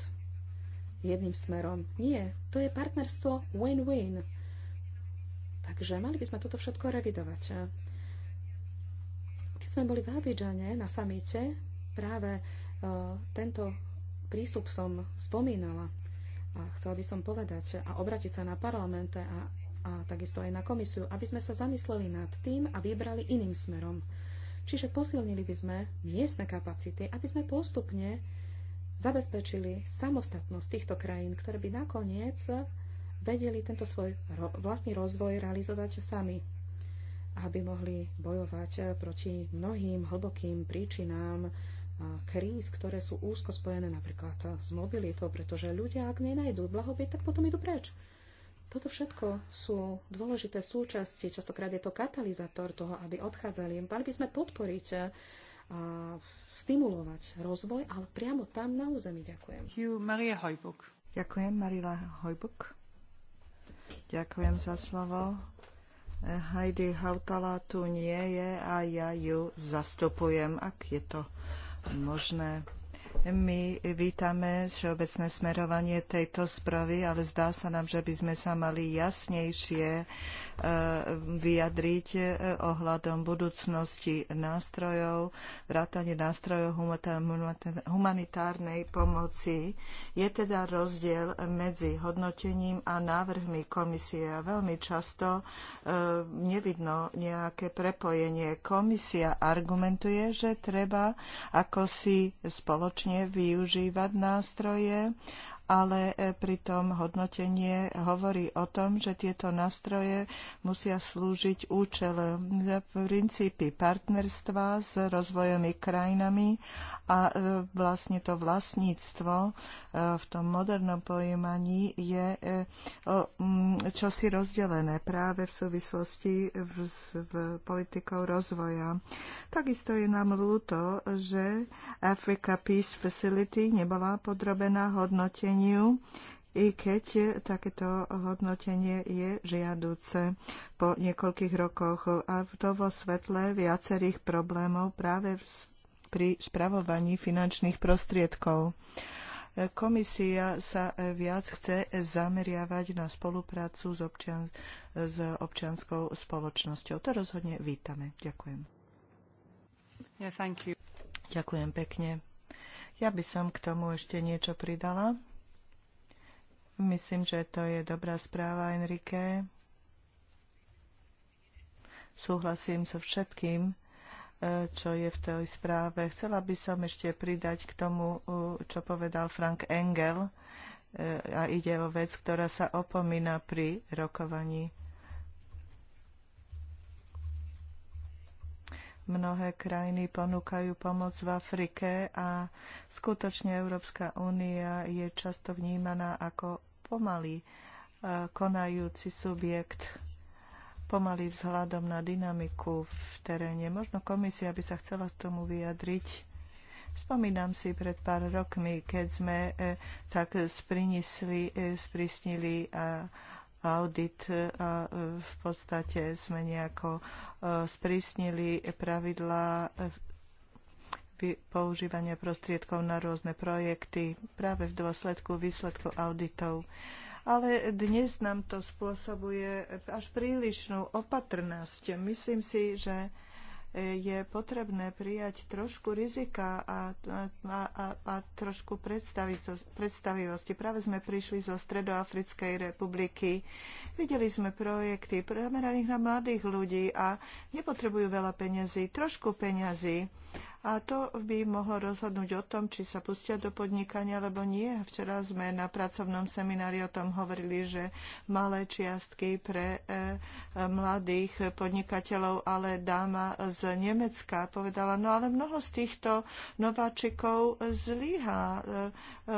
jedným smerom. Nie, to je partnerstvo win-win. Takže mali by sme toto všetko revidovať sme boli v Abidžane na samite, práve e, tento prístup som spomínala a chcela by som povedať a obratiť sa na parlamente a, a takisto aj na komisiu, aby sme sa zamysleli nad tým a vybrali iným smerom. Čiže posilnili by sme miestne kapacity, aby sme postupne zabezpečili samostatnosť týchto krajín, ktoré by nakoniec vedeli tento svoj ro- vlastný rozvoj realizovať sami aby mohli bojovať eh, proti mnohým hlbokým príčinám kríz, ktoré sú úzko spojené napríklad eh, s mobilitou, pretože ľudia, ak nenajdu blahobyt, tak potom idú preč. Toto všetko sú dôležité súčasti, častokrát je to katalizátor toho, aby odchádzali. Mali by sme podporiť eh, a stimulovať rozvoj, ale priamo tam na území. Ďakujem. Maria Hojbuk. Ďakujem, Marila Hojbuk. Ďakujem za slovo Heidi Hautala tu nie je a ja ju zastupujem, ak je to možné. My vítame všeobecné smerovanie tejto správy, ale zdá sa nám, že by sme sa mali jasnejšie e, vyjadriť e, ohľadom budúcnosti nástrojov, vrátane nástrojov humanitárnej pomoci. Je teda rozdiel medzi hodnotením a návrhmi komisie a veľmi často e, nevidno nejaké prepojenie. Komisia argumentuje, že treba ako si spoločne efektívne využívať nástroje ale e, pritom hodnotenie hovorí o tom, že tieto nástroje musia slúžiť účelom princípy partnerstva s rozvojovými krajinami a e, vlastne to vlastníctvo e, v tom modernom pojímaní je čosi rozdelené práve v súvislosti s politikou rozvoja. Takisto je nám ľúto, že Africa Peace Facility nebola podrobená hodnotenie hodnoteniu, i keď takéto hodnotenie je žiaduce po niekoľkých rokoch a to vo svetle viacerých problémov práve pri spravovaní finančných prostriedkov. Komisia sa viac chce zameriavať na spoluprácu s, občan- s občianskou spoločnosťou. To rozhodne vítame. Ďakujem. Yeah, Ďakujem pekne. Ja by som k tomu ešte niečo pridala. Myslím, že to je dobrá správa, Enrique. Súhlasím so všetkým, e, čo je v tej správe. Chcela by som ešte pridať k tomu, e, čo povedal Frank Engel. E, a ide o vec, ktorá sa opomína pri rokovaní Mnohé krajiny ponúkajú pomoc v Afrike a skutočne Európska únia je často vnímaná ako pomaly e, konajúci subjekt pomaly vzhľadom na dynamiku v teréne. Možno komisia by sa chcela k tomu vyjadriť. Spomínam si pred pár rokmi, keď sme e, tak sprinisli, e, sprísnili a audit a v podstate sme nejako e, sprísnili pravidlá e, používania prostriedkov na rôzne projekty práve v dôsledku výsledku auditov. Ale dnes nám to spôsobuje až prílišnú opatrnosť. Myslím si, že je potrebné prijať trošku rizika a, a, a, a trošku predstavivosti. Práve sme prišli zo Stredoafrickej republiky. Videli sme projekty zameraných na mladých ľudí a nepotrebujú veľa peňazí, trošku peňazí a to by mohlo rozhodnúť o tom, či sa pustia do podnikania alebo nie. Včera sme na pracovnom seminári o tom hovorili, že malé čiastky pre e, mladých podnikateľov, ale dáma z Nemecka povedala, no ale mnoho z týchto nováčikov zlyhá, e, e,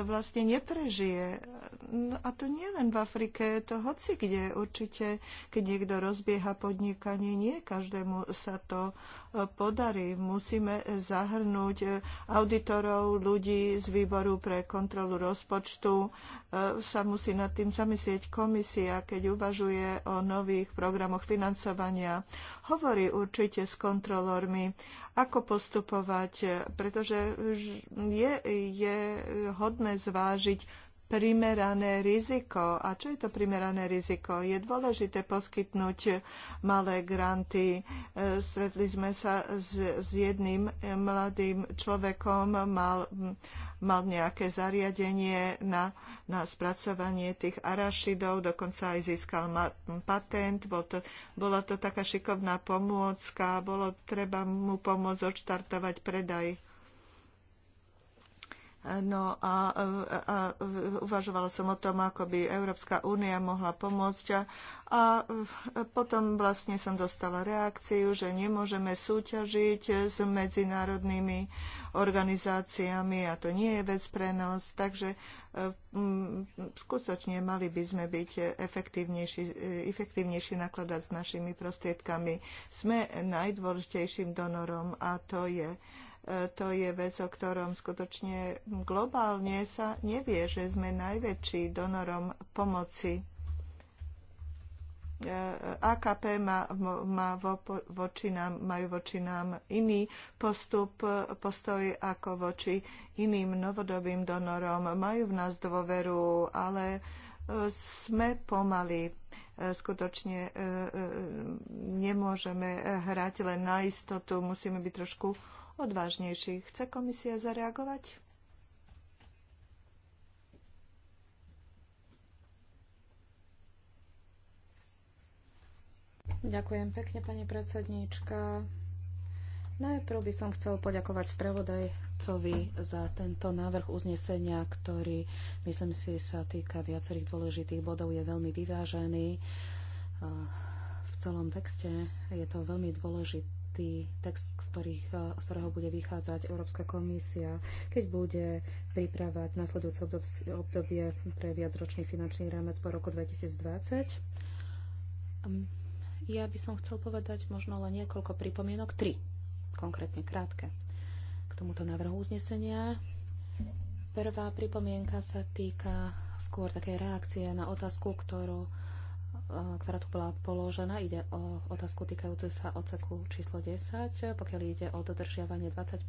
vlastne neprežije. No a to nie len v Afrike, je to hoci kde. Určite, keď niekto rozbieha podnikanie, nie každému sa to podarí. Musíme zahrnúť auditorov, ľudí z výboru pre kontrolu rozpočtu. E, sa musí nad tým zamyslieť komisia, keď uvažuje o nových programoch financovania. Hovorí určite s kontrolormi, ako postupovať, pretože je, je hodné zvážiť primerané riziko. A čo je to primerané riziko? Je dôležité poskytnúť malé granty. E, stretli sme sa s, s jedným mladým človekom, mal, mal nejaké zariadenie na, na spracovanie tých arašidov, dokonca aj získal ma, patent. Bol to, bola to taká šikovná pomôcka, bolo treba mu pomôcť odštartovať predaj No a, a uvažovala som o tom, ako by Európska únia mohla pomôcť a, a potom vlastne som dostala reakciu, že nemôžeme súťažiť s medzinárodnými organizáciami a to nie je vec pre nás. Takže mm, skutočne mali by sme byť efektívnejší, efektívnejší nakladať s našimi prostriedkami. Sme najdôležitejším donorom a to je to je vec, o ktorom skutočne globálne sa nevie, že sme najväčší donorom pomoci. E, AKP má, má vo, voči nám, majú voči nám iný postup, postoj ako voči iným novodobým donorom. Majú v nás dôveru, ale e, sme pomali. E, skutočne nemôžeme hrať len na istotu, musíme byť trošku odvážnejších. Chce komisia zareagovať? Ďakujem pekne, pani predsedníčka. Najprv by som chcel poďakovať spravodajcovi za tento návrh uznesenia, ktorý, myslím si, sa týka viacerých dôležitých bodov, je veľmi vyvážený. V celom texte je to veľmi dôležité tý text, z, ktorých, e, z ktorého bude vychádzať Európska komisia, keď bude pripravať nasledujúce obdobie pre viacročný finančný rámec po roku 2020. Ja by som chcel povedať možno len niekoľko pripomienok, tri konkrétne krátke k tomuto návrhu uznesenia. Prvá pripomienka sa týka skôr také reakcie na otázku, ktorú Eh, ktorá tu bola položená. Ide o otázku týkajúcu sa odseku číslo 10, pokiaľ ide o dodržiavanie 20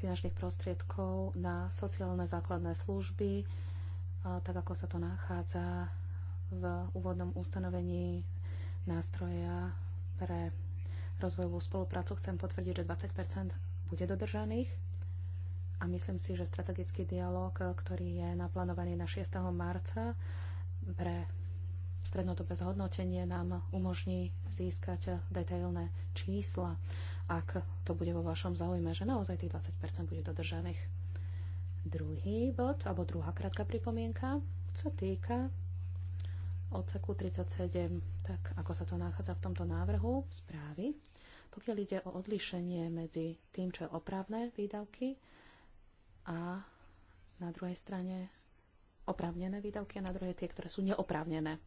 finančných prostriedkov na sociálne základné služby, eh, tak ako sa to nachádza v úvodnom ustanovení nástroja pre rozvojovú spoluprácu. Chcem potvrdiť, že 20 bude dodržaných a myslím si, že strategický dialog, eh, ktorý je naplánovaný na 6. marca, pre strednodobé zhodnotenie nám umožní získať detailné čísla, ak to bude vo vašom záujme, že naozaj tých 20 bude dodržaných. Druhý bod, alebo druhá krátka pripomienka, sa týka odseku 37, tak ako sa to nachádza v tomto návrhu správy. Pokiaľ ide o odlišenie medzi tým, čo je opravné výdavky a na druhej strane oprávnené výdavky a na druhé tie, ktoré sú neoprávnené.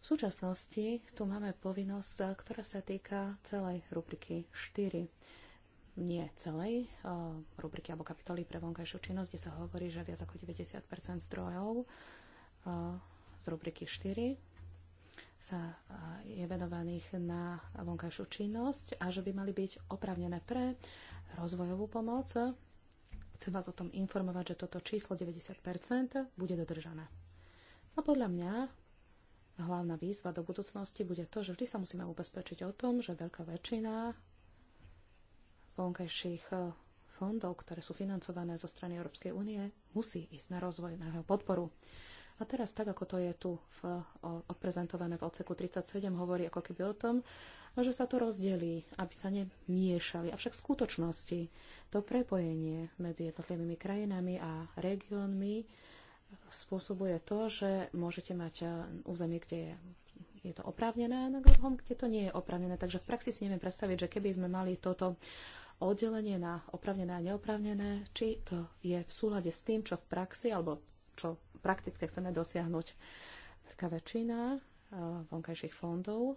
V súčasnosti tu máme povinnosť, eh, ktorá sa týka celej rubriky 4 nie celej uh, rubriky alebo kapitoly pre vonkajšiu činnosť, kde sa hovorí, že viac ako 90 zdrojov uh, z rubriky 4 sa je venovaných na vonkajšiu činnosť a že by mali byť opravnené pre rozvojovú pomoc, Chcem vás o tom informovať, že toto číslo 90% bude dodržané. A podľa mňa hlavná výzva do budúcnosti bude to, že vždy sa musíme ubezpečiť o tom, že veľká väčšina vonkajších eh, fondov, ktoré sú financované zo strany Európskej únie, musí ísť na rozvoj, na jeho podporu. A teraz, tak ako to je tu v, odprezentované v odseku 37, hovorí ako keby o tom, že sa to rozdelí, aby sa nemiešali. Avšak v skutočnosti to prepojenie medzi jednotlivými krajinami a regiónmi spôsobuje to, že môžete mať e, územie, kde je je to oprávnené a na druhom, kde to nie je oprávnené. Takže v praxi si neviem predstaviť, že keby sme mali toto oddelenie na oprávnené a neoprávnené, či to je v súlade s tým, čo v praxi alebo čo praktické chceme dosiahnuť. taká väčšina eh, vonkajších fondov eh,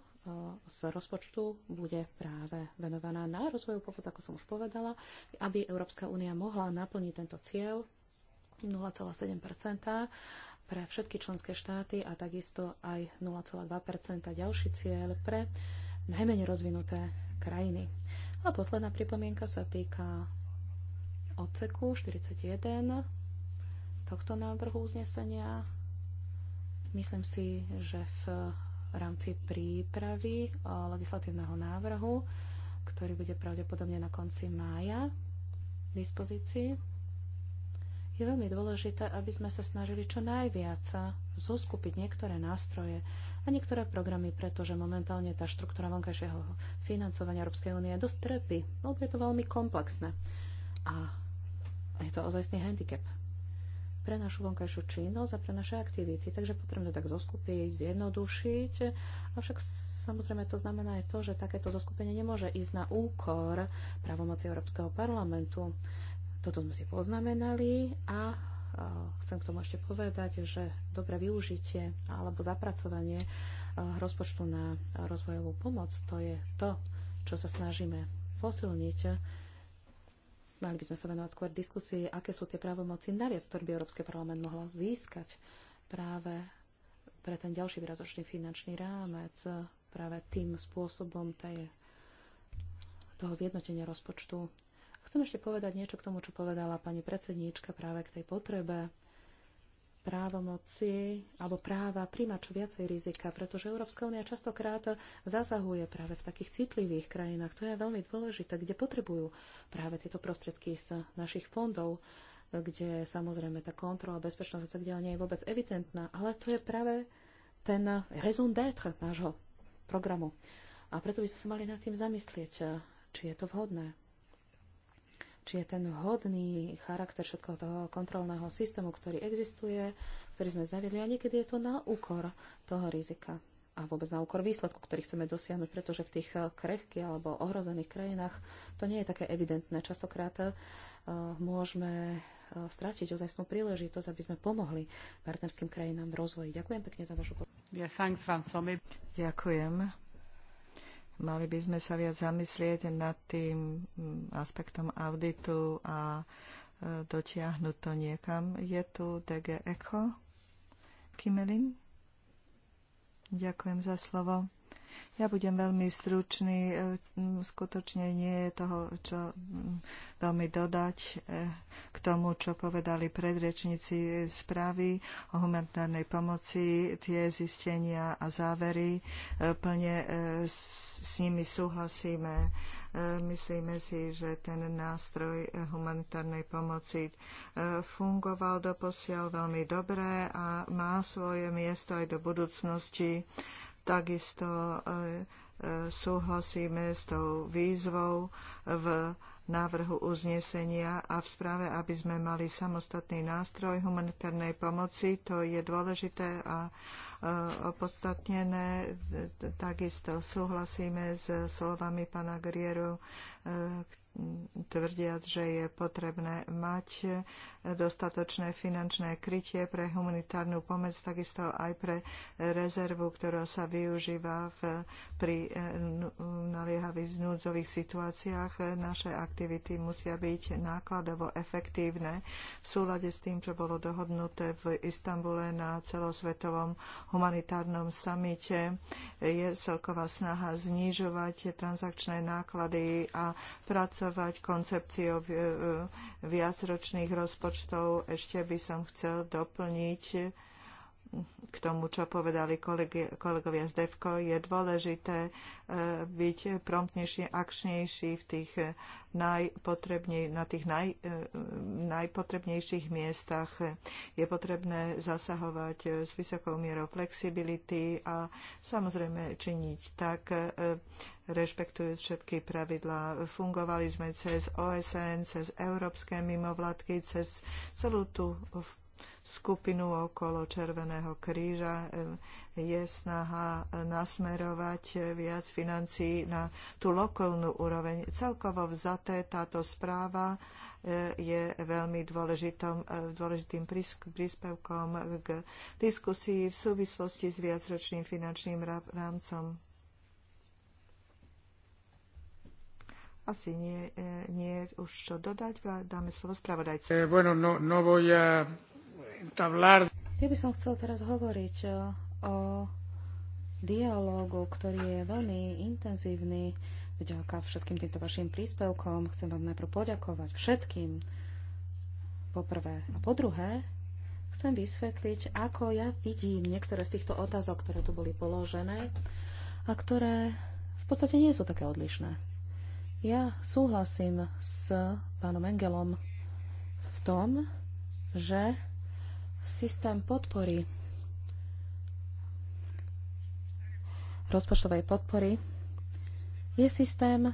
z rozpočtu bude práve venovaná na rozvoju pôvod, ako som už povedala, aby Európska únia mohla naplniť tento cieľ 0,7 pre všetky členské štáty a takisto aj 0,2 ďalší cieľ pre najmenej rozvinuté krajiny. A posledná pripomienka sa týka odseku 41 tohto návrhu uznesenia. Myslím si, že v rámci prípravy eh, legislatívneho návrhu, ktorý bude pravdepodobne na konci mája k dispozícii, je veľmi dôležité, aby sme sa snažili čo najviac zoskupiť niektoré nástroje a niektoré programy, pretože momentálne tá štruktúra vonkajšieho financovania Európskej únie je dosť trpí, lebo je to veľmi komplexné. A je to ozajstný handicap pre našu vonkajšiu činnosť a pre naše aktivity. Takže potrebujeme tak zoskupiť, zjednodušiť. Avšak samozrejme to znamená aj to, že takéto zoskupenie nemôže ísť na úkor právomoci Európskeho parlamentu. Toto sme si poznamenali a chcem k tomu ešte povedať, že dobré využitie alebo zapracovanie rozpočtu na rozvojovú pomoc, to je to, čo sa snažíme posilniť Mali by sme sa venovať skôr diskusii, aké sú tie právomoci naviac, ktoré by Európsky parlament mohol získať práve pre ten ďalší výrazočný finančný rámec, práve tým spôsobom tej, toho zjednotenia rozpočtu. Chcem ešte povedať niečo k tomu, čo povedala pani predsedníčka práve k tej potrebe právomoci alebo práva príjmať čo viacej rizika, pretože Európska únia častokrát zasahuje práve v takých citlivých krajinách. To je veľmi dôležité, kde potrebujú práve tieto prostriedky z našich fondov, kde samozrejme tá kontrola, bezpečnosť a tak ďalej nie je vôbec evidentná, ale to je práve ten raison d'être nášho programu. A preto by sme sa mali nad tým zamyslieť, či je to vhodné či je ten hodný charakter všetkého toho kontrolného systému, ktorý existuje, ktorý sme zaviedli. A niekedy je to na úkor toho rizika a vôbec na úkor výsledku, ktorý chceme dosiahnuť, pretože v tých eh, krehkých alebo ohrozených krajinách to nie je také evidentné. Častokrát uh, môžeme uh, stratiť ozajstnú príležitosť, aby sme pomohli partnerským krajinám v rozvoji. Ďakujem pekne za vašu podporu. Yeah, Ďakujem. Mali by sme sa viac zamyslieť nad tým mm, aspektom auditu a e, dotiahnuť to niekam. Je tu DG Echo. Kimelin? Ďakujem za slovo. Ja budem veľmi stručný, e, skutočne nie je toho, čo veľmi dodať e, k tomu, čo povedali predrečníci správy o humanitárnej pomoci. Tie zistenia a závery e, plne s nimi súhlasíme. Myslíme si, že ten nástroj humanitárnej pomoci fungoval doposiaľ veľmi dobre a má svoje miesto aj do budúcnosti. Takisto e, e, súhlasíme s tou výzvou v návrhu uznesenia a v správe, aby sme mali samostatný nástroj humanitárnej pomoci. To je dôležité a e, opodstatnené. Takisto súhlasíme s slovami pana Grieru, tvrdiac, že je potrebné mať dostatočné finančné krytie pre humanitárnu pomoc, takisto aj pre rezervu, ktorá sa využíva v, pri eh, naliehavých núdzových situáciách. Naše aktivity musia byť nákladovo efektívne v súlade s tým, čo bolo dohodnuté v Istambule na celosvetovom humanitárnom samite. Je celková snaha znižovať transakčné náklady a pracovať koncepciou eh, viacročných rozpočtov ešte by som chcel doplniť k tomu, čo povedali kolegy, kolegovia z DEVKO, je dôležité e, byť promptnejšie, akčnejší v tých e, najpotrebnej, na tých naj, e, najpotrebnejších miestach. Je potrebné zasahovať s vysokou mierou flexibility a samozrejme činiť tak, rešpektujúc všetky pravidlá. Fungovali sme cez OSN, cez európske mimovládky, cez celú tú skupinu okolo Červeného kríža. E, je snaha nasmerovať viac financií na tú lokálnu úroveň. Celkovo vzaté táto správa e, je veľmi e, dôležitým príspevkom k diskusii v súvislosti s viacročným finančným rámcom. asi nie, nie už čo dodať. Dáme slovo spravodajcovi. Eh, bueno, no, no voy a entablar... Ja by som chcel teraz hovoriť eh, o dialógu, ktorý je veľmi intenzívny. Vďaka všetkým týmto vašim príspevkom chcem vám najprv poďakovať všetkým, po prvé. A po druhé, chcem vysvetliť, ako ja vidím niektoré z týchto otázok, ktoré tu boli položené a ktoré v podstate nie sú také odlišné. Ja súhlasím s pánom Engelom v tom, že systém podpory, rozpočtovej podpory, je systém,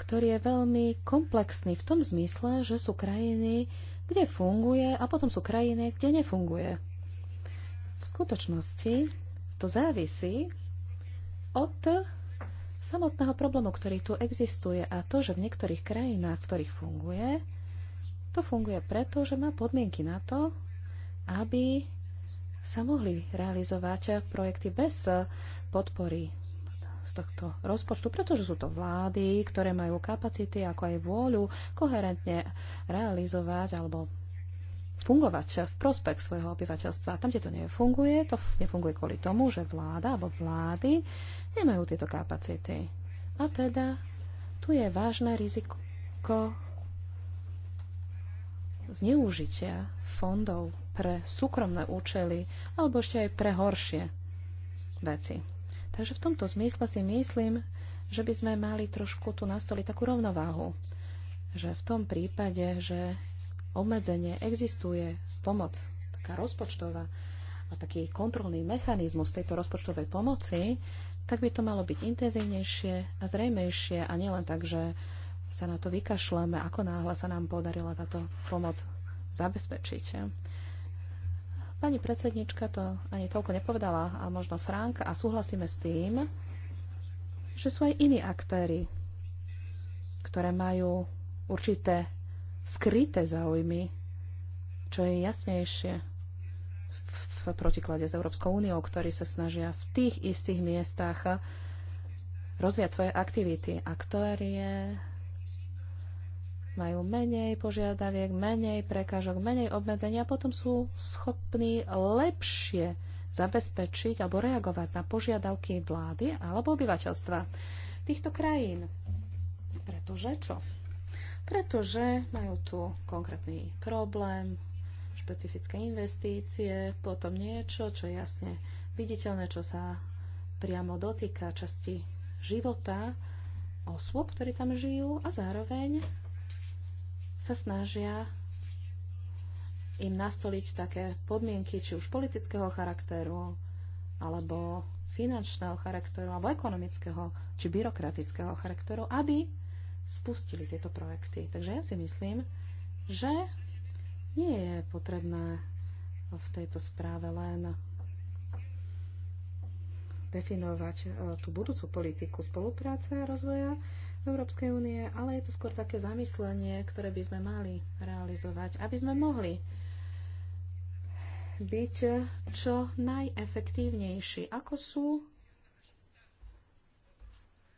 ktorý je veľmi komplexný v tom zmysle, že sú krajiny, kde funguje a potom sú krajiny, kde nefunguje. V skutočnosti to závisí od samotného problému, ktorý tu existuje a to, že v niektorých krajinách, v ktorých funguje, to funguje preto, že má podmienky na to, aby sa mohli realizovať projekty bez podpory z tohto rozpočtu, pretože sú to vlády, ktoré majú kapacity ako aj vôľu koherentne realizovať alebo fungovať v prospech svojho obyvateľstva. Tam, kde to nefunguje, to nefunguje kvôli tomu, že vláda alebo vlády nemajú tieto kapacity. A teda tu je vážne riziko zneužitia fondov pre súkromné účely alebo ešte aj pre horšie veci. Takže v tomto zmysle si myslím, že by sme mali trošku tu nastoliť takú rovnováhu, že v tom prípade, že obmedzenie existuje pomoc, taká rozpočtová a taký kontrolný mechanizmus tejto rozpočtovej pomoci, tak by to malo byť intenzívnejšie a zrejmejšie a nielen tak, že sa na to vykašľame, ako náhle sa nám podarila táto pomoc zabezpečiť. Pani predsednička to ani toľko nepovedala, a možno Frank, a súhlasíme s tým, že sú aj iní aktéry, ktoré majú určité skryté záujmy, čo je jasnejšie v protiklade s Európskou úniou, ktorí sa snažia v tých istých miestach rozviať svoje aktivity a ktoré majú menej požiadaviek, menej prekážok, menej obmedzenia a potom sú schopní lepšie zabezpečiť alebo reagovať na požiadavky vlády alebo obyvateľstva týchto krajín. Pretože čo? Pretože majú tu konkrétny problém, špecifické investície, potom niečo, čo je jasne viditeľné, čo sa priamo dotýka časti života osôb, ktorí tam žijú a zároveň sa snažia im nastoliť také podmienky, či už politického charakteru, alebo finančného charakteru, alebo ekonomického, či byrokratického charakteru, aby spustili tieto projekty. Takže ja si myslím, že nie je potrebné v tejto správe len definovať e, tú budúcu politiku spolupráce a rozvoja Európskej únie, ale je to skôr také zamyslenie, ktoré by sme mali realizovať, aby sme mohli byť čo najefektívnejší, ako sú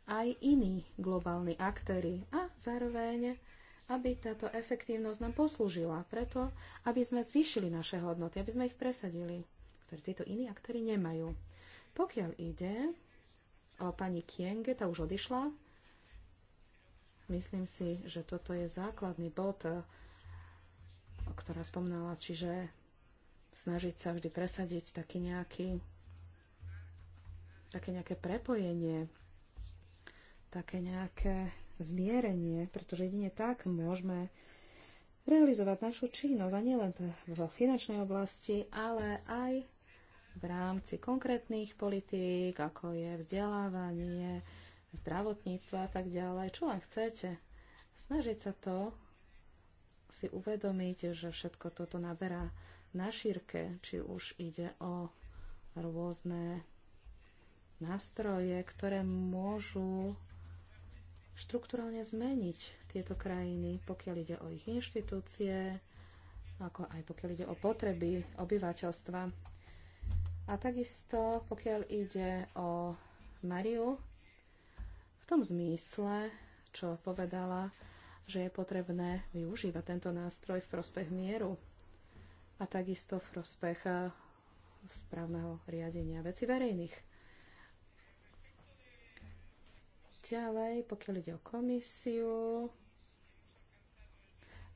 aj iní globálni aktéry a zároveň, aby táto efektívnosť nám poslúžila preto, aby sme zvýšili naše hodnoty, aby sme ich presadili, ktoré títo iní aktéry nemajú. Pokiaľ ide o pani Kienge, tá už odišla, Myslím si, že toto je základný bod, e, ktorá spomnala, čiže snažiť sa vždy presadiť taký nejaký, také nejaké prepojenie, také nejaké zmierenie, pretože jedine tak môžeme realizovať našu činnosť a nielen vo finančnej oblasti, ale aj v rámci konkrétnych politík, ako je vzdelávanie, zdravotníctva a tak ďalej. Čo len chcete? Snažiť sa to si uvedomiť, že všetko toto naberá na šírke, či už ide o rôzne nástroje, ktoré môžu štruktúralne zmeniť tieto krajiny, pokiaľ ide o ich inštitúcie, ako aj pokiaľ ide o potreby obyvateľstva. A takisto, pokiaľ ide o Mariu, v tom zmysle, čo povedala, že je potrebné využívať tento nástroj v prospech mieru a takisto v prospech eh, správneho riadenia veci verejných. Ďalej, pokiaľ ide o komisiu,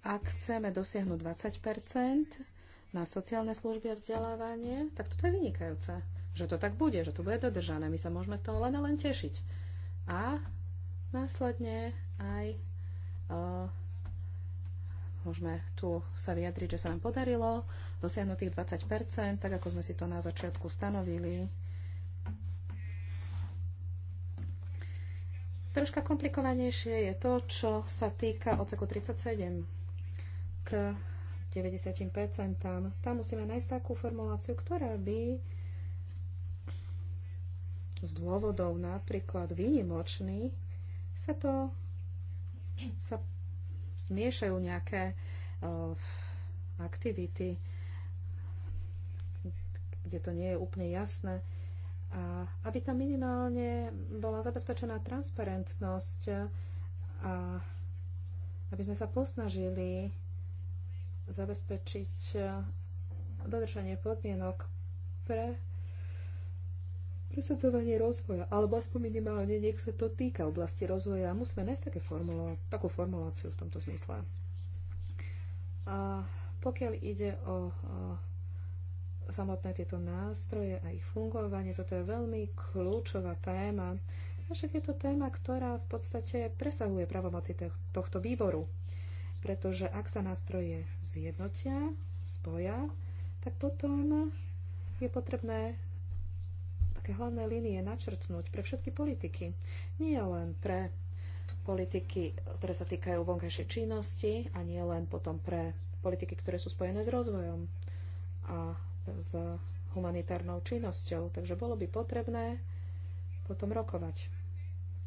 ak chceme dosiahnuť 20 na sociálne služby a vzdelávanie, tak toto je vynikajúce, že to tak bude, že to bude dodržané. My sa môžeme z toho len a len tešiť a následne aj uh, môžeme tu sa vyjadriť, že sa nám podarilo dosiahnuť tých 20 tak ako sme si to na začiatku stanovili. Troška komplikovanejšie je to, čo sa týka odseku 37 k 90 Tam musíme nájsť takú formuláciu, ktorá by z dôvodov napríklad výnimočný, sa to sa zmiešajú nejaké uh, aktivity, kde to nie je úplne jasné. A aby tam minimálne bola zabezpečená transparentnosť a aby sme sa posnažili zabezpečiť dodržanie podmienok pre presadzovanie rozvoja, alebo aspoň minimálne nech sa to týka oblasti rozvoja. Musíme nájsť také formulo, takú formuláciu v tomto zmysle. A pokiaľ ide o, o samotné tieto nástroje a ich fungovanie, toto je veľmi kľúčová téma. Avšak je to téma, ktorá v podstate presahuje pravomoci tohto výboru. Pretože ak sa nástroje zjednotia, spoja, tak potom je potrebné také hlavné línie načrtnúť pre všetky politiky. Nie len pre politiky, ktoré sa týkajú vonkajšej činnosti a nie len potom pre politiky, ktoré sú spojené s rozvojom a s humanitárnou činnosťou. Takže bolo by potrebné potom rokovať.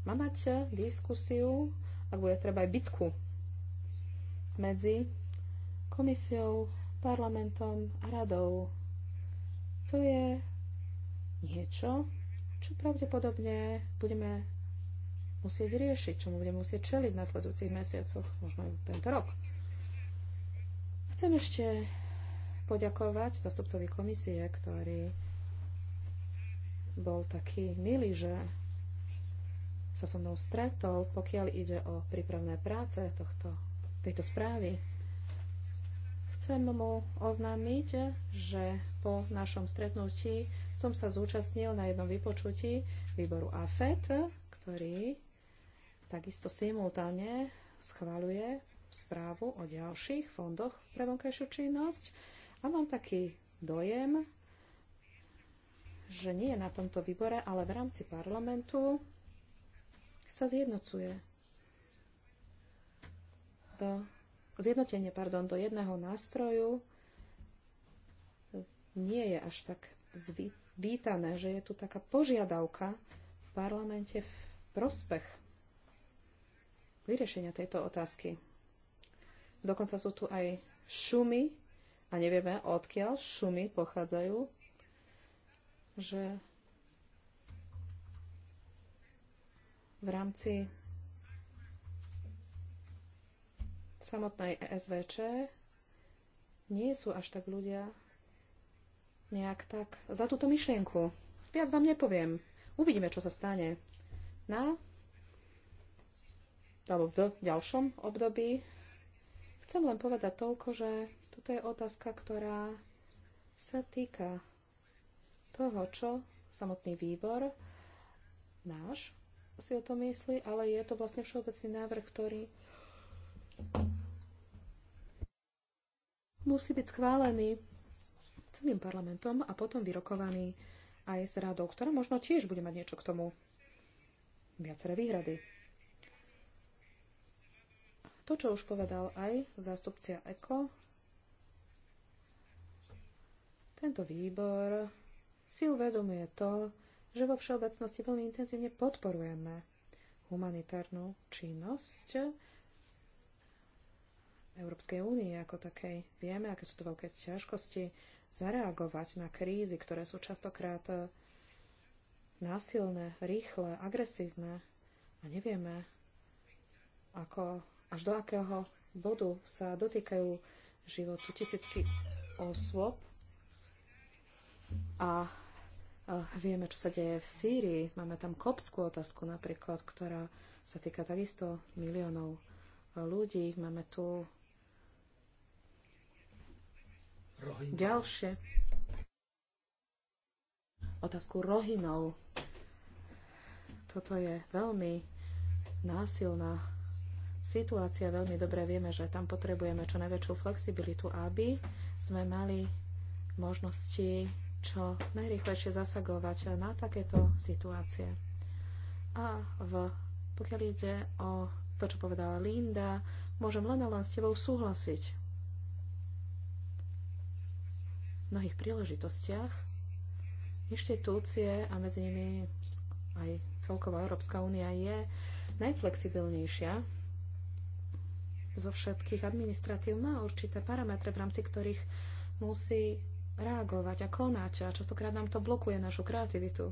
Má mať diskusiu, ak bude treba aj bitku medzi komisiou, parlamentom a radou. To je niečo, čo pravdepodobne budeme musieť riešiť, čomu budeme musieť čeliť v nasledujúcich mesiacoch, možno tento rok. Chcem ešte poďakovať zastupcovi komisie, ktorý bol taký milý, že sa so mnou stretol, pokiaľ ide o prípravné práce tohto, tejto správy. Chcem mu oznámiť, že po našom stretnutí som sa zúčastnil na jednom vypočutí výboru AFET, ktorý takisto simultáne schváluje správu o ďalších fondoch pre vonkajšiu činnosť a mám taký dojem, že nie na tomto výbore, ale v rámci parlamentu sa zjednocuje do zjednotenie pardon, do jedného nástroju nie je až tak vítané, že je tu taká požiadavka v parlamente v prospech vyriešenia tejto otázky. Dokonca sú tu aj šumy, a nevieme, odkiaľ šumy pochádzajú, že v rámci samotnej ESVČ nie sú až tak ľudia nejak tak za túto myšlienku. Viac vám nepoviem. Uvidíme, čo sa stane. Na alebo v ďalšom období. Chcem len povedať toľko, že toto je otázka, ktorá sa týka toho, čo samotný výbor náš si o tom myslí, ale je to vlastne všeobecný návrh, ktorý musí byť schválený celým parlamentom a potom vyrokovaný aj s radou, ktorá možno tiež bude mať niečo k tomu. Viaceré výhrady. To, čo už povedal aj zástupcia ECO, tento výbor si uvedomuje to, že vo všeobecnosti veľmi intenzívne podporujeme humanitárnu činnosť Európskej únie ako takej. Vieme, aké sú to veľké ťažkosti zareagovať na krízy, ktoré sú častokrát e, násilné, rýchle, agresívne a nevieme, ako, až do akého bodu sa dotýkajú životu tisícky osôb a e, vieme, čo sa deje v Sýrii. Máme tam kopskú otázku napríklad, ktorá sa týka takisto miliónov e, ľudí. Máme tu ďalšie otázku rohinov. Toto je veľmi násilná situácia. Veľmi dobre vieme, že tam potrebujeme čo najväčšiu flexibilitu, aby sme mali možnosti čo najrychlejšie zasagovať na takéto situácie. A v, pokiaľ ide o to, čo povedala Linda, môžem len a len s tebou súhlasiť. mnohých príležitostiach inštitúcie a medzi nimi aj celková Európska únia je najflexibilnejšia zo všetkých administratív má určité parametre, v rámci ktorých musí reagovať a konať a častokrát nám to blokuje našu kreativitu.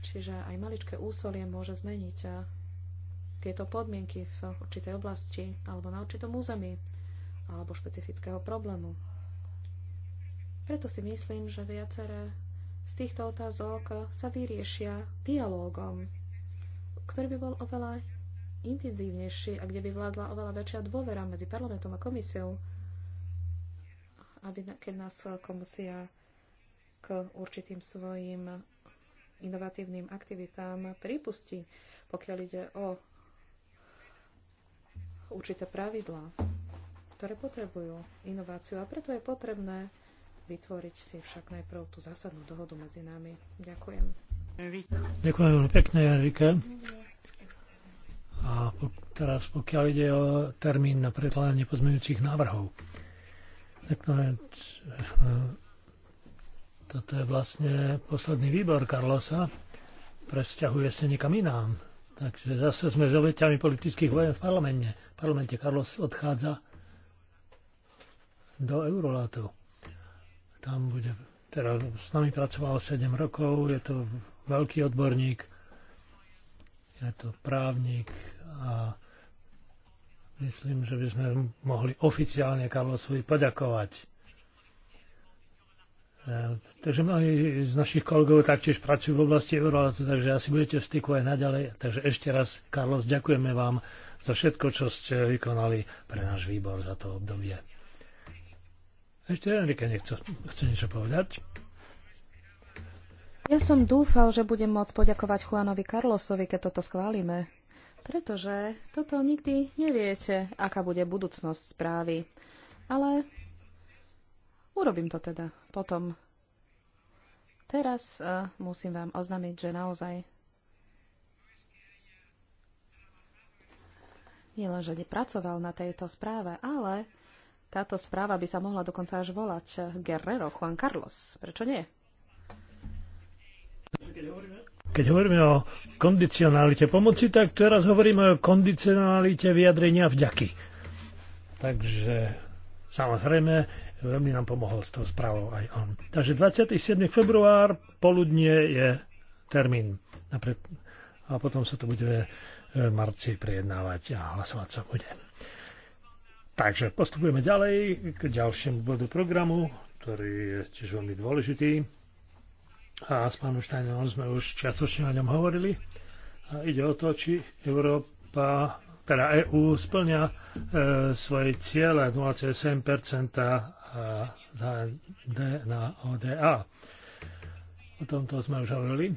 Čiže aj maličké úsolie môže zmeniť a tieto podmienky v určitej oblasti alebo na určitom území alebo špecifického problému. Preto si myslím, že viaceré z týchto otázok sa vyriešia dialógom, ktorý by bol oveľa intenzívnejší a kde by vládla oveľa väčšia dôvera medzi parlamentom a komisiou, aby keď nás komisia k určitým svojim inovatívnym aktivitám pripustí, pokiaľ ide o určité pravidlá, ktoré potrebujú inováciu. A preto je potrebné vytvoriť si však najprv tú zásadnú dohodu medzi nami. Ďakujem. Ďakujem veľmi pekne, Jarike. A teraz pokiaľ ide o termín na predkladanie pozmeňujúcich návrhov, tak to eh, toto je vlastne posledný výbor Karlosa. Presťahuje sa niekam inám. Takže zase sme s obeťami politických vojen v parlamente. V parlamente Karlos odchádza do Eurolátu. Tam bude, teda s nami pracoval 7 rokov, je to veľký odborník, je to právnik a myslím, že by sme mohli oficiálne Karlosovi poďakovať. E, takže mnohí z našich kolegov taktiež pracujú v oblasti Euróatu, takže asi budete v styku aj naďalej. Takže ešte raz, Karlos, ďakujeme vám za všetko, čo ste vykonali pre náš výbor za to obdobie. Ešte Enrika nechce, chce niečo povedať. Ja som dúfal, že budem môcť poďakovať Juanovi Carlosovi, keď toto schválime. Pretože toto nikdy neviete, aká bude budúcnosť správy. Ale urobím to teda potom. Teraz uh, musím vám oznámiť, že naozaj nielenže nepracoval na tejto správe, ale táto správa by sa mohla dokonca až volať eh, Guerrero Juan Carlos. Prečo nie? Keď hovoríme o kondicionalite pomoci, tak teraz hovoríme o kondicionalite vyjadrenia vďaky. Takže samozrejme, veľmi nám pomohol s tou správou aj on. Takže 27. február poludne je termín. A potom sa to bude v marci prejednávať a hlasovať sa bude. Takže postupujeme ďalej k ďalšiemu bodu programu, ktorý je tiež veľmi dôležitý. A s pánom Štajnom sme už čiastočne o ňom hovorili. A ide o to, či Európa, teda EÚ splňa e, svoje ciele 0,7 za D na ODA. O tomto sme už hovorili.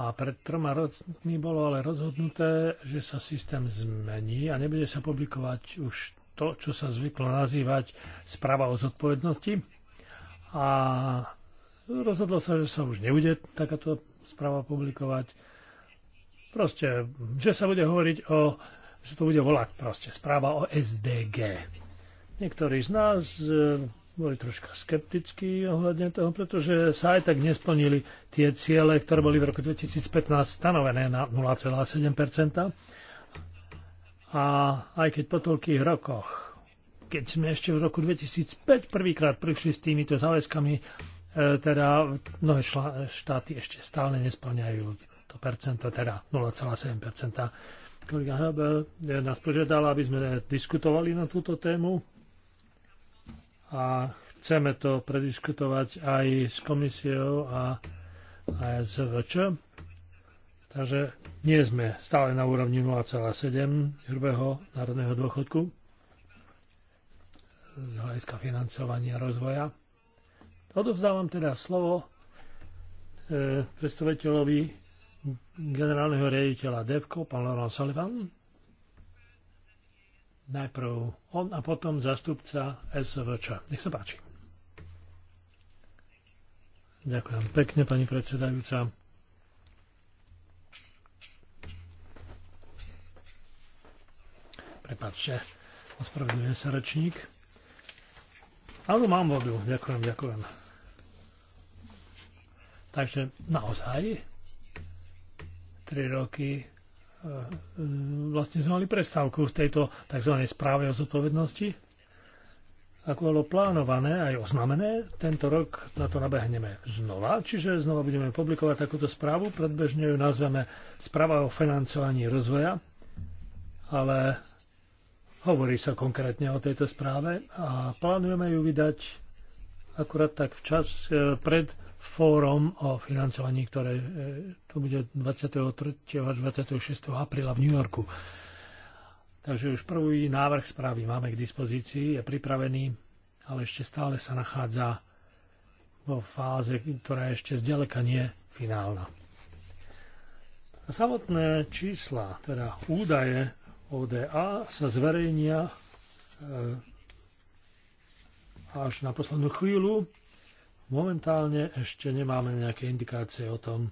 A pred troma rokmi bolo ale rozhodnuté, že sa systém zmení a nebude sa publikovať už to, čo sa zvyklo nazývať správa o zodpovednosti. A rozhodlo sa, že sa už nebude takáto správa publikovať. Proste, že sa bude hovoriť o, že to bude volať proste správa o SDG. Niektorí z nás e, boli troška skeptickí ohľadne toho, pretože sa aj tak nesplnili tie ciele, ktoré boli v roku 2015 stanovené na 0,7 a aj keď po toľkých rokoch, keď sme ešte v roku 2005 prvýkrát prišli s týmito záväzkami, e, teda mnohé štáty ešte stále nesplňajú to percento, teda 0,7 Kolega Hebel e, nás požiadala, aby sme diskutovali na túto tému a chceme to prediskutovať aj s komisiou a, S SVČ Takže nie sme stále na úrovni 0,7 hrubého národného dôchodku z hľadiska financovania rozvoja. Odovzdávam teda slovo e, predstaviteľovi generálneho riaditeľa DEVKO, pán Laurent Sullivan. Najprv on a potom zastupca SVČ. Nech sa páči. Ďakujem pekne, pani predsedajúca. Prepačte, ospravedlňujem sa rečník. Áno, mám vodu. Ďakujem, ďakujem. Takže naozaj 3 roky e, vlastne sme mali prestávku v tejto tzv. správe o zodpovednosti. Ako bolo plánované, aj oznámené, tento rok na to nabehneme znova, čiže znova budeme publikovať takúto správu, predbežne ju nazveme správa o financovaní rozvoja, ale Hovorí sa konkrétne o tejto správe a plánujeme ju vydať akurát tak včas e, pred fórom o financovaní, ktoré e, tu bude 23. až 26. apríla v New Yorku. Takže už prvý návrh správy máme k dispozícii, je pripravený, ale ešte stále sa nachádza vo fáze, ktorá je ešte zďaleka nie finálna. Samotné čísla, teda údaje ODA sa zverejnia e, až na poslednú chvíľu. Momentálne ešte nemáme nejaké indikácie o tom,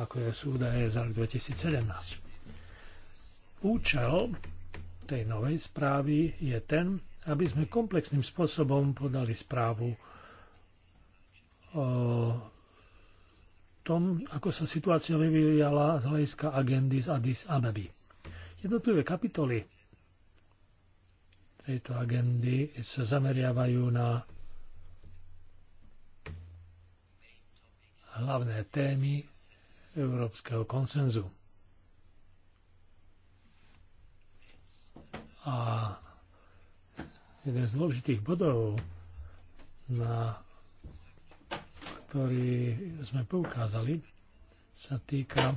ako je údaje za rok 2017. Účel tej novej správy je ten, aby sme komplexným spôsobom podali správu o tom, ako sa situácia vyvíjala z hľadiska agendy z Addis Abeby. Jednotlivé kapitoly tejto agendy sa zameriavajú na hlavné témy európskeho konsenzu. A jeden z dôležitých bodov, na ktorý sme poukázali, sa týka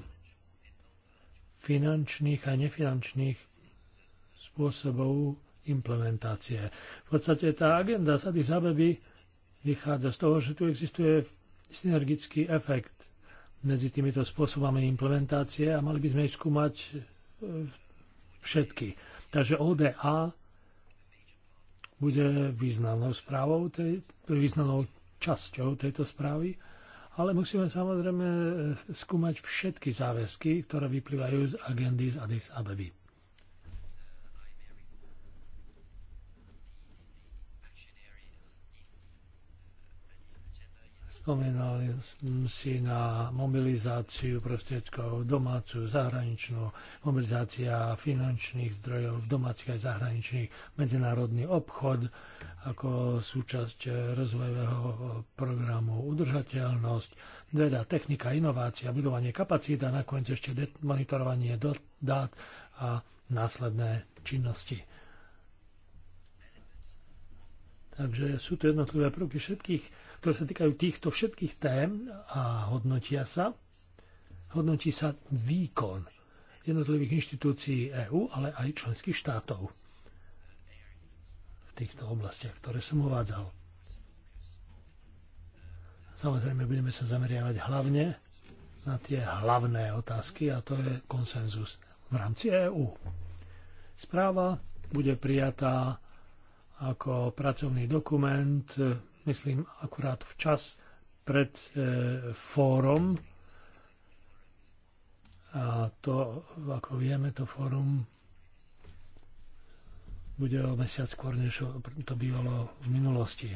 finančných a nefinančných spôsobov implementácie. V podstate tá agenda Sady Zabeby vychádza z toho, že tu existuje synergický efekt medzi týmito spôsobami implementácie a mali by sme ich skúmať e, všetky. Takže ODA bude významnou správou, tej, významnou časťou tejto správy ale musíme samozrejme eh, skúmať všetky záväzky, ktoré vyplývajú z agendy z Addis Abeby. Spomínali si na mobilizáciu prostriedkov domácu, zahraničnú, mobilizácia finančných zdrojov v domácich aj zahraničných, medzinárodný obchod ako súčasť rozvojového programu udržateľnosť, veda, technika, inovácia, budovanie kapacít a nakoniec ešte monitorovanie dát a následné činnosti. Takže sú to jednotlivé prvky všetkých ktoré sa týkajú týchto všetkých tém a hodnotia sa. Hodnotí sa výkon jednotlivých inštitúcií EÚ, ale aj členských štátov v týchto oblastiach, ktoré som uvádzal. Samozrejme, budeme sa zameriavať hlavne na tie hlavné otázky a to je konsenzus v rámci EÚ. Správa bude prijatá ako pracovný dokument myslím, akurát včas pred e, fórom. A to, ako vieme, to fórum bude o mesiac skôr, než to bývalo v minulosti.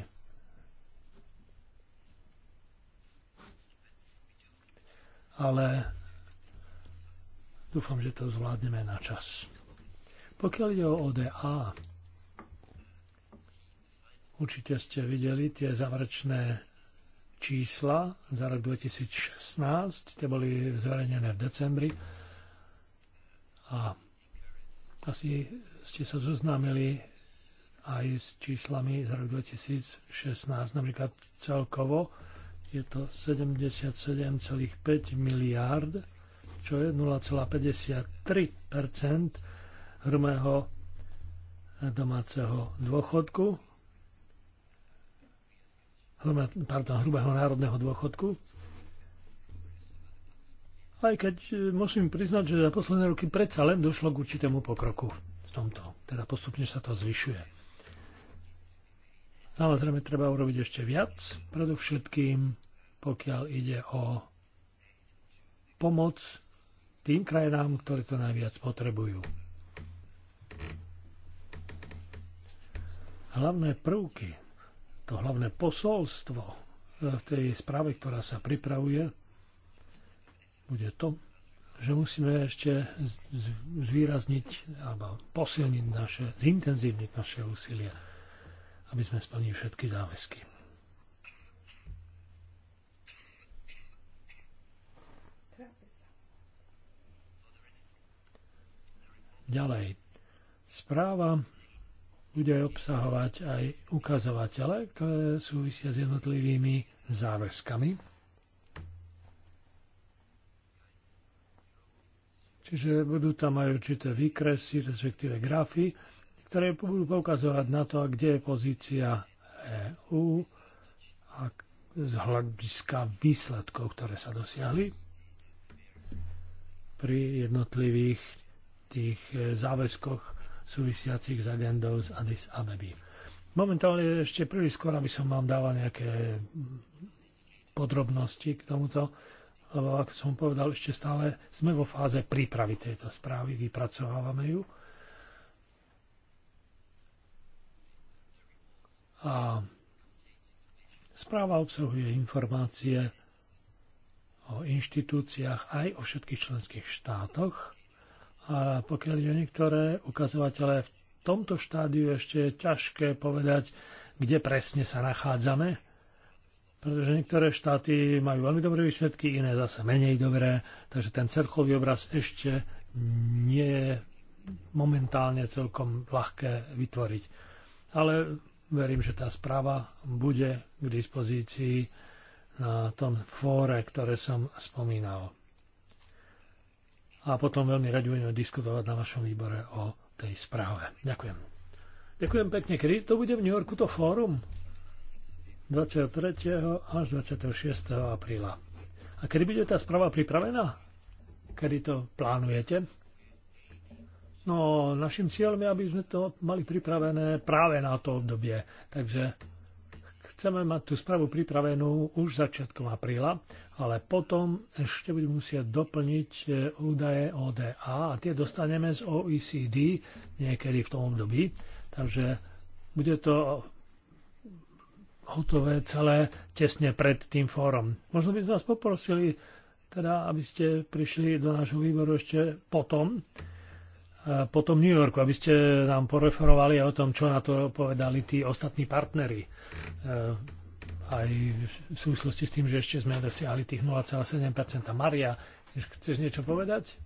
Ale dúfam, že to zvládneme na čas. Pokiaľ ide o ODA, Určite ste videli tie záverečné čísla za rok 2016, tie boli zverejnené v decembri a asi ste sa zoznámili aj s číslami za rok 2016, napríklad celkovo je to 77,5 miliárd, čo je 0,53 hrmého domáceho dôchodku pardon, hrubého národného dôchodku. Aj keď e, musím priznať, že za posledné roky predsa len došlo k určitému pokroku v tomto. Teda postupne sa to zvyšuje. Samozrejme, treba urobiť ešte viac, predovšetkým pokiaľ ide o pomoc tým krajinám, ktoré to najviac potrebujú. Hlavné prvky to hlavné posolstvo v e, tej správe, ktorá sa pripravuje, bude to, že musíme ešte zvýrazniť alebo posilniť naše, zintenzívniť naše úsilie, aby sme splnili všetky záväzky. Ďalej. Správa bude obsahovať aj ukazovatele, ktoré súvisia s jednotlivými záväzkami Čiže budú tam aj určité výkresy, respektíve grafy, ktoré budú poukazovať na to, kde je pozícia EU a z hľadiska výsledkov, ktoré sa dosiahli pri jednotlivých tých e, záväzkoch súvisiacich s agendou z Addis Abeby. Momentálne je ešte príliš skoro, aby som vám dával nejaké podrobnosti k tomuto, lebo ako som povedal, ešte stále sme vo fáze prípravy tejto správy, vypracovávame ju. A správa obsahuje informácie o inštitúciách aj o všetkých členských štátoch a pokiaľ je niektoré ukazovatele v tomto štádiu ešte je ťažké povedať, kde presne sa nachádzame, pretože niektoré štáty majú veľmi dobré výsledky, iné zase menej dobré, takže ten cerchový obraz ešte nie je momentálne celkom ľahké vytvoriť. Ale verím, že tá správa bude k dispozícii na tom fóre, ktoré som spomínal a potom veľmi radi budeme diskutovať na vašom výbore o tej správe. Ďakujem. Ďakujem pekne. Kedy to bude v New Yorku to fórum? 23. až 26. apríla. A kedy bude tá správa pripravená? Kedy to plánujete? No, našim cieľom je, aby sme to mali pripravené práve na to obdobie. Takže Chceme mať tú správu pripravenú už začiatkom apríla, ale potom ešte budeme musieť doplniť e, údaje ODA a tie dostaneme z OECD niekedy v tom období. Takže bude to hotové celé tesne pred tým fórom. Možno by sme vás poprosili, teda, aby ste prišli do nášho výboru ešte potom, E, potom New Yorku, aby ste nám poreferovali o tom, čo na to povedali tí ostatní partnery. E, aj v súvislosti s tým, že ešte sme dosiahli tých 0,7%. Maria, chceš niečo povedať?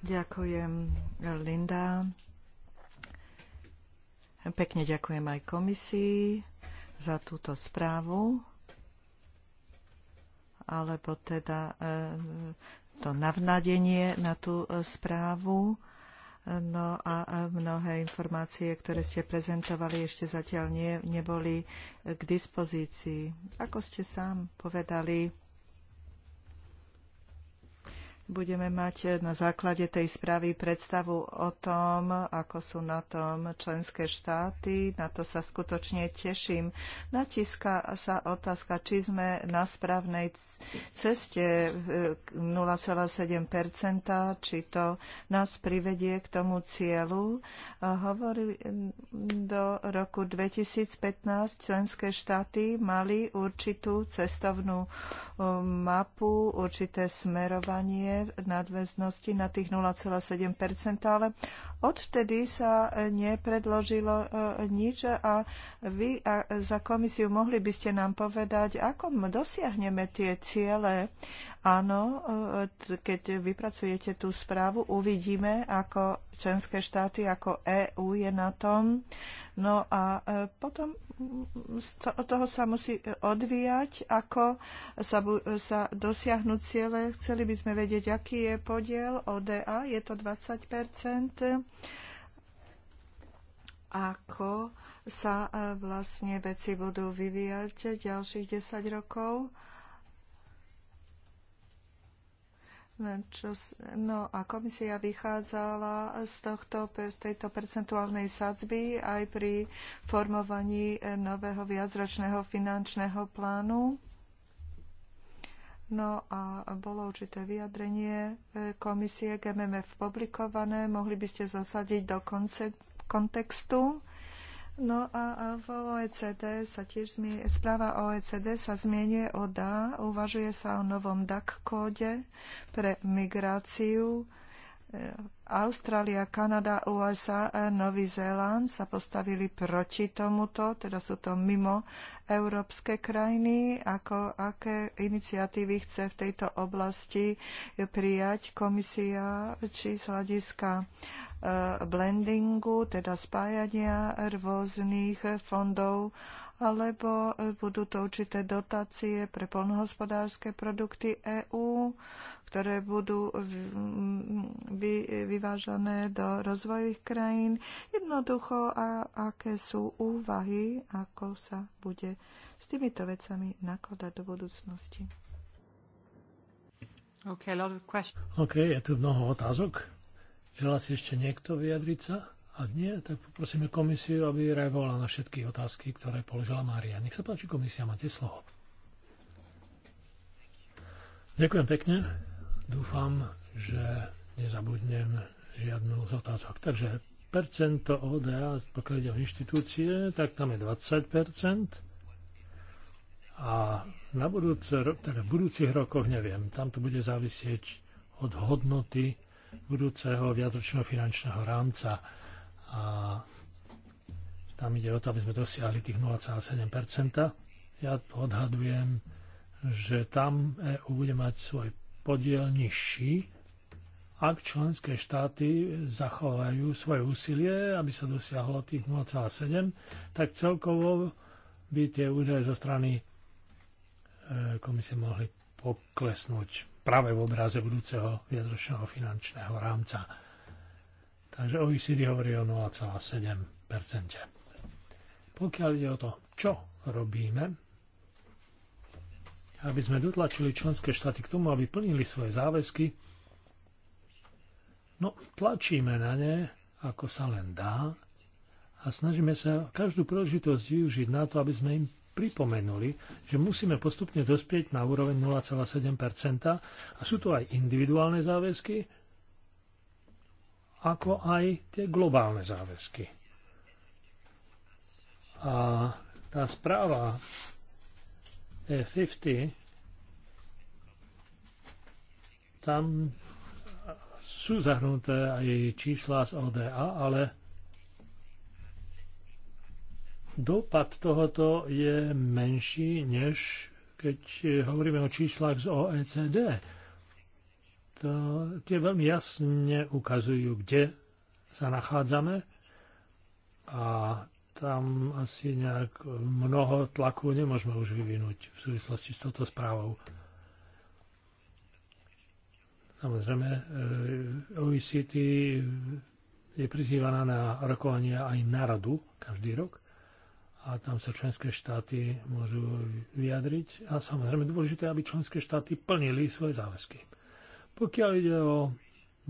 Ďakujem, Linda. Pekne ďakujem aj komisii za túto správu alebo teda e, to navnadenie na tú e, správu. No a mnohé informácie, ktoré ste prezentovali, ešte zatiaľ nie, neboli k dispozícii. Ako ste sám povedali, budeme mať na základe tej správy predstavu o tom, ako sú na tom členské štáty. Na to sa skutočne teším. Natiska sa otázka, či sme na správnej ceste 0,7%, e, či to nás privedie k tomu cieľu. Hovorí, do roku 2015 členské štáty mali určitú cestovnú e, mapu, určité smerovanie nadväznosti na tých 0,7 ale odvtedy sa nepredložilo e, nič a vy za komisiu mohli by ste nám povedať, ako dosiahneme tie ciele. Áno, e, keď vypracujete tú správu, uvidíme, ako členské štáty, ako EÚ je na tom. No a e, potom od toho sa musí e, odvíjať, ako sa, sa dosiahnu ciele. Chceli by sme vedieť, aký je podiel ODA. Je to 20 Ako sa e, vlastne veci budú vyvíjať ďalších 10 rokov? Čo, no a komisia vychádzala z, tohto, z tejto percentuálnej sadzby aj pri formovaní e, nového viacročného finančného plánu. No a bolo určité vyjadrenie e, komisie GMMF publikované. Mohli by ste zasadiť do konce, kontextu No a v OECD sa tiež zmi... správa OECD sa zmienuje o DA, uvažuje sa o novom DAC kóde pre migráciu e, Austrália, Kanada, USA, a Nový Zéland sa postavili proti tomuto, teda sú to mimo európske krajiny, ako aké iniciatívy chce v tejto oblasti prijať komisia či z hľadiska e, blendingu, teda spájania rôznych fondov alebo budú to určité dotácie pre polnohospodárske produkty EÚ ktoré budú vyvážané do rozvojových krajín. Jednoducho, a aké sú úvahy, ako sa bude s týmito vecami nakladať do budúcnosti. OK, OK, je tu mnoho otázok. Želá si ešte niekto vyjadriť sa? A nie, tak poprosíme komisiu, aby reagovala na všetky otázky, ktoré položila Mária. Nech sa páči, komisia, máte slovo. Ďakujem pekne. Dúfam, že nezabudnem žiadnu z otázok. Takže percento ODA, pokiaľ ide o inštitúcie, tak tam je 20 a na budúce, teda v budúcich rokoch neviem, tam to bude závisieť od hodnoty budúceho viacročného finančného rámca a tam ide o to, aby sme dosiahli tých 0,7 Ja odhadujem, že tam EU bude mať svoj podiel nižší, ak členské štáty zachovajú svoje úsilie, aby sa dosiahlo tých 0,7, tak celkovo by tie údaje zo strany e, komisie mohli poklesnúť práve v obraze budúceho viacročného finančného rámca. Takže OECD hovorí o 0,7%. Pokiaľ ide o to, čo robíme, aby sme dotlačili členské štáty k tomu, aby plnili svoje záväzky. No, tlačíme na ne, ako sa len dá, a snažíme sa každú príležitosť využiť na to, aby sme im pripomenuli, že musíme postupne dospieť na úroveň 0,7 a sú to aj individuálne záväzky, ako aj tie globálne záväzky. A tá správa 50 e tam sú zahrnuté aj čísla z ODA, ale dopad tohoto je menší, než keď hovoríme o číslach z OECD. To, tie veľmi jasne ukazujú, kde sa nachádzame a tam asi nejak mnoho tlaku nemôžeme už vyvinúť v súvislosti s touto správou. Samozrejme, e, OECD je prizývaná na rokovania aj na radu každý rok a tam sa členské štáty môžu vyjadriť a samozrejme dôležité, aby členské štáty plnili svoje záväzky. Pokiaľ ide o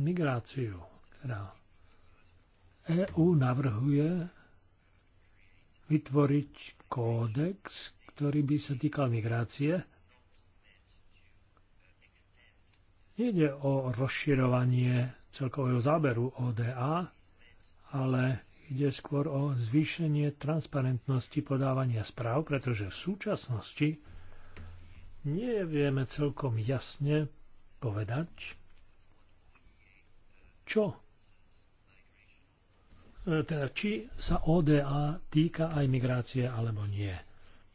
migráciu, teda EÚ navrhuje vytvoriť kódex, ktorý by sa týkal migrácie. Nejde o rozširovanie celkového záberu ODA, ale ide skôr o zvýšenie transparentnosti podávania správ, pretože v súčasnosti nevieme celkom jasne povedať, čo E, teda či sa ODA týka aj migrácie alebo nie.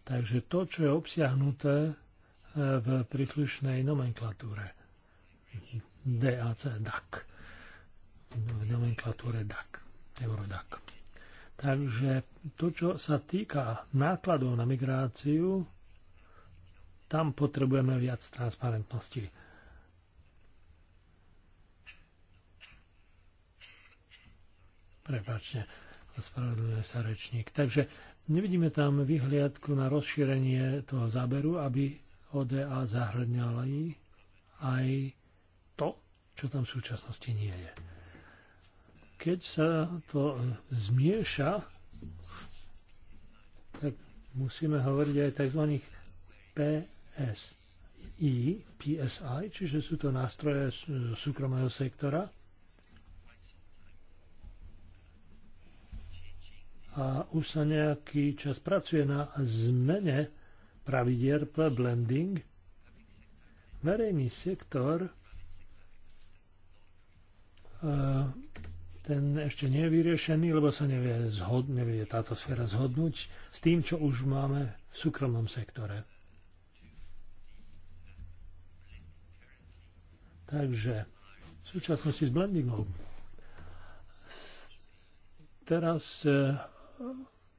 Takže to, čo je obsiahnuté e, v príslušnej nomenklatúre DAC, DAC, v nomenklatúre DAC, Eurodac. Takže to, čo sa týka nákladov na migráciu, tam potrebujeme viac transparentnosti Prepačte, ospravedlňuje sa rečník. Takže nevidíme tam vyhliadku na rozšírenie toho záberu, aby ODA zahrňala aj to, čo tam v súčasnosti nie je. Keď sa to zmieša, tak musíme hovoriť aj tzv. PSI, PSI, čiže sú to nástroje súkromného sektora, a už sa nejaký čas pracuje na zmene pravidier pre blending. Verejný sektor e, ten ešte nie je vyriešený, lebo sa nevie, zhod, nevie táto sféra zhodnúť s tým, čo už máme v súkromnom sektore. Takže v súčasnosti s blendingom. Teraz e,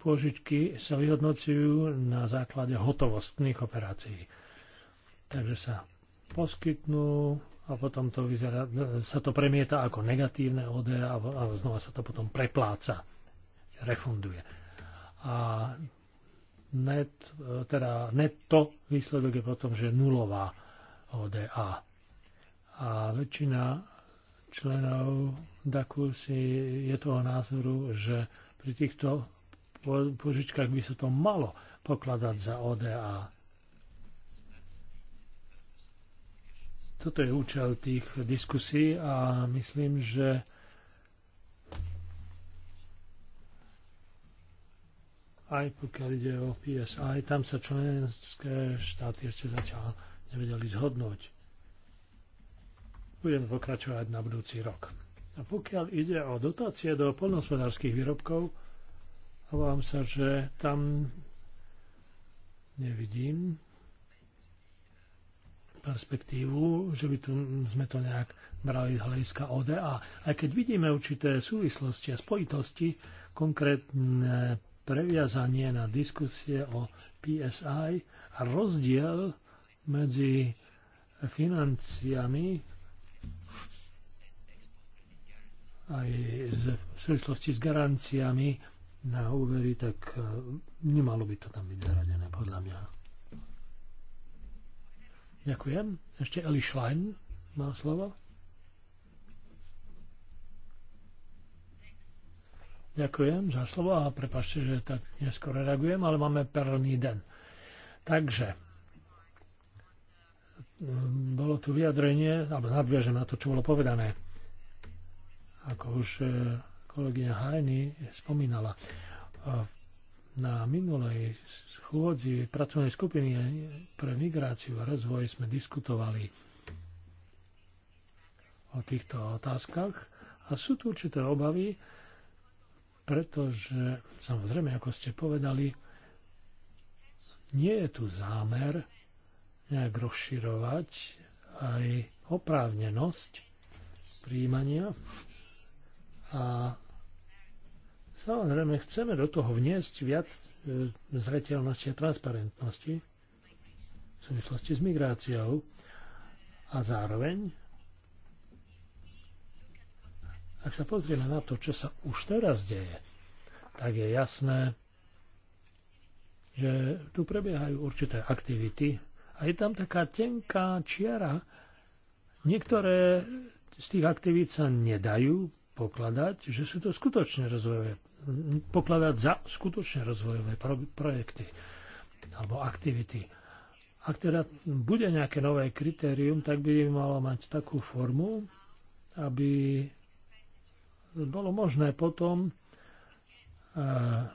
pôžičky sa vyhodnocujú na základe hotovostných operácií. Takže sa poskytnú a potom to vyzerá, sa to premieta ako negatívne ODA a znova sa to potom prepláca, refunduje. A net, teda netto výsledok je potom, že nulová ODA. A väčšina členov DAKu si je toho názoru, že pri týchto požičkách by sa to malo pokladať za ODA. Toto je účel tých diskusí a myslím, že aj pokiaľ ide o PSI, tam sa členské štáty ešte zatiaľ nevedeli zhodnúť. Budeme pokračovať na budúci rok. A pokiaľ ide o dotácie do polnohospodárských výrobkov, Obávam sa, že tam nevidím perspektívu, že by tu sme to nejak brali z hľadiska ODA. Aj keď vidíme určité súvislosti a spojitosti, konkrétne previazanie na diskusie o PSI a rozdiel medzi financiami aj v súvislosti s garanciami na úvery, tak e, nemalo by to tam byť zaradené, podľa mňa. Ďakujem. Ešte Eli Schlein má slovo. Ďakujem za slovo a prepašte, že tak neskoro reagujem, ale máme perný den. Takže, mm, bolo tu vyjadrenie, alebo nadviažem na to, čo bolo povedané. Ako už e, kolegyňa Hajny spomínala. Na minulej schôdzi pracovnej skupiny pre migráciu a rozvoj sme diskutovali o týchto otázkach a sú tu určité obavy, pretože samozrejme, ako ste povedali, nie je tu zámer nejak rozširovať aj oprávnenosť príjmania a Samozrejme, chceme do toho vniesť viac e, zreteľnosti a transparentnosti v súvislosti s migráciou a zároveň, ak sa pozrieme na to, čo sa už teraz deje, tak je jasné, že tu prebiehajú určité aktivity a je tam taká tenká čiara. Niektoré z tých aktivít sa nedajú pokladať, že sú to skutočne rozvojové, pokladať za skutočne rozvojové pro, projekty alebo aktivity. Ak teda bude nejaké nové kritérium, tak by malo mať takú formu, aby bolo možné potom eh,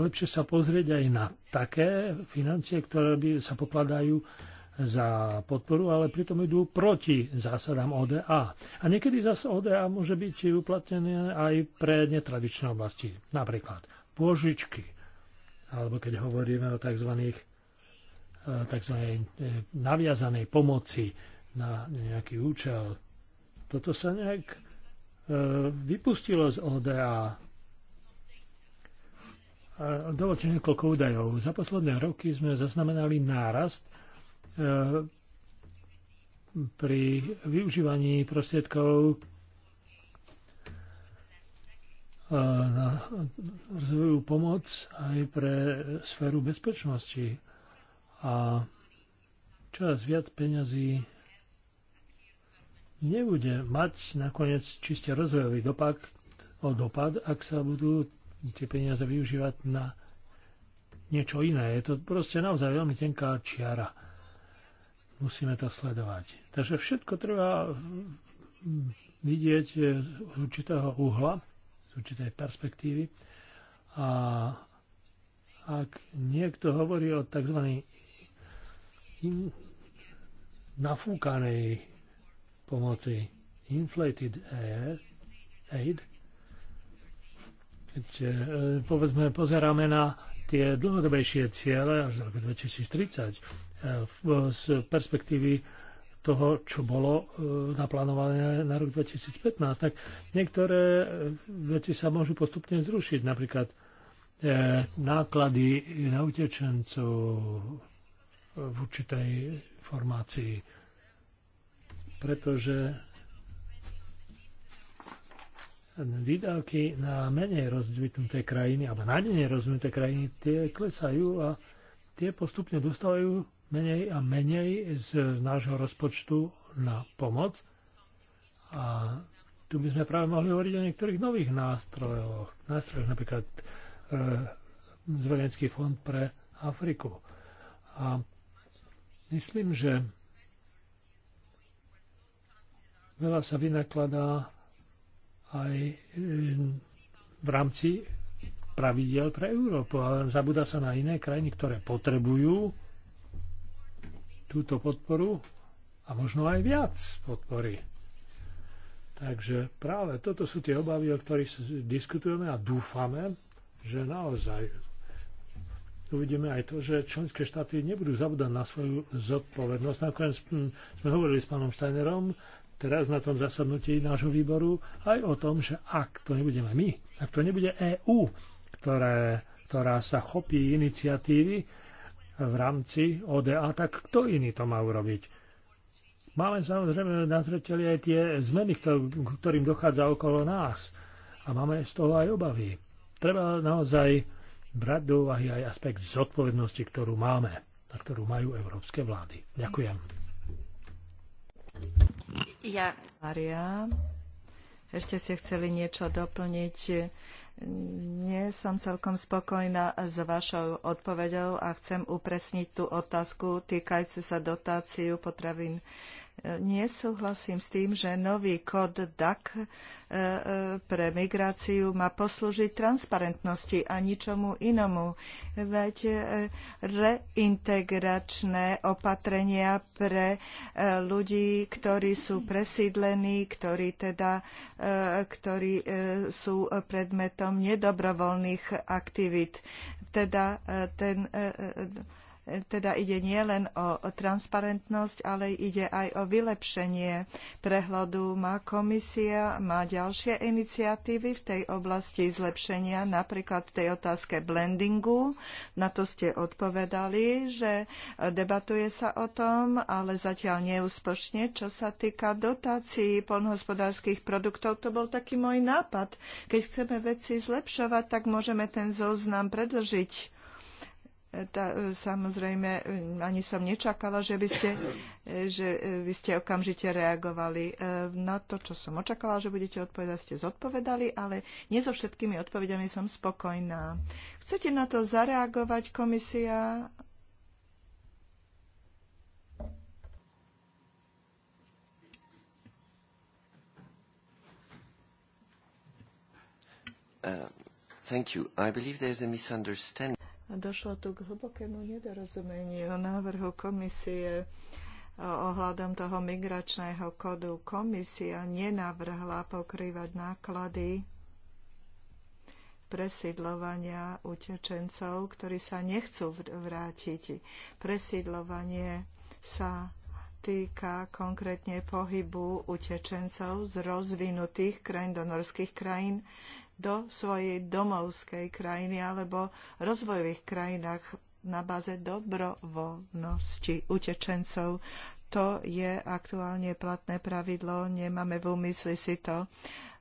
lepšie sa pozrieť aj na také financie, ktoré by sa pokladajú za podporu, ale pritom idú proti zásadám ODA. A niekedy zase ODA môže byť uplatnené aj pre netradičné oblasti. Napríklad pôžičky, alebo keď hovoríme o tzv. E, tzv. E, naviazanej pomoci na nejaký účel. Toto sa nejak e, vypustilo z ODA. Dovolte niekoľko údajov. Za posledné roky sme zaznamenali nárast Eh, pri využívaní prostriedkov eh, na rozvojú pomoc aj pre sféru bezpečnosti. A čoraz viac peňazí nebude mať nakoniec čiste rozvojový dopad, o dopad, ak sa budú tie peniaze využívať na niečo iné. Je to proste naozaj veľmi tenká čiara. Musíme to sledovať. Takže všetko treba vidieť z určitého uhla, z určitej perspektívy. A ak niekto hovorí o tzv. nafúkanej pomoci, inflated aid, keď e, povedzme pozeráme na tie dlhodobejšie ciele až do roku 2030, z perspektívy toho, čo bolo e, naplánované na rok 2015, tak niektoré veci sa môžu postupne zrušiť. Napríklad e, náklady na utečencov e, v určitej formácii. Pretože výdavky na menej rozvinuté krajiny alebo na menej rozvinuté krajiny tie klesajú a tie postupne dostávajú menej a menej z nášho rozpočtu na pomoc. A tu by sme práve mohli hovoriť o niektorých nových nástrojoch. Nástrojoch napríklad e, Zvolenský fond pre Afriku. A myslím, že veľa sa vynakladá aj e, v rámci pravidiel pre Európu, ale zabúda sa na iné krajiny, ktoré potrebujú túto podporu a možno aj viac podpory. Takže práve toto sú tie obavy, o ktorých diskutujeme a dúfame, že naozaj uvidíme aj to, že členské štáty nebudú zabúdať na svoju zodpovednosť. Nakoniec hm, sme hovorili s pánom Steinerom teraz na tom zasadnutí nášho výboru aj o tom, že ak to nebudeme my, ak to nebude EÚ, ktoré, ktorá sa chopí iniciatívy, v rámci ODA, tak kto iný to má urobiť? Máme samozrejme na zreteli aj tie zmeny, ktorým dochádza okolo nás. A máme z toho aj obavy. Treba naozaj brať do úvahy aj aspekt zodpovednosti, ktorú máme a ktorú majú európske vlády. Ďakujem. Ja, Maria, ešte ste chceli niečo doplniť. Nie som celkom spokojná s vašou odpoveďou a chcem upresniť tú otázku týkajúcu sa dotáciu potravín nesúhlasím s tým, že nový kód DAC e, e, pre migráciu má poslúžiť transparentnosti a ničomu inomu. Veď e, reintegračné opatrenia pre ľudí, ktorí sú presídlení, ktorí, teda, ktorí sú predmetom nedobrovoľných aktivít. Teda ten teda ide nielen o transparentnosť, ale ide aj o vylepšenie prehľadu. Má komisia, má ďalšie iniciatívy v tej oblasti zlepšenia, napríklad v tej otázke blendingu. Na to ste odpovedali, že debatuje sa o tom, ale zatiaľ neúspešne. Čo sa týka dotácií poľnohospodárskych produktov, to bol taký môj nápad. Keď chceme veci zlepšovať, tak môžeme ten zoznam predlžiť tá, e, samozrejme, e, ani som nečakala, že by, ste, e, že by ste okamžite reagovali na to, čo som očakala, že budete odpovedať, ste zodpovedali, ale nie so všetkými odpovediami som spokojná. Chcete na to zareagovať, komisia? Uh, thank you. I believe there's a misunderstanding. Došlo tu k hlbokému nedorozumeniu návrhu komisie eh, ohľadom toho migračného kodu. Komisia nenavrhla pokrývať náklady presídlovania utečencov, ktorí sa nechcú vrátiť. Presídlovanie sa týka konkrétne pohybu utečencov z rozvinutých krajín do norských krajín do svojej domovskej krajiny alebo rozvojových krajinách na báze dobrovoľnosti utečencov. To je aktuálne platné pravidlo, nemáme v úmysli si to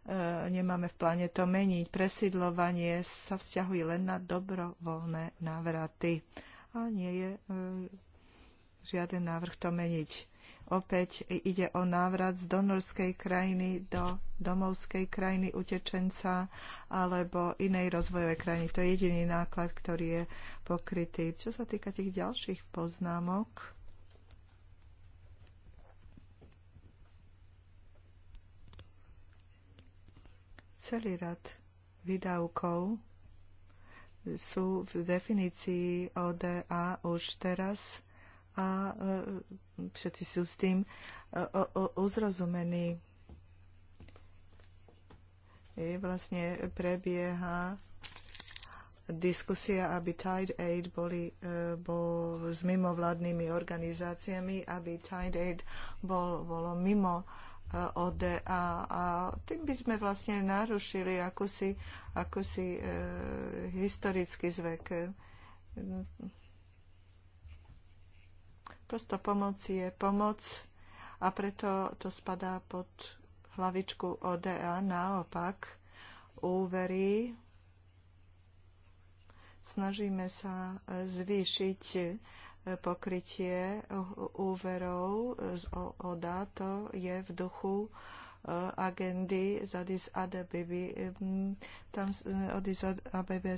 e, nemáme v pláne to meniť. Presidlovanie sa vzťahuje len na dobrovoľné návraty. A nie je e, žiaden návrh to meniť. Opäť ide o návrat z donorskej krajiny do domovskej krajiny utečenca alebo inej rozvojovej krajiny. To je jediný náklad, ktorý je pokrytý. Čo sa týka tých ďalších poznámok, celý rad výdavkov sú v definícii ODA už teraz a e, všetci sú s tým e, uzrozumení. Vlastne prebieha diskusia, aby Tide Aid boli, e, bol s mimovládnymi organizáciami, aby Tide Aid bol, bolo mimo ODA a tým by sme vlastne narušili akúsi, akúsi e, historický zvek. E, Prosto pomoc je pomoc a preto to spadá pod hlavičku ODA. Naopak, úvery snažíme sa zvýšiť pokrytie úverov z ODA. To je v duchu e, agendy z Addis Tam od Addis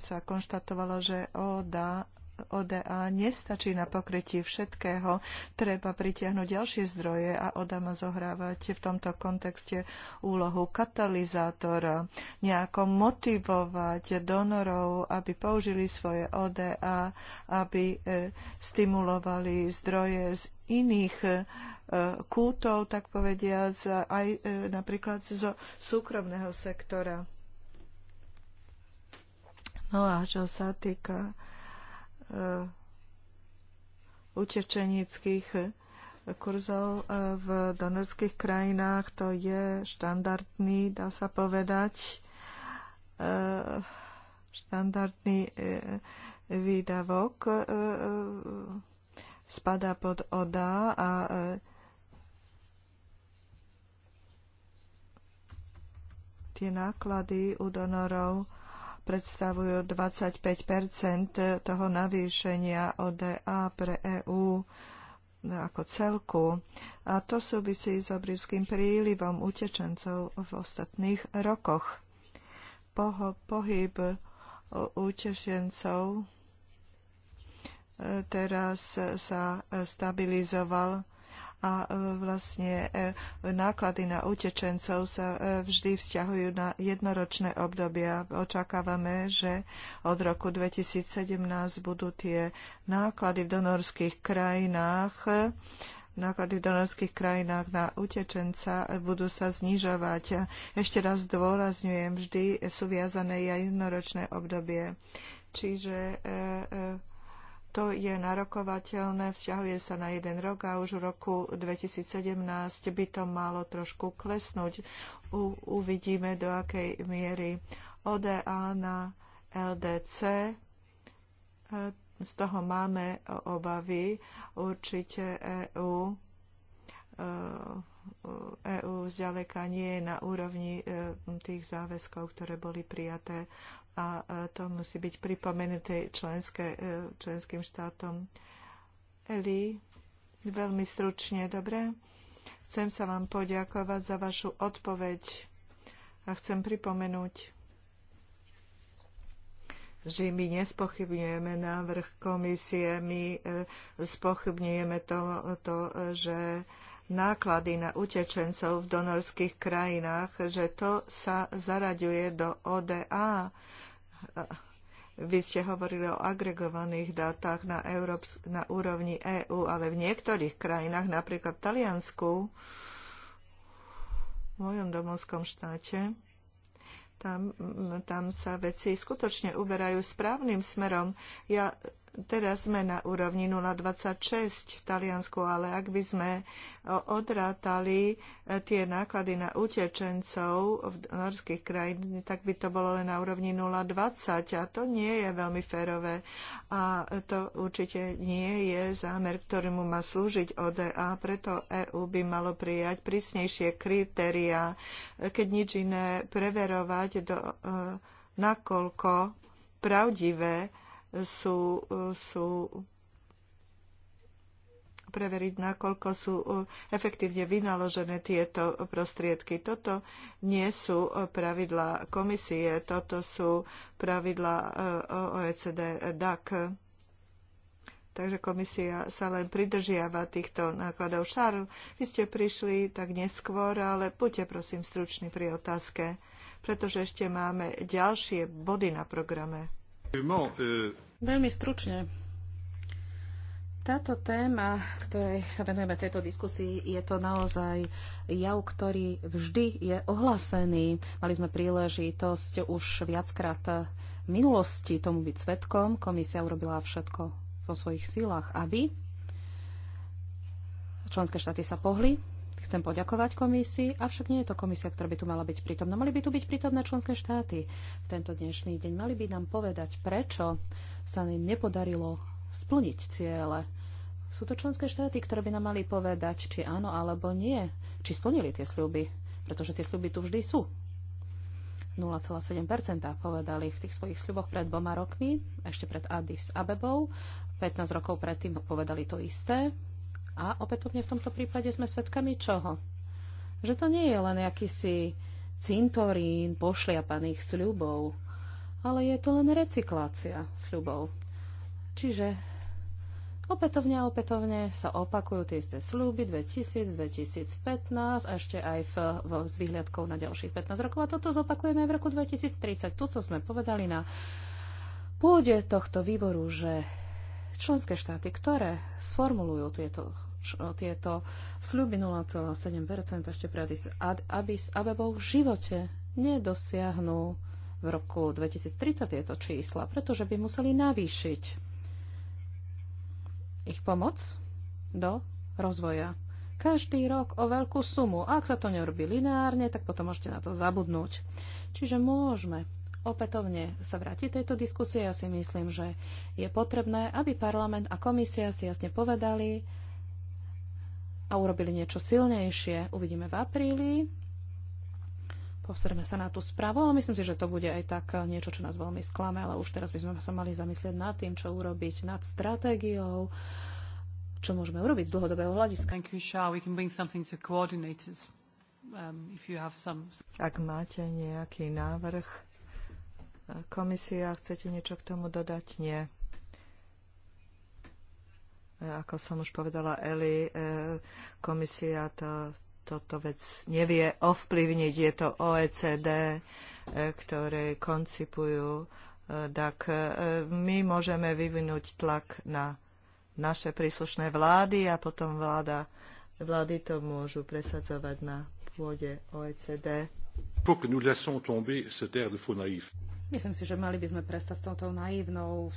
sa konštatovalo, že ODA ODA nestačí na pokrytie všetkého. Treba pritiahnuť ďalšie zdroje a ODA má zohrávať v tomto kontexte úlohu katalizátora, nejako motivovať donorov, aby použili svoje ODA, aby e, stimulovali zdroje z iných e, kútov, tak povediať, aj e, napríklad zo súkromného sektora. No a čo sa týka Eh, utečeneckých kurzov eh, v donorských krajinách. To je štandardný, dá sa povedať, eh, štandardný výdavok. Spadá pod ODA a tie náklady u donorov predstavujú 25 toho navýšenia ODA pre EÚ ako celku. A to súvisí s obrovským prílivom utečencov v ostatných rokoch. Poho, pohyb utečencov e, teraz sa stabilizoval a e, vlastne e, náklady na utečencov sa e, vždy vzťahujú na jednoročné obdobia. Očakávame, že od roku 2017 budú tie náklady v donorských krajinách náklady v donorských krajinách na utečenca budú sa znižovať. Ešte raz zdôrazňujem, vždy sú viazané aj jednoročné obdobie. Čiže e, e, to je narokovateľné, vzťahuje sa na jeden rok a už v roku 2017 by to malo trošku klesnúť. U, uvidíme, do akej miery ODA na LDC. E, z toho máme obavy. Určite EU EU e zďaleka nie je na úrovni e, tých záväzkov, ktoré boli prijaté a to musí byť pripomenuté členské, e, členským štátom. Eli, veľmi stručne, dobre? Chcem sa vám poďakovať za vašu odpoveď a chcem pripomenúť, že my nespochybňujeme návrh komisie, my e, spochybňujeme to, to že náklady na utečencov v donorských krajinách, že to sa zaraďuje do ODA vy ste hovorili o agregovaných dátach na, Európs- na úrovni EÚ, ale v niektorých krajinách, napríklad v Taliansku, v mojom domovskom štáte, tam, tam sa veci skutočne uberajú správnym smerom. Ja Teraz sme na úrovni 0,26 v Taliansku, ale ak by sme odrátali e, tie náklady na utečencov v norských krajín, tak by to bolo len na úrovni 0,20 a to nie je veľmi férové. A to určite nie je zámer, ktorému má slúžiť ODA, preto EÚ by malo prijať prísnejšie kritériá, e, keď nič iné preverovať, do, e, nakoľko pravdivé sú, e, sú preveriť, nakoľko sú e, efektívne vynaložené tieto prostriedky. Toto nie sú e, pravidlá komisie, toto sú pravidlá OECD DAC. Takže komisia sa len pridržiava týchto nákladov. Šaru, vy ste prišli tak neskôr, ale buďte prosím struční pri otázke, pretože ešte máme ďalšie body na programe. Veľmi stručne. Táto téma, ktorej sa venujeme v tejto diskusii, je to naozaj jav, ktorý vždy je ohlásený. Mali sme príležitosť už viackrát v minulosti tomu byť svetkom. Komisia urobila všetko vo svojich silách, aby členské štáty sa pohli Chcem poďakovať komisii, avšak nie je to komisia, ktorá by tu mala byť prítomná. Mali by tu byť prítomné členské štáty v tento dnešný deň. Mali by nám povedať, prečo sa im nepodarilo splniť ciele. Sú to členské štáty, ktoré by nám mali povedať, či áno alebo nie, či splnili tie sľuby, pretože tie sľuby tu vždy sú. 0,7% povedali v tých svojich sľuboch pred dvoma rokmi, ešte pred Addis Abebou. 15 rokov predtým povedali to isté, a opätovne v tomto prípade sme svedkami čoho? Že to nie je len akýsi cintorín pošliapaných sľubov, ale je to len recyklácia sľubov. Čiže opätovne a opätovne sa opakujú tie isté sľuby 2000, 2015 a ešte aj v, v, s výhľadkou na ďalších 15 rokov. A toto zopakujeme aj v roku 2030. To, co sme povedali na pôde tohto výboru, že členské štáty, ktoré sformulujú tieto, tieto sľuby 0,7 ešte pred Addis Abebou v živote nedosiahnu v roku 2030 tieto čísla, pretože by museli navýšiť ich pomoc do rozvoja. Každý rok o veľkú sumu. Ak sa to nerobí lineárne, tak potom môžete na to zabudnúť. Čiže môžeme opätovne sa vrátiť tejto diskusie. Ja si myslím, že je potrebné, aby parlament a komisia si jasne povedali a urobili niečo silnejšie. Uvidíme v apríli. Pozrieme sa na tú správu, ale myslím si, že to bude aj tak niečo, čo nás veľmi sklame, ale už teraz by sme sa mali zamyslieť nad tým, čo urobiť, nad stratégiou, čo môžeme urobiť z dlhodobého hľadiska. Um, Ak máte nejaký návrh, Komisia, chcete niečo k tomu dodať? Nie. Ako som už povedala Eli, e, komisia to, toto vec nevie ovplyvniť. Je to OECD, e, ktoré koncipujú e, tak my môžeme vyvinúť tlak na naše príslušné vlády a potom vláda, vlády to môžu presadzovať na pôde OECD. Myslím si, že mali by sme prestať s touto naivnou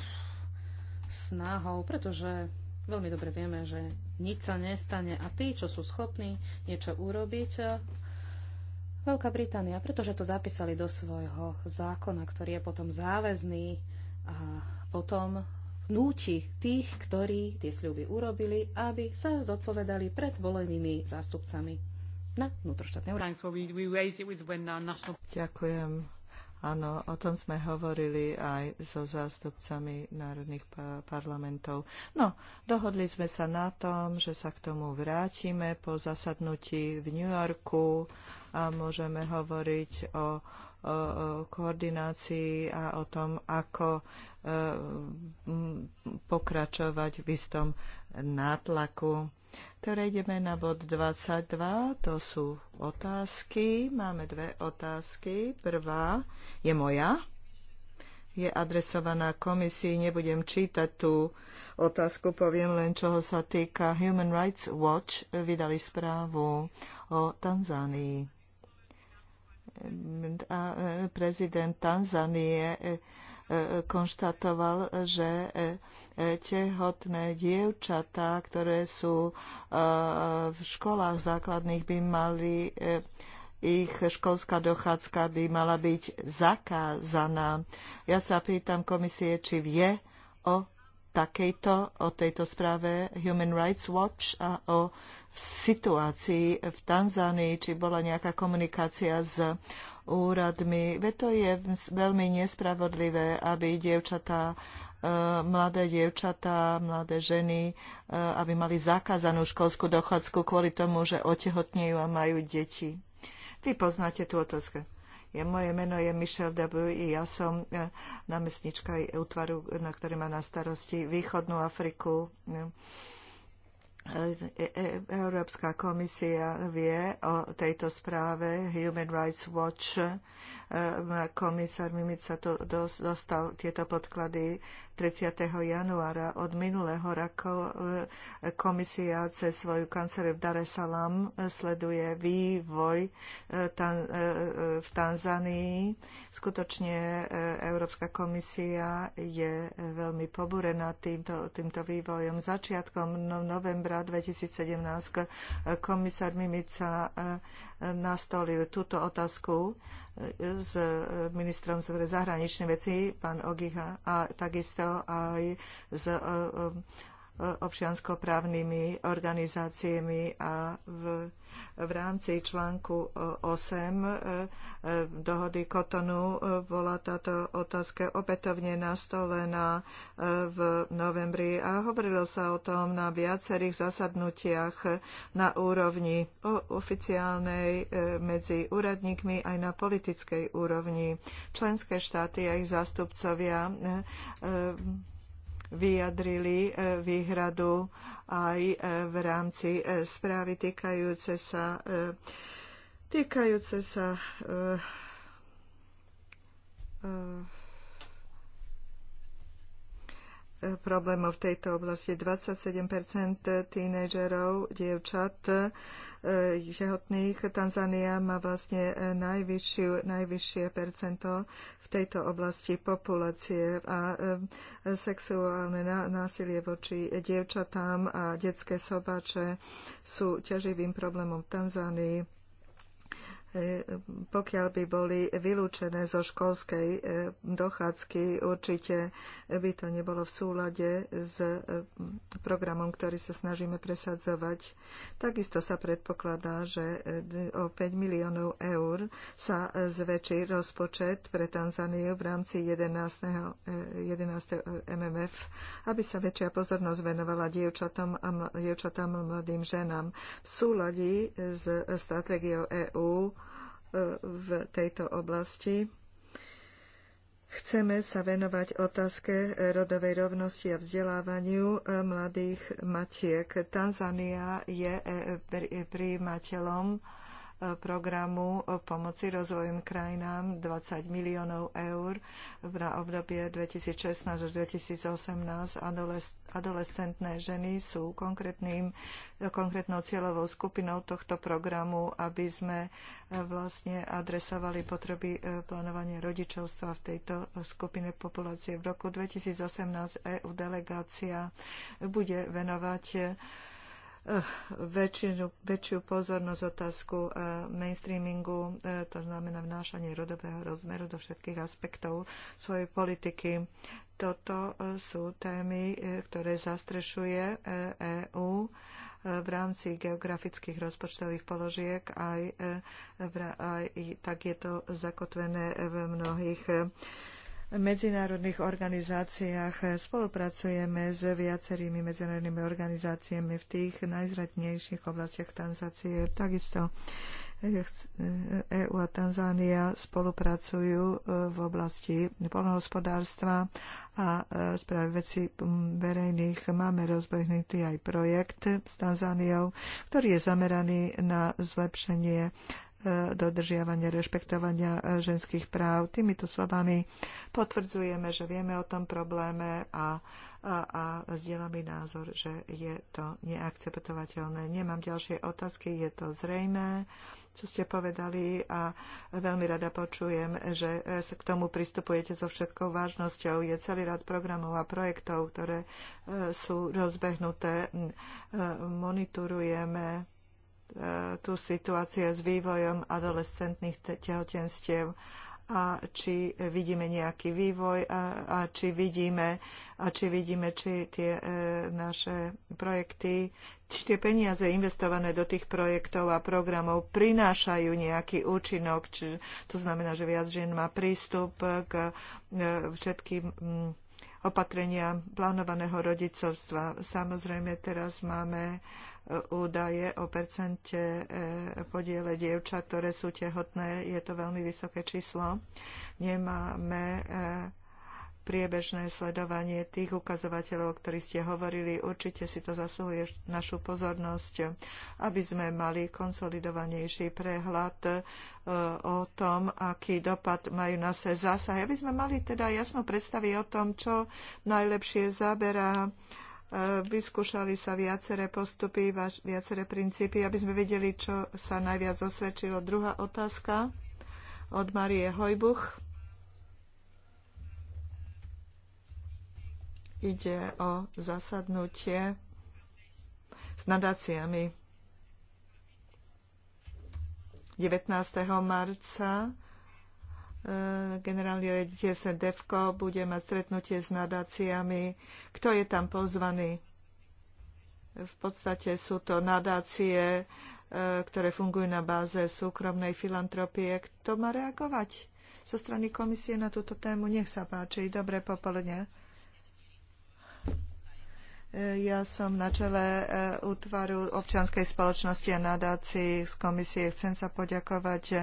snahou, pretože veľmi dobre vieme, že nič sa nestane a tí, čo sú schopní niečo urobiť, Veľká Británia, pretože to zapísali do svojho zákona, ktorý je potom záväzný a potom núti tých, ktorí tie sľuby urobili, aby sa zodpovedali pred volenými zástupcami na vnútroštátnej úrovni. Ďakujem Áno, o tom sme hovorili aj so zástupcami národných parlamentov. No, dohodli sme sa na tom, že sa k tomu vrátime po zasadnutí v New Yorku a môžeme hovoriť o, o, o koordinácii a o tom, ako e, pokračovať v istom nátlaku. Prejdeme na bod 22, to sú otázky. Máme dve otázky. Prvá je moja, je adresovaná komisii. Nebudem čítať tú otázku, poviem len, čoho sa týka. Human Rights Watch vydali správu o Tanzánii. A e, prezident Tanzánie e, e, konštatoval, že tehotné dievčatá, ktoré sú e, e, v školách základných, by mali e, ich školská dochádzka by mala byť zakázaná. Ja sa pýtam komisie, či vie o takejto, o tejto správe Human Rights Watch a o situácii v Tanzánii, či bola nejaká komunikácia s úradmi. Veď to je veľmi nespravodlivé, aby dievčatá E, mladé dievčatá, mladé ženy, e, aby mali zakázanú školskú dochádzku kvôli tomu, že otehotnejú a majú deti. Vy poznáte tú otázku. Je, moje meno je Michel Dabu i ja som e, námestnička útvaru, na ktorý má na starosti východnú Afriku. Európska komisia vie o tejto správe. Human Rights Watch Ehm, komisár Mimica to, dostal tieto podklady 30. januára od minulého roku. E, komisia cez svoju kancelár v Dar es Salaam e, sleduje vývoj e, v Tanzánii. Skutočne Európska komisia je veľmi pobúrená týmto, týmto vývojom. Začiatkom no-, novembra 2017 komisár Mimica nastolil túto otázku s e, ministrom zahraničnej veci, pán Ogiha, a takisto aj s e, e, občianskoprávnymi organizáciami a v, v rámci článku 8 e, dohody Kotonu e, bola táto otázka opätovne nastolená e, v novembri a hovorilo sa o tom na viacerých zasadnutiach na úrovni oficiálnej medzi úradníkmi aj na politickej úrovni. Členské štáty a ich zástupcovia vyjadrili e, výhradu aj e, v rámci e, správy týkajúce sa, týkajúce sa problémov v tejto oblasti. 27 tínežerov, dievčat E, žehotných. Tanzania má vlastne e, najvyššiu, najvyššie percento v tejto oblasti populácie a e, sexuálne násilie voči dievčatám a detské sobače sú ťaživým problémom v Tanzánii pokiaľ by boli vylúčené zo školskej e, dochádzky, určite by to nebolo v súlade s e, programom, ktorý sa snažíme presadzovať. Takisto sa predpokladá, že e, o 5 miliónov eur sa zväčší rozpočet pre Tanzániu v rámci 11. 11. MMF, aby sa väčšia pozornosť venovala dievčatom a, dievčatám a mladým ženám. V súladi s stratégiou EÚ v tejto oblasti. Chceme sa venovať otázke rodovej rovnosti a vzdelávaniu e, mladých matiek. Tanzania je e, príjimateľom e, programu o pomoci rozvojom krajinám 20 miliónov eur na obdobie 2016 až 2018 adolescentov adolescentné ženy sú konkrétnym, konkrétnou cieľovou skupinou tohto programu, aby sme e, vlastne adresovali potreby e, plánovania rodičovstva v tejto e, skupine populácie. V roku 2018 EU delegácia bude venovať väčšinu, väčšiu pozornosť otázku mainstreamingu, to znamená vnášanie rodového rozmeru do všetkých aspektov svojej politiky. Toto e, sú témy, e, ktoré zastrešuje EÚ e v rámci geografických rozpočtových položiek, aj, aj tak je to zakotvené v mnohých medzinárodných organizáciách. Spolupracujeme s viacerými medzinárodnými organizáciami v tých najzradnejších oblastiach tranzácie. Takisto EU a Tanzánia spolupracujú e, v oblasti polnohospodárstva a e, správy veci verejných. Máme rozbehnutý aj projekt s Tanzániou, ktorý je zameraný na zlepšenie e, dodržiavania, rešpektovania ženských práv. Týmito slovami potvrdzujeme, že vieme o tom probléme a, a, a zdieľame názor, že je to neakceptovateľné. Nemám ďalšie otázky, je to zrejmé čo ste povedali a veľmi rada počujem, že sa k tomu pristupujete so všetkou vážnosťou. Je celý rad programov a projektov, ktoré e, sú rozbehnuté. E, monitorujeme e, tú situáciu s vývojom adolescentných tehotenstiev a či vidíme nejaký vývoj a, a, či, vidíme, a či vidíme, či tie e, naše projekty, či tie peniaze investované do tých projektov a programov prinášajú nejaký účinok. Či, to znamená, že viac žien má prístup k e, všetkým m, mm, opatreniam plánovaného rodicovstva. Samozrejme, teraz máme e, údaje o percente e, podiele dievčat, ktoré sú tehotné. Je to veľmi vysoké číslo. Nemáme e, priebežné sledovanie tých ukazovateľov, o ktorých ste hovorili. Určite si to zasluhuje našu pozornosť, aby sme mali konsolidovanejší prehľad e, o tom, aký dopad majú na se zásahy. Aby sme mali teda jasnú predstavu o tom, čo najlepšie zaberá vyskúšali sa viaceré postupy, viaceré princípy, aby sme vedeli, čo sa najviac osvedčilo. Druhá otázka od Marie Hojbuch. Ide o zasadnutie s nadáciami. 19. marca Eh, generálny rediteľ Sendevko bude mať stretnutie s nadáciami. Kto je tam pozvaný? V podstate sú to nadácie, eh, ktoré fungujú na báze súkromnej filantropie. Kto má reagovať zo strany komisie na túto tému? Nech sa páči. Dobré popoludne. Ja som na čele eh, útvaru občianskej spoločnosti a nadácií z komisie. Chcem sa poďakovať eh,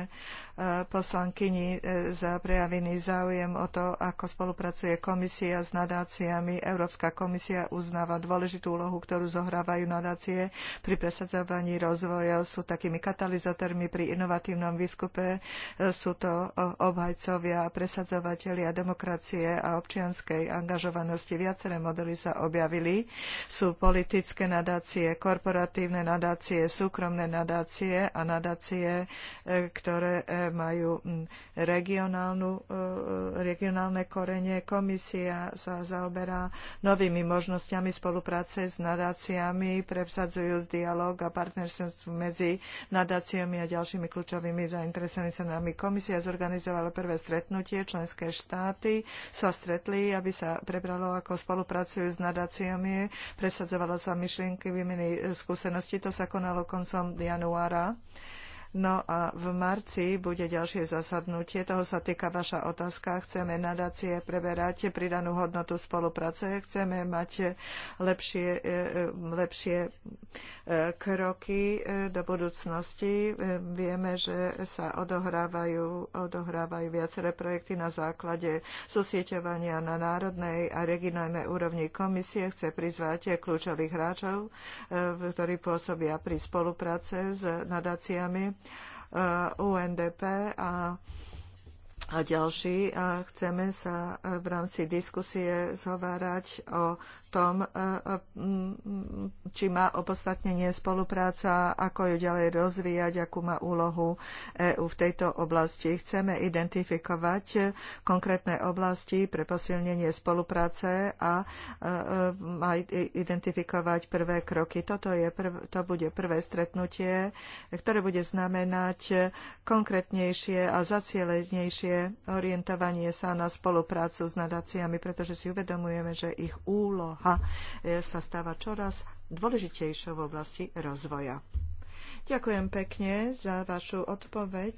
poslankyni eh, za prejavený záujem o to, ako spolupracuje komisia s nadáciami. Európska komisia uznáva dôležitú úlohu, ktorú zohrávajú nadácie pri presadzovaní rozvoja. Sú takými katalizátormi pri inovatívnom výskupe. Sú to obhajcovia, presadzovateľia demokracie a občianskej angažovanosti. Viaceré modely sa objavili sú politické nadácie, korporatívne nadácie, súkromné nadácie a nadácie, e, ktoré e, majú e, regionálne korenie. Komisia sa zaoberá novými možnosťami spolupráce s nadáciami, z dialog a partnerstvo medzi nadáciami a ďalšími kľúčovými zainteresovanými stranami. Komisia zorganizovala prvé stretnutie, členské štáty sa stretli, aby sa prebralo, ako spolupracujú s nadáciami Presadzovala sa myšlienky výmeny e, skúseností. To sa konalo koncom januára. No a v marci bude ďalšie zasadnutie, toho sa týka vaša otázka. Chceme nadácie preberať pridanú hodnotu spolupráce, chceme mať lepšie, e, e, lepšie e, kroky do budúcnosti. Vieme, že sa odohrávajú, odohrávajú viaceré projekty na základe sosieťovania na národnej a regionálnej úrovni komisie. Chce prizvať kľúčových hráčov, ktorí pôsobia pri spolupráce s nadáciami Eh, UNDP a a ďalší. A eh, chceme sa eh, v rámci diskusie zhovárať o tom, e, e, či má opodstatnenie spolupráca, ako ju ďalej rozvíjať, akú má úlohu EU v tejto oblasti. Chceme identifikovať konkrétne oblasti pre posilnenie spolupráce a e, identifikovať prvé kroky. Toto je prv, to bude prvé stretnutie, ktoré bude znamenať konkrétnejšie a zacielenejšie orientovanie sa na spoluprácu s nadáciami, pretože si uvedomujeme, že ich úloha a e, sa stáva čoraz dôležitejšou v oblasti rozvoja. Ďakujem pekne za vašu odpoveď.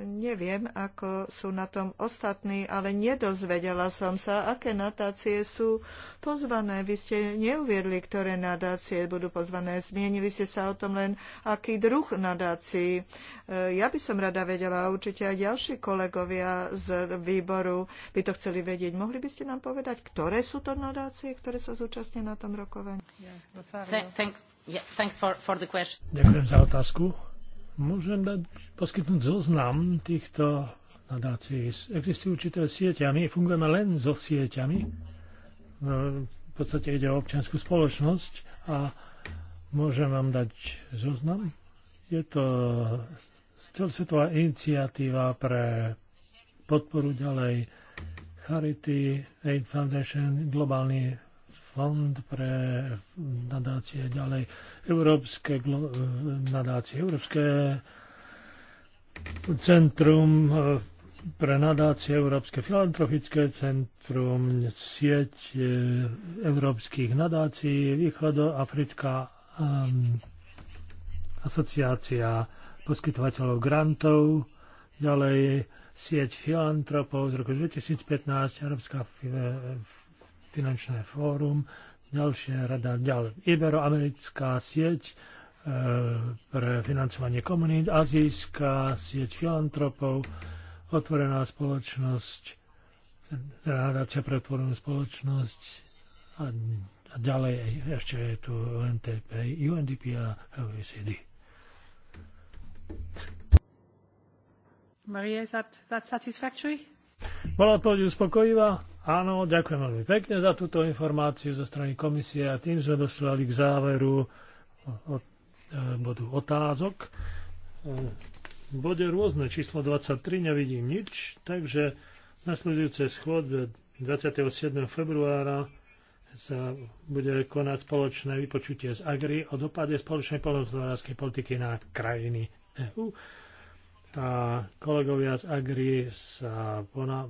Neviem, ako sú na tom ostatní, ale nedozvedela som sa, aké nadácie sú pozvané. Vy ste neuviedli, ktoré nadácie budú pozvané. Zmienili ste sa o tom len, aký druh nadácií. Ja by som rada vedela, a určite aj ďalší kolegovia z výboru by to chceli vedieť. Mohli by ste nám povedať, ktoré sú to nadácie, ktoré sa zúčastnia na tom rokovaní? Yeah, Ďakujem za otázku. Môžem dať, poskytnúť zoznam týchto nadácií. Existujú určité sieťami. my fungujeme len so sieťami. V podstate ide o občianskú spoločnosť a môžem vám dať zoznam. Je to celosvetová iniciatíva pre podporu ďalej Charity, Aid Foundation, globálny fond pre nadácie ďalej, Európske nadácie, Európske centrum eh, pre nadácie, Európske filantrofické centrum, sieť európskych nadácií, Východoafrická um, asociácia poskytovateľov grantov, ďalej sieť filantropov z roku 2015, Európska finančné fórum, ďalšia rada, ďal, Iberoamerická sieť e, pre financovanie komunít, azijská sieť filantropov, otvorená spoločnosť, Rádacia pre otvorenú spoločnosť a, a ďalej ešte je tu UNDP, UNDP a OECD. Maria, is that, that satisfactory? Bola odpoveď uspokojivá? Áno, ďakujem veľmi pekne za túto informáciu zo strany komisie a tým sme dostali k záveru od e, bodu otázok. E, v bode rôzne číslo 23 nevidím nič, takže nasledujúce schôdbe 27. februára sa bude konať spoločné vypočutie z Agri o dopade spoločnej poľnohospodárskej politiky na krajiny EU a kolegovia z Agri sa pona-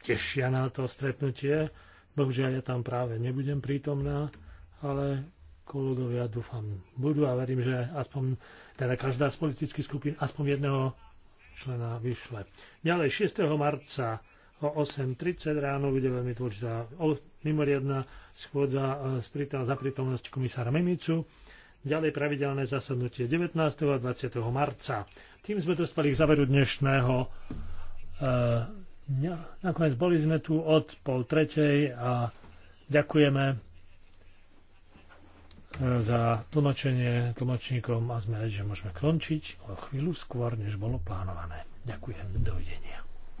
tešia na to stretnutie. Bohužiaľ, ja tam práve nebudem prítomná, ale kolegovia dúfam budú a verím, že aspoň teda každá z politických skupín aspoň jedného člena vyšle. Ďalej 6. marca o 8.30 ráno bude veľmi dôležitá mimoriadná schôdza e, za prítomnosť komisára Mimicu. Ďalej pravidelné zasadnutie 19. a 20. marca. Tým sme dospeli k záveru dnešného e, dňa. Nakoniec boli sme tu od pol tretej a ďakujeme e, za tlmočenie tlmočníkom a sme radi, že môžeme končiť o chvíľu skôr, než bolo plánované. Ďakujem, dovidenia.